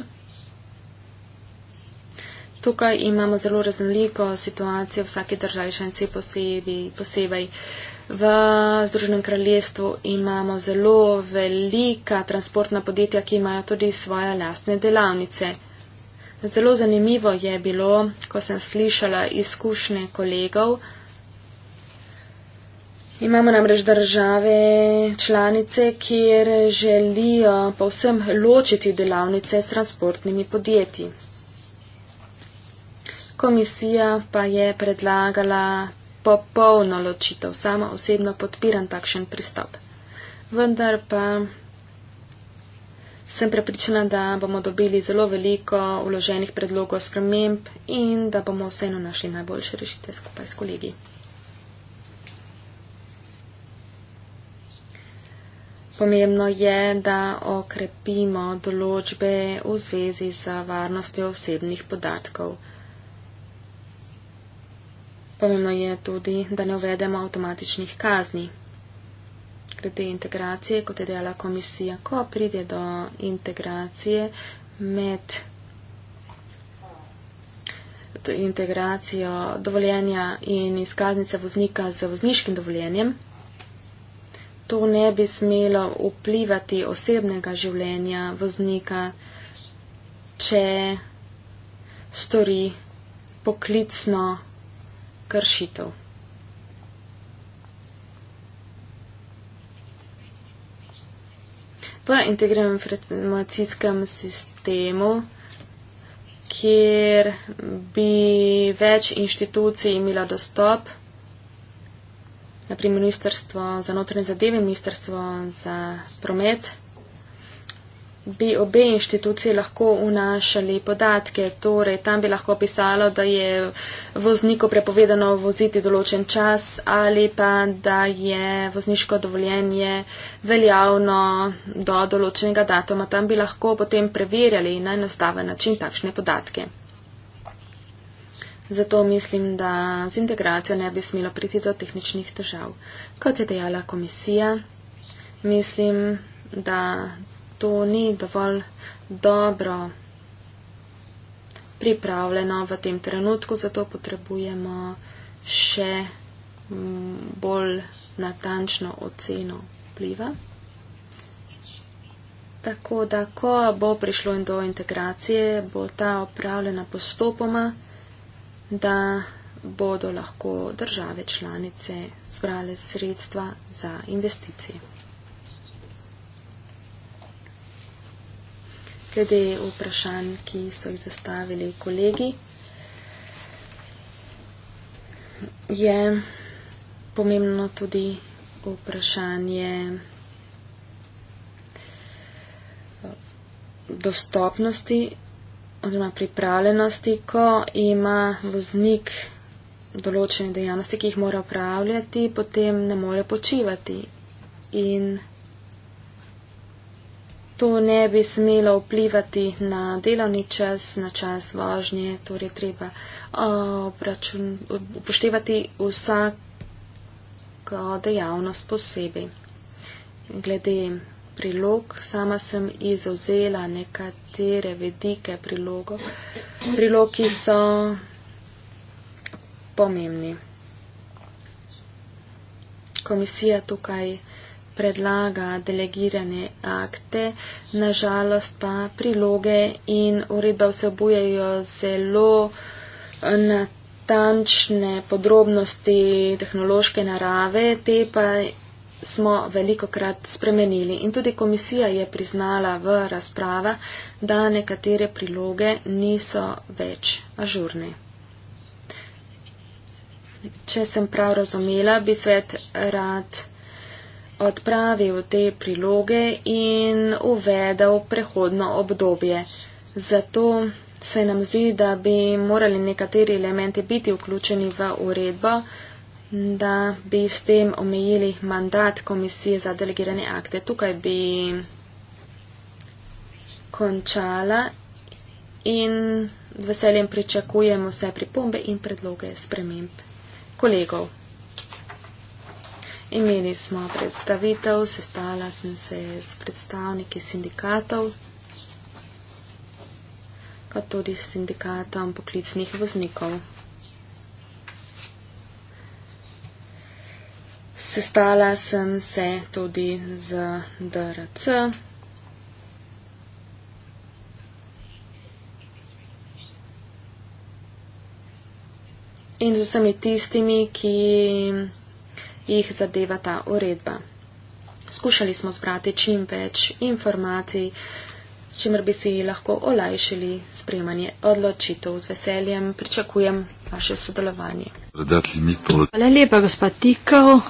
Tukaj imamo zelo raznoliko situacijo vsake države, še en cel posebej. posebej. V Združenem kraljestvu imamo zelo velika transportna podjetja, ki imajo tudi svoje lastne delavnice. Zelo zanimivo je bilo, ko sem slišala izkušnje kolegov. Imamo namreč države članice, kjer želijo povsem ločiti delavnice s transportnimi podjetji. Komisija pa je predlagala popolno ločitev. Sama osebno podpiram takšen pristop. Vendar pa sem prepričana, da bomo dobili zelo veliko uloženih predlogov sprememb in da bomo vseeno našli najboljše rešitve skupaj s kolegi. Pomembno je, da okrepimo določbe v zvezi z varnostjo osebnih podatkov. Pomembno je tudi, da ne uvedemo avtomatičnih kazni. Glede integracije, kot je dejala komisija, ko pride do integracije med integracijo dovoljenja in izkaznice voznika z vozniškim dovoljenjem, to ne bi smelo vplivati osebnega življenja voznika, če stori poklicno kršitev. V integriranem informacijskem sistemu, kjer bi več inštitucij imela dostop, naprimer Ministrstvo za notranje zadeve, Ministrstvo za promet, bi obe inštituciji lahko unašali podatke. Torej, tam bi lahko pisalo, da je vozniku prepovedano voziti določen čas ali pa da je vozniško dovoljenje veljavno do določenega datuma. Tam bi lahko potem preverjali na enostaven način takšne podatke. Zato mislim, da z integracijo ne bi smelo priti do tehničnih težav. Kot je dejala komisija, mislim, da to ni dovolj dobro pripravljeno v tem trenutku, zato potrebujemo še mm, bolj natančno oceno pliva. Tako da, ko bo prišlo in do integracije, bo ta opravljena postopoma, da bodo lahko države članice zbrale sredstva za investicije. glede vprašanj, ki so jih zastavili kolegi, je pomembno tudi vprašanje eh, dostopnosti oziroma pripravljenosti, ko ima voznik določene dejavnosti, ki jih mora upravljati, potem ne more počivati. In To ne bi smelo vplivati na delovni čas, na čas vožnje, torej treba obračun, upoštevati vsako dejavnost posebej. Glede prilog, sama sem izuzela nekatere vedike prilogov, prilog, ki so pomembni. Komisija tukaj predlaga delegirane akte, nažalost pa priloge in uredba vsebujejo zelo eh, natančne podrobnosti tehnološke narave, te pa smo veliko krat spremenili. In tudi komisija je priznala v razprava, da nekatere priloge niso več ažurne. Če sem prav razumela, bi svet rad odpravil te priloge in uvedel prehodno obdobje. Zato se nam zdi, da bi morali nekateri elementi biti vključeni v uredbo, da bi s tem omejili mandat komisije za delegirane akte. Tukaj bi končala in z veseljem pričakujem vse pripombe in predloge sprememb kolegov. Imeli smo predstavitev, sestala sem se s predstavniki sindikatov, kot tudi s sindikatom poklicnih voznikov. Sestala sem se tudi z DRC. In z vsemi tistimi, ki jih zadeva ta uredba. Skušali smo zbrati čim več informacij, s čimer bi si lahko olajšali sprejemanje odločitev. Z veseljem pričakujem vaše sodelovanje. Hvala lepa, gospod Tikov.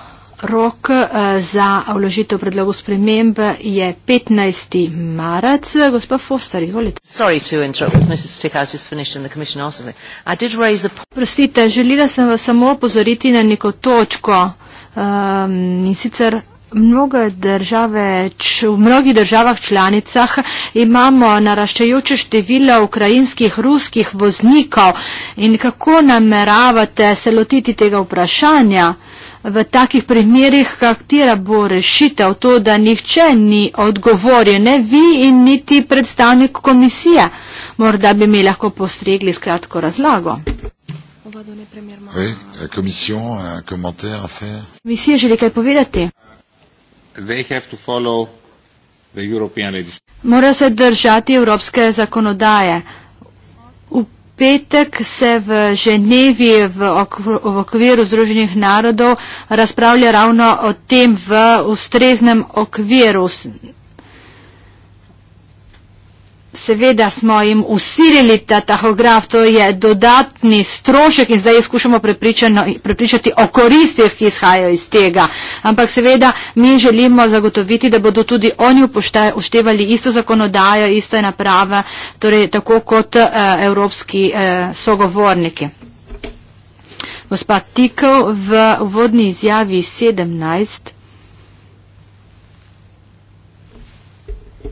Rok eh, za vložitev predlogu sprememb je 15. marac. Gospod Foster, izvolite. Prostite, želila sem vas samo opozoriti na neko točko. Um, in sicer mnoge države, č, v mnogih državah članicah imamo naraščajoče število ukrajinskih, ruskih voznikov in kako nameravate se lotiti tega vprašanja? V takih primerih, katera bo rešitev to, da nihče ni odgovoril, ne vi in niti predstavnik komisije, morda bi mi lahko postregli s kratko razlago. On va donner premièrement. Oui, la commission a un commentaire à faire. Mais si, je l'ai capovédaté. Mora se držati evropske zakonodaje. V petek se v Ženevi v, okru, v okviru Združenih narodov razpravlja ravno o tem v ustreznem okviru seveda smo jim usirili ta tahograf, to je dodatni strošek in zdaj jih skušamo prepričati o koristih, ki izhajajo iz tega. Ampak seveda mi želimo zagotoviti, da bodo tudi oni uštevali isto zakonodajo, isto je naprava, torej tako kot uh, evropski uh, sogovorniki. Gospa Tikov v vodni izjavi 17.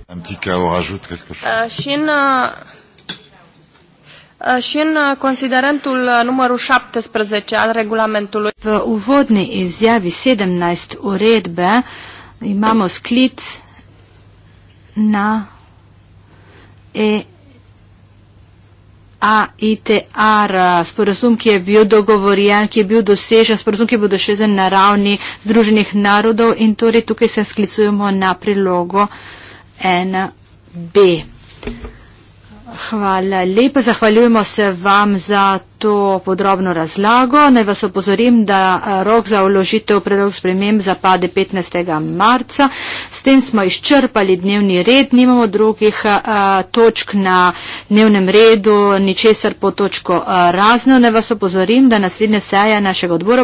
Un petit cas, on rajoute quelque chose. Euh, și, în, euh, și în uh, considerentul uh, numărul 17 al regulamentului. V uvodnej izjavi 17 uredbe imamo sklic na EAITR, sporazum, ki je bil dogovorjen, ki je bil dosežen, sporazum, ki je bil dosežen na ravni Združenih narodov in torej tukaj se sklicujemo na prilogo. Uh, 1B. Hvala lepa, zahvaljujemo se vam za to podrobno razlago. Naj vas opozorim, da eh, rok za uložitev predlog sprememb zapade 15. marca. S tem smo izčrpali dnevni red, nimamo drugih a, eh, točk na dnevnem redu, ničesar po točko eh, razno. Naj vas opozorim, da naslednja seja našega odbora.